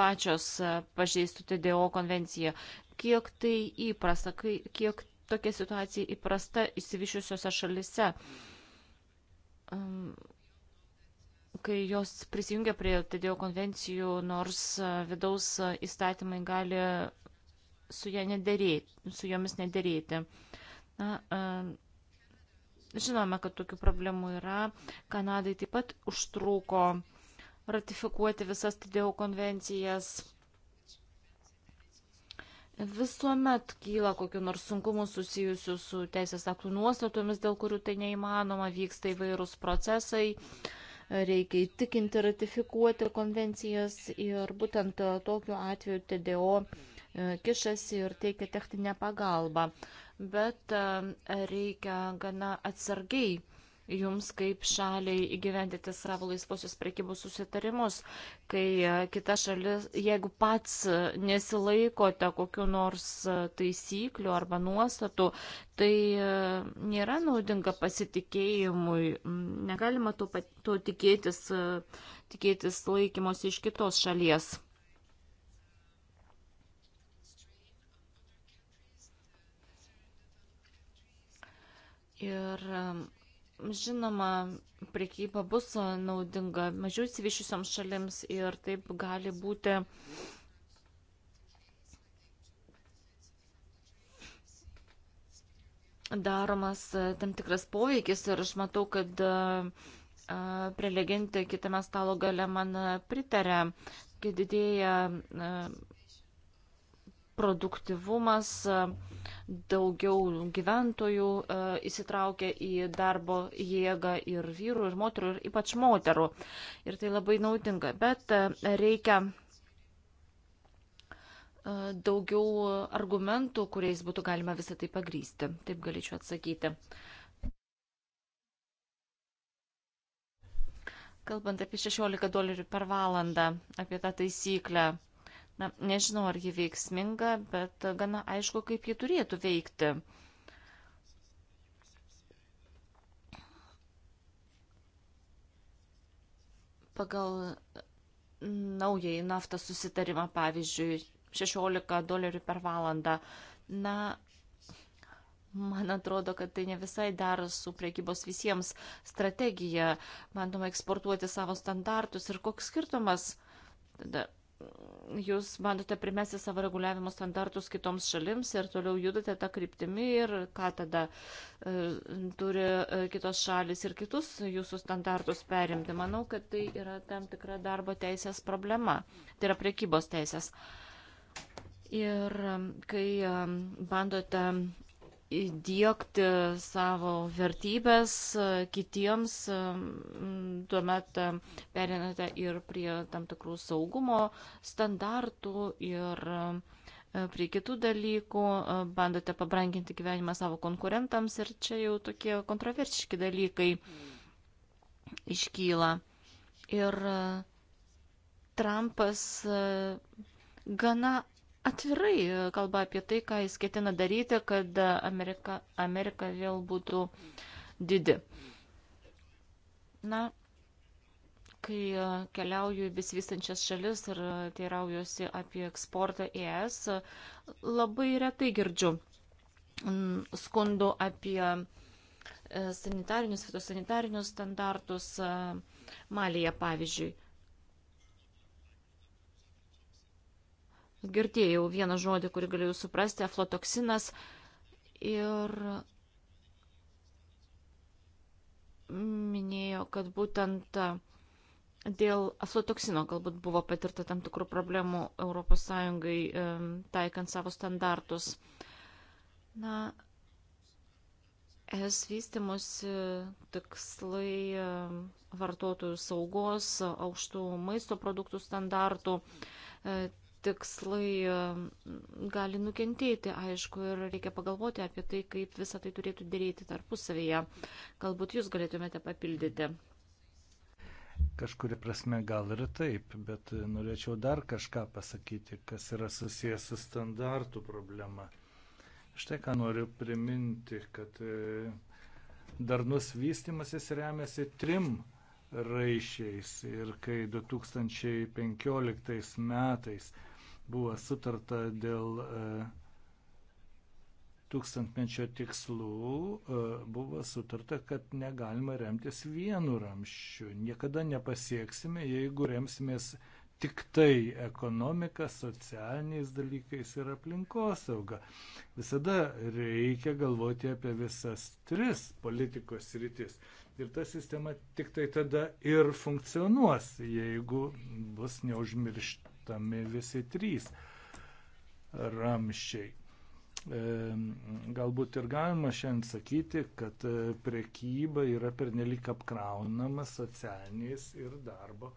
pačios e, pažeistų TDO konvenciją. Kiek tai įprasta, kiek tokia situacija įprasta įsivyšiusiuose šalise? kai jos prisijungia prie TDO konvencijų, nors e, vidaus e, įstatymai gali su, nederėti, su jomis nederėti. Na, e, žinome, kad tokių problemų yra. Kanadai taip pat užtruko ratifikuoti visas TDO konvencijas. Visuomet kyla kokiu nors sunkumu susijusiu su teisės aktų nuostatomis, dėl kurių tai neįmanoma, vyksta įvairūs procesai. Uh, reikia įtikinti ratifikuoti konvencijas ir būtent e, tokiu atveju TDO e, kišasi ir teikia techninę pagalbą. Bet e, reikia gana atsargiai jums kaip šaliai įgyvendyti savo laisvosios prekybos susitarimus, kai e, kita šalis, jeigu pats e, nesilaikote kokiu nors e, taisykliu arba nuostatų, tai nėra naudinga pasitikėjimui. Negalima to, to tikėtis, tikėtis laikymosi iš kitos šalies. Ir Žinoma, priekyba bus naudinga mažiau įsivyšiusioms šalims ir taip gali būti daromas tam tikras poveikis ir aš matau, kad prelegentė kitame stalo gale man pritarė, kai didėja produktivumas, daugiau gyventojų e, įsitraukia į darbo jėgą ir vyrų, ir moterų, ir ypač moterų. Ir tai labai naudinga. Bet e, reikia e, daugiau argumentų, kuriais būtų galima visą tai pagrysti. Taip galėčiau atsakyti. Kalbant apie 16 dolerių per valandą, apie tą taisyklę, Na, nežinau, ar ji veiksminga, bet gana aišku, kaip ji turėtų veikti. Pagal naująjį naftą susitarimą, pavyzdžiui, 16 dolerių per valandą. Na, Man atrodo, kad tai ne visai dera su priekybos visiems strategija. Bandoma eksportuoti savo standartus ir koks skirtumas. Tada jūs bandote primesti savo reguliavimo standartus kitoms šalims ir toliau judate tą kryptimį ir ką tada e, turi e, kitos šalis ir kitus jūsų standartus perimti. Manau, kad tai yra tam tikra darbo teisės problema, tai yra priekybos teisės. Ir e, kai e, bandote įdėkti savo vertybės e, kitiems, e, tuomet e, perinate ir prie tam tikrų saugumo standartų ir prie kitų dalykų, bandote pabranginti gyvenimą savo konkurentams ir čia jau tokie kontroversiški dalykai iškyla. Ir Trumpas gana atvirai e, kalba apie tai, ką jis ketina daryti, kad e, Amerika, Amerika vėl būtų didi. Na, kai e, keliauju į besivystančias šalis ir teiraujuosi apie eksportą į ES, labai retai girdžiu skundų apie sanitarinius, fitosanitarinius standartus Malyje, pavyzdžiui. girdėjau vieną žodį, kurį galėjau suprasti, aflotoksinas. Ir minėjo, kad būtent dėl aflotoksino galbūt buvo patirta tam tikrų problemų ES taikant savo standartus. Na, Es vystimosi tikslai vartotojų saugos, aukštų maisto produktų standartų, tikslai e, gali nukentėti, aišku, ir reikia pagalvoti apie tai, kaip visą tai turėtų dėrėti tarpusavėje. Galbūt jūs galėtumėte papildyti. Kažkuria prasme gal ir taip, bet norėčiau dar kažką pasakyti, kas yra susijęs su standartų problema. Štai ką noriu priminti, kad e, darnus vystimasis remiasi trim raišiais ir kai 2015 metais buvo sutarta dėl e, tūkstantmečio tikslų, e, buvo sutarta, kad negalima remtis vienu ramščiu. Niekada nepasieksime, jeigu remsimės tik tai ekonomika, socialiniais dalykais ir aplinkosauga. Visada reikia galvoti apie visas tris politikos rytis. Ir ta sistema tik tai tada ir funkcionuos, jeigu bus neužmiršt, aptartami visi trys ramščiai. E, galbūt ir galima šiandien sakyti, kad e, prekyba yra pernelik apkraunama socialiniais ir darbo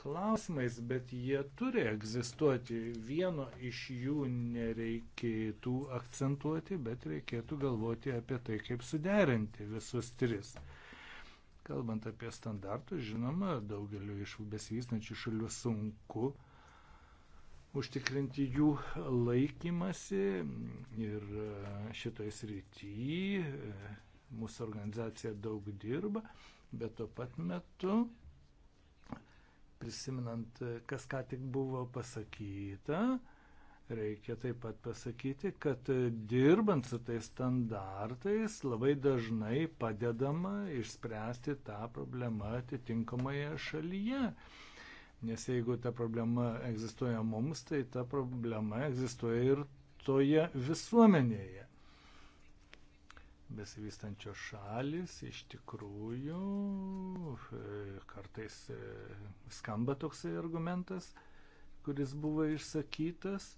klausimais, bet jie turi egzistuoti. Vieno iš jų nereikėtų akcentuoti, bet reikėtų galvoti apie tai, kaip suderinti visus tris. Kalbant apie standartus, žinoma, daugeliu iš besivysnačių šalių sunku uh, užtikrinti jų laikymasi ir e, šitoje srityje e, mūsų organizacija daug dirba, bet tuo pat metu, prisiminant, e, kas ką tik buvo pasakyta, reikia taip pat pasakyti, kad dirbant su tais standartais labai dažnai padedama išspręsti tą problemą atitinkamoje šalyje. Nes jeigu ta problema egzistuoja mums, tai ta problema egzistuoja ir toje visuomenėje. Besivystančios šalis iš tikrųjų e, kartais e, skamba toksai argumentas, kuris buvo išsakytas.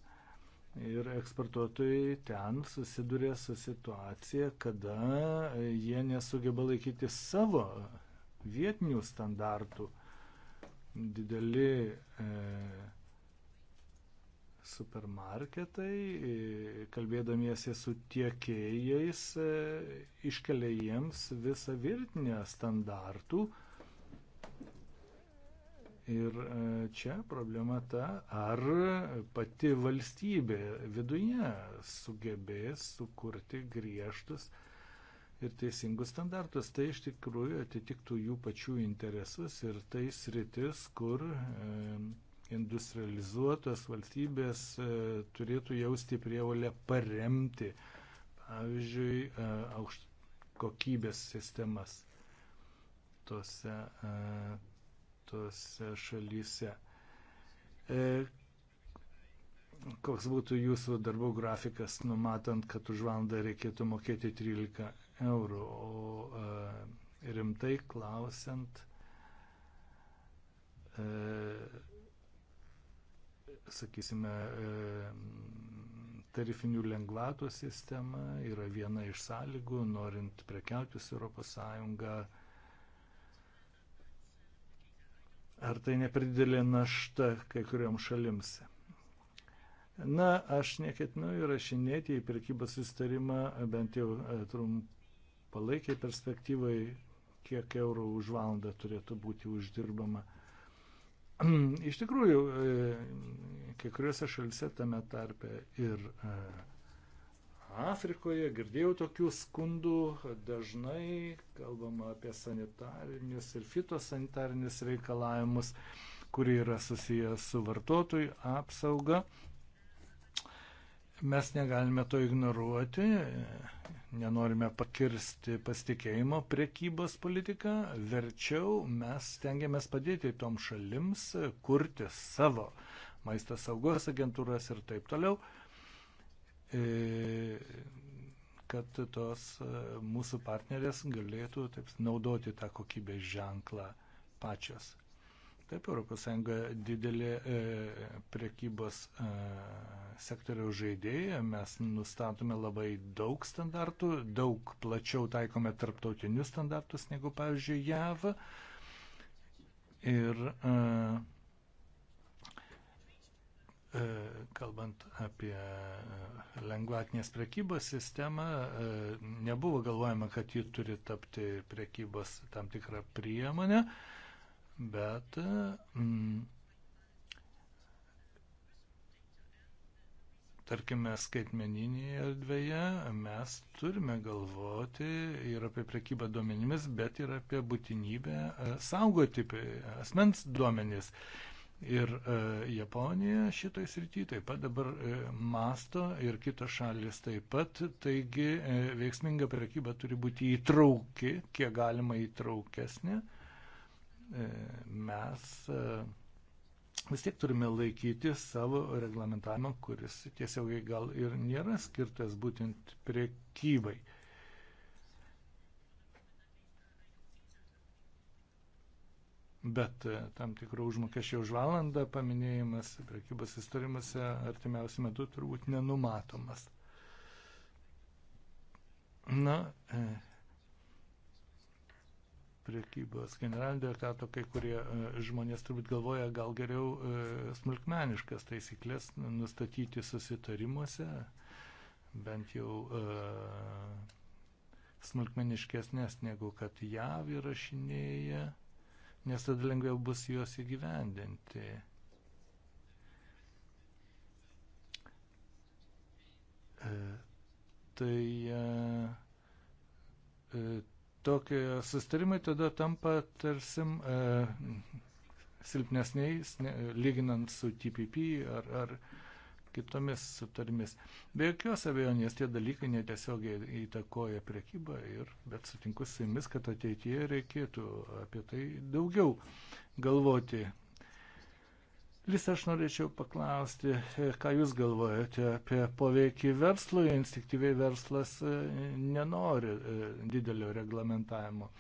Ir eksportuotojai ten susiduria su situacija, kada jie nesugeba laikyti savo vietinių standartų dideli e, supermarketai, e, kalbėdamiesi su tiekėjais, e, iškelia jiems visą virtinę standartų. Ir čia problema ta, ar pati valstybė viduje sugebės sukurti griežtus standartus ir teisingus standartus, tai iš tikrųjų atitiktų jų pačių interesus ir tai sritis, kur e, industrializuotos valstybės e, turėtų jausti prievalę paremti, pavyzdžiui, e, aukšt kokybės sistemas tose, tose šalyse. Koks būtų jūsų darbų grafikas, numatant, kad už valandą reikėtų mokėti 13 eurų. O e, rimtai klausiant, e, sakysime, e, tarifinių lengvatų sistema yra viena iš sąlygų, norint prekiauti su ES. Ar tai nepridelė našta kai kuriuom šalims? Na, aš neketinu įrašinėti į prekybą sustarimą bent jau trumpai palaikiai perspektyvai, kiek eurų už valandą turėtų būti uždirbama. (clears throat) Iš tikrųjų, e, kiekvienose šalise tame tarpe ir e, Afrikoje girdėjau tokių skundų, dažnai kalbama apie sanitarinius ir fitosanitarinius reikalavimus, kurie yra susijęs su vartotojų apsauga. Mes negalime to ignoruoti, nenorime pakirsti pasitikėjimo priekybos politiką, verčiau mes stengiamės padėti tom šalims kurti savo maisto saugos agentūras ir taip toliau, e, kad tos e, mūsų partnerės galėtų taip, naudoti tą kokybės ženklą pačios. Taip, ES didelė e, prekybos e, sektoriaus žaidėja, mes nustatome labai daug standartų, daug plačiau taikome tarptautinius standartus negu, pavyzdžiui, JAV. Ir e, kalbant apie lengvatinės prekybos sistemą, nebuvo galvojama, kad ji turi tapti prekybos tam tikrą priemonę bet mm, tarkime, skaitmeninėje erdvėje mes turime galvoti ir apie prekybą duomenimis, bet ir apie būtinybę e, saugoti asmens duomenis. Ir e, Japonija šitai srity taip pat dabar e, masto ir kitos šalis taip pat, taigi e, veiksminga prekyba turi būti įtrauki, kiek galima įtraukesnė. E, E, mes e, vis tiek turime laikyti savo reglamentavimą, kuris tiesiogiai gal ir nėra skirtas būtent priekybai. Bet e, tam tikrų užmokesčio už valandą paminėjimas prekybos istorimuose artimiausiu metu turbūt nenumatomas. Na, e, priekybos generaldirektato kai kurie e, žmonės turbūt galvoja, gal geriau e, smulkmeniškas taisyklės nustatyti susitarimuose, bent jau e, smulkmeniškesnės negu kad JAV įrašinėja, nes tada lengviau bus juos įgyvendinti. Tai tokie sustarimai tada tampa tarsim e, silpnesniais, ne, lyginant su TPP ar, ar kitomis sutarimis. Be jokios abejonės tie dalykai netiesiogiai įtakoja prekybą, ir, bet sutinku su jumis, kad ateityje reikėtų apie tai daugiau galvoti. Vis aš norėčiau paklausti, e, ką Jūs galvojate apie poveikį verslui. Instinktyviai verslas e, nenori e, didelio reglamentavimo.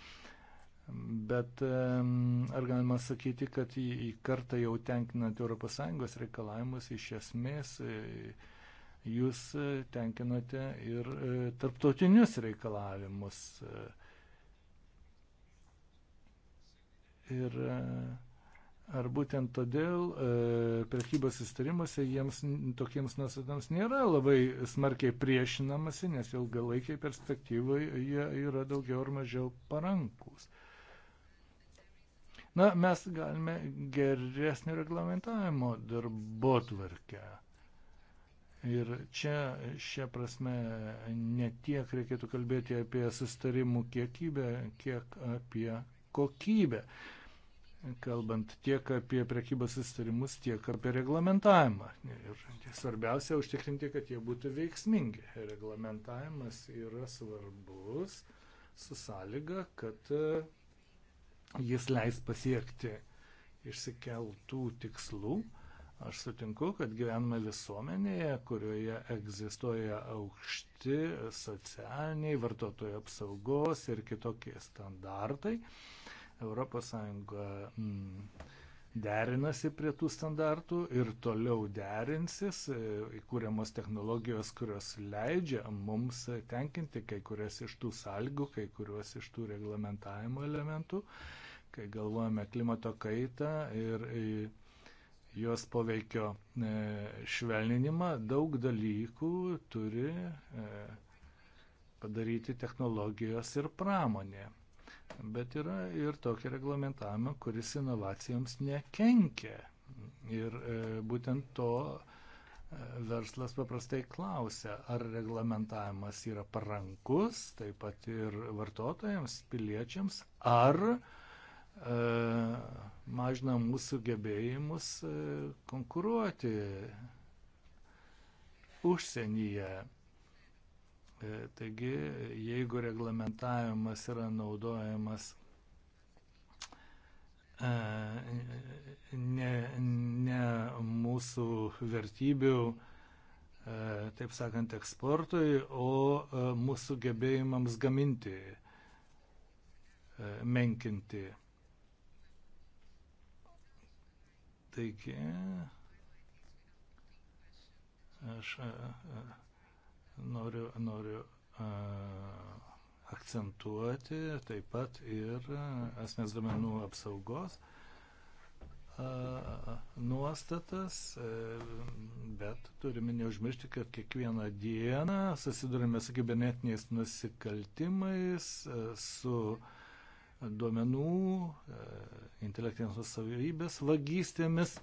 Bet ar galima sakyti, kad į, į kartą jau tenkinant ES reikalavimus iš esmės jūs tenkinate ir tarptautinius reikalavimus? Ir Ar būtent todėl e, prekybos sustarimuose jiems tokiems nuostatams nėra labai smarkiai priešinamasi, nes ilgalaikiai perspektyvai jie yra daugiau ar mažiau parankus. Na, mes galime geresnį reglamentavimo darbo tvarkę. Ir čia šia prasme ne tiek reikėtų kalbėti apie sustarimų kiekybę, kiek apie kokybę. E, kalbant tiek apie prekybos sustarimus, tiek apie reglamentavimą. Ir svarbiausia užtikrinti, kad jie būtų veiksmingi. Reglamentavimas yra svarbus su sąlyga, kad e, jis leis pasiekti išsikeltų tikslų. Aš sutinku, kad gyvename visuomenėje, kurioje egzistuoja aukšti socialiniai, vartotojų apsaugos ir kitokie standartai. Uh, ES mm, derinasi prie tų standartų ir toliau derinsis, e, įkūriamos technologijos, kurios leidžia mums tenkinti kai kurias iš tų sąlygų, kai kuriuos iš tų reglamentavimo elementų, kai galvojame klimato kaitą ir e, jos poveikio e, švelninimą, daug dalykų turi padaryti technologijos ir pramonė. Bet yra ir tokio reglamentavimo, kuris inovacijoms nekenkia. Ir e, būtent to e, verslas paprastai klausia, ar reglamentavimas yra parankus, taip pat ir vartotojams, piliečiams, ar e, mažina mūsų gebėjimus e, konkuruoti užsienyje. E, taigi, jeigu reglamentavimas yra naudojamas e, ne, ne mūsų vertybių, e, taip sakant, eksportui, o mūsų gebėjimams gaminti, menkinti. Taigi, aš. A, a, Noriu, noriu akcentuoti taip pat ir asmens duomenų apsaugos nuostatas, e, bet turime neužmiršti, kad kiekvieną dieną susidurime su kibernetiniais nusikaltimais, e, su duomenų, e, intelektinės savybės vagystėmis.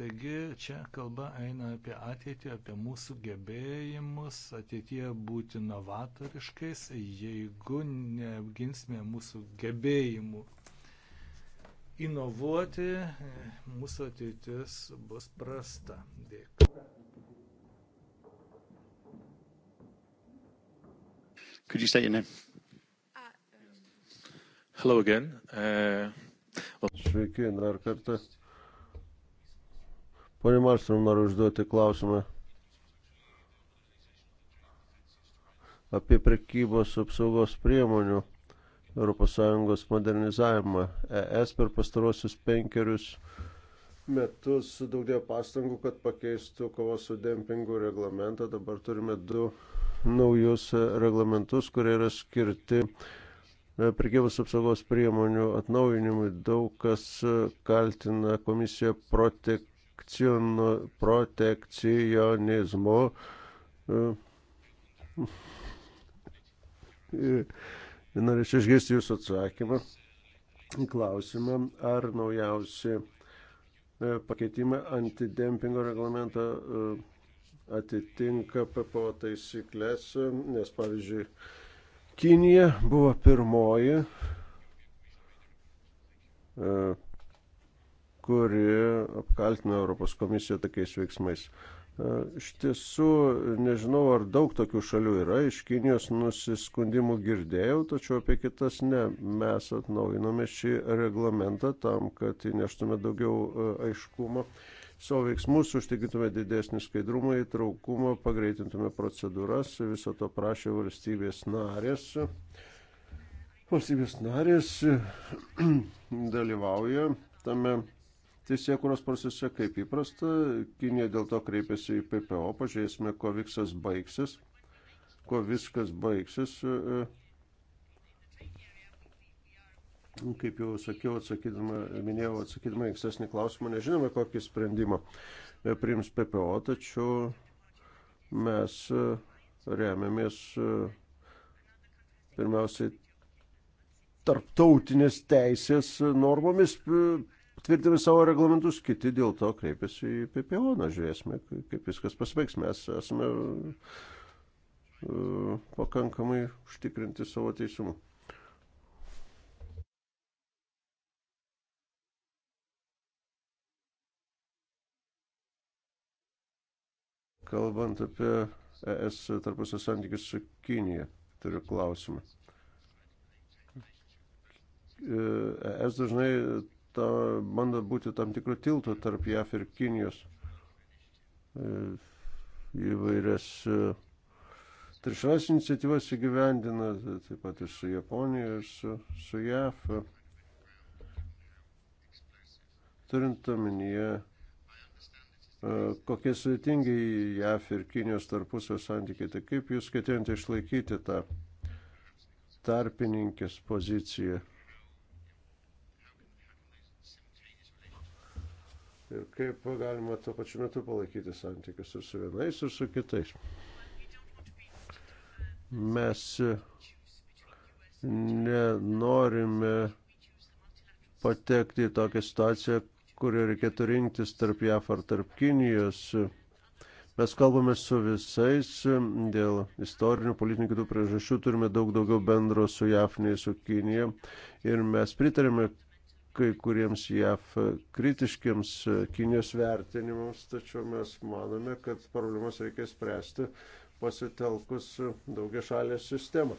Taigi čia kalba eina apie ateitį, apie mūsų gebėjimus, ateitie būti novatoriškais, jeigu neapginsime mūsų gebėjimų inovuoti, mūsų ateitis bus prasta. Dėkui. Could you state your name? Uh, Hello again. Uh, well... Sveiki, dar kartą. Pone Marstrom, noriu užduoti klausimą apie prekybos apsaugos priemonių ES modernizavimą. ES per pastarosius penkerius metus daugėjo pastangų, kad pakeistų kovos su dempingu reglamentą. Dabar turime du naujus reglamentus, kurie yra skirti e, prekybos apsaugos priemonių atnaujinimui daug kas kaltina komisiją protek, protekcion, protekcionizmu. E, norėčiau išgirsti Jūsų atsakymą. Klausimą, ar naujausi e, pakeitimai antidempingo reglamento e, atitinka PPO taisyklės, nes pavyzdžiui, Kinija buvo pirmoji kuri apkaltina Europos komisiją tokiais veiksmais. E, iš tiesų, nežinau, ar daug tokių šalių yra, iš Kinijos nusiskundimų girdėjau, tačiau apie kitas ne. Mes atnaujinome šį reglamentą tam, kad įneštume daugiau e, aiškumo savo veiksmus, užtikrintume didesnį skaidrumą, įtraukumą, pagreitintume procedūras, viso to prašė valstybės narės. Valstybės narės (clears throat) dalyvauja tame teisėkuros procese, kaip įprasta. Kinija dėl to kreipėsi į PPO, pažiūrėsime, kuo viskas baigsis. Kuo viskas baigsis. E, e. Kaip jau sakiau, atsakydama, minėjau, atsakydama į ankstesnį klausimą, nežinome, kokį sprendimą e, priims PPO, tačiau mes remiamės pirmiausiai tarptautinės teisės normomis tvirtini savo reglamentus, kiti dėl to kreipiasi į PPO, na žiūrėsime, kaip viskas pasibaigs. Mes esame uh, pakankamai užtikrinti savo teisumą. Kalbant apie ES tarpusio santykius su Kinija, turiu klausimą. ES dažnai ta, bando būti tam tikrų tiltų tarp JAF ir Kinijos e, įvairias e, trišas iniciatyvas įgyvendina, e, taip pat ir su Japonija, ir su, su JAF. Turint omenyje, kokie sudėtingi JAF ir Kinijos tarpusio santykiai, tai kaip jūs ketinate išlaikyti tą tarpininkės poziciją? ir kaip galima tuo pačiu metu palaikyti santykius ir su vienais, ir su kitais. Mes nenorime patekti į tokią situaciją, kurioje reikėtų rinktis tarp JAF ar tarp Kinijos. Mes kalbame su visais dėl istorinių, politinių kitų priežasčių, turime daug daugiau bendro su JAF nei su Kinija ir mes pritarėme, kai kuriems JAF kritiškiams Kinijos vertinimams, tačiau mes manome, kad problemas reikia spręsti pasitelkus daugia šalės sistemą.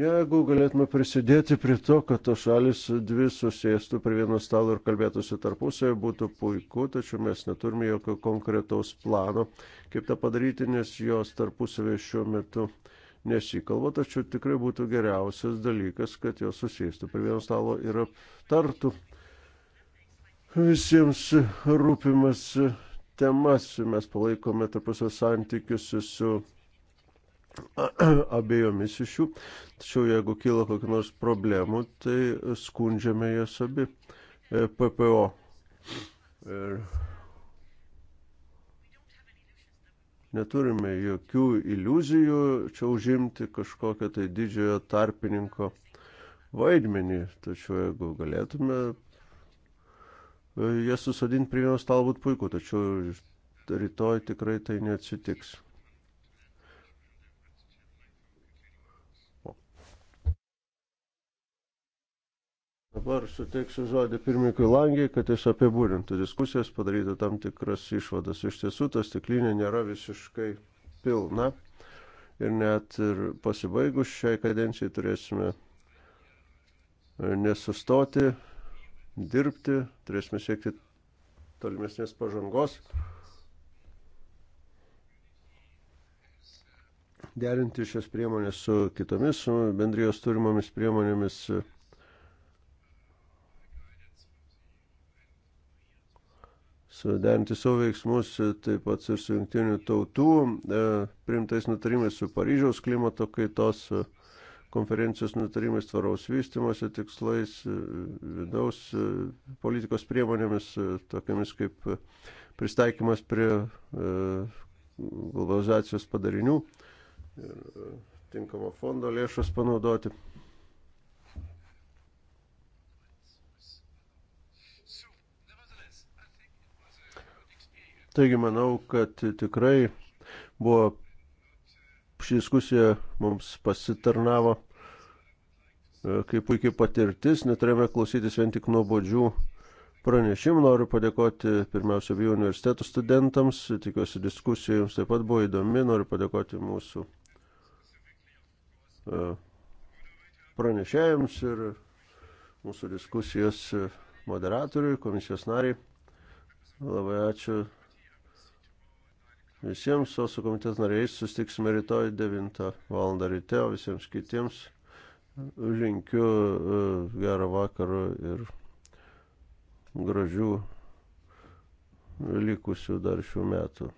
Jeigu galėtume prisidėti prie to, kad tos šalis dvi susėstų prie vieno stalo ir kalbėtųsi tarpusavį, būtų puiku, tačiau mes neturime jokio konkretaus plano, kaip tą padaryti, nes jos tarpusavį šiuo metu uh, nesikalba, tačiau tikrai būtų geriausias dalykas, kad jos susėstų prie vieno stalo ir aptartų visiems rūpimas temas. Mes palaikome tarpusio santykius su (clears throat) abiejomis iš jų, tačiau jeigu kyla kokių nors problemų, tai skundžiame jas abi e, PPO. Ir e, neturime jokių iliuzijų čia užimti kažkokią tai didžiojo tarpininko vaidmenį. Tačiau jeigu galėtume, jie susodinti prie vieno stalo būtų puiku, tačiau rytoj tikrai tai neatsitiks. Dabar suteiksiu žodį pirmininkui Langiai, kad jis apibūdintų diskusijas, padarytų tam tikras išvadas. Iš tiesų, ta stiklinė nėra visiškai pilna ir net ir pasibaigus šiai kadencijai turėsime nesustoti, dirbti, turėsime siekti tolimesnės pažangos, derinti šias priemonės su kitomis su bendrijos turimomis priemonėmis. Su suderinti savo veiksmus taip pat ir su jungtinių tautų e, priimtais nutarimais, su Paryžiaus klimato kaitos e, konferencijos nutarimais, tvaraus vystimosi tikslais, e, vidaus politikos priemonėmis, tokiamis kaip pristaikymas prie globalizacijos padarinių ir tinkamo fondo lėšas panaudoti. Taigi manau, kad tikrai buvo ši diskusija mums pasitarnavo e, kaip puikiai patirtis, neturėjome klausytis vien tik nuobodžių pranešimų. Noriu padėkoti pirmiausia abiejų universitetų studentams, tikiuosi diskusija jums taip pat buvo įdomi, noriu padėkoti mūsų e, pranešėjams ir mūsų diskusijos moderatoriui, komisijos nariai. Labai ačiū visiems, o su komiteto nariais sustiksime rytoj 9 val. ryte, o visiems kitiems linkiu e, gerą vakarą ir gražių likusių dar šių metų.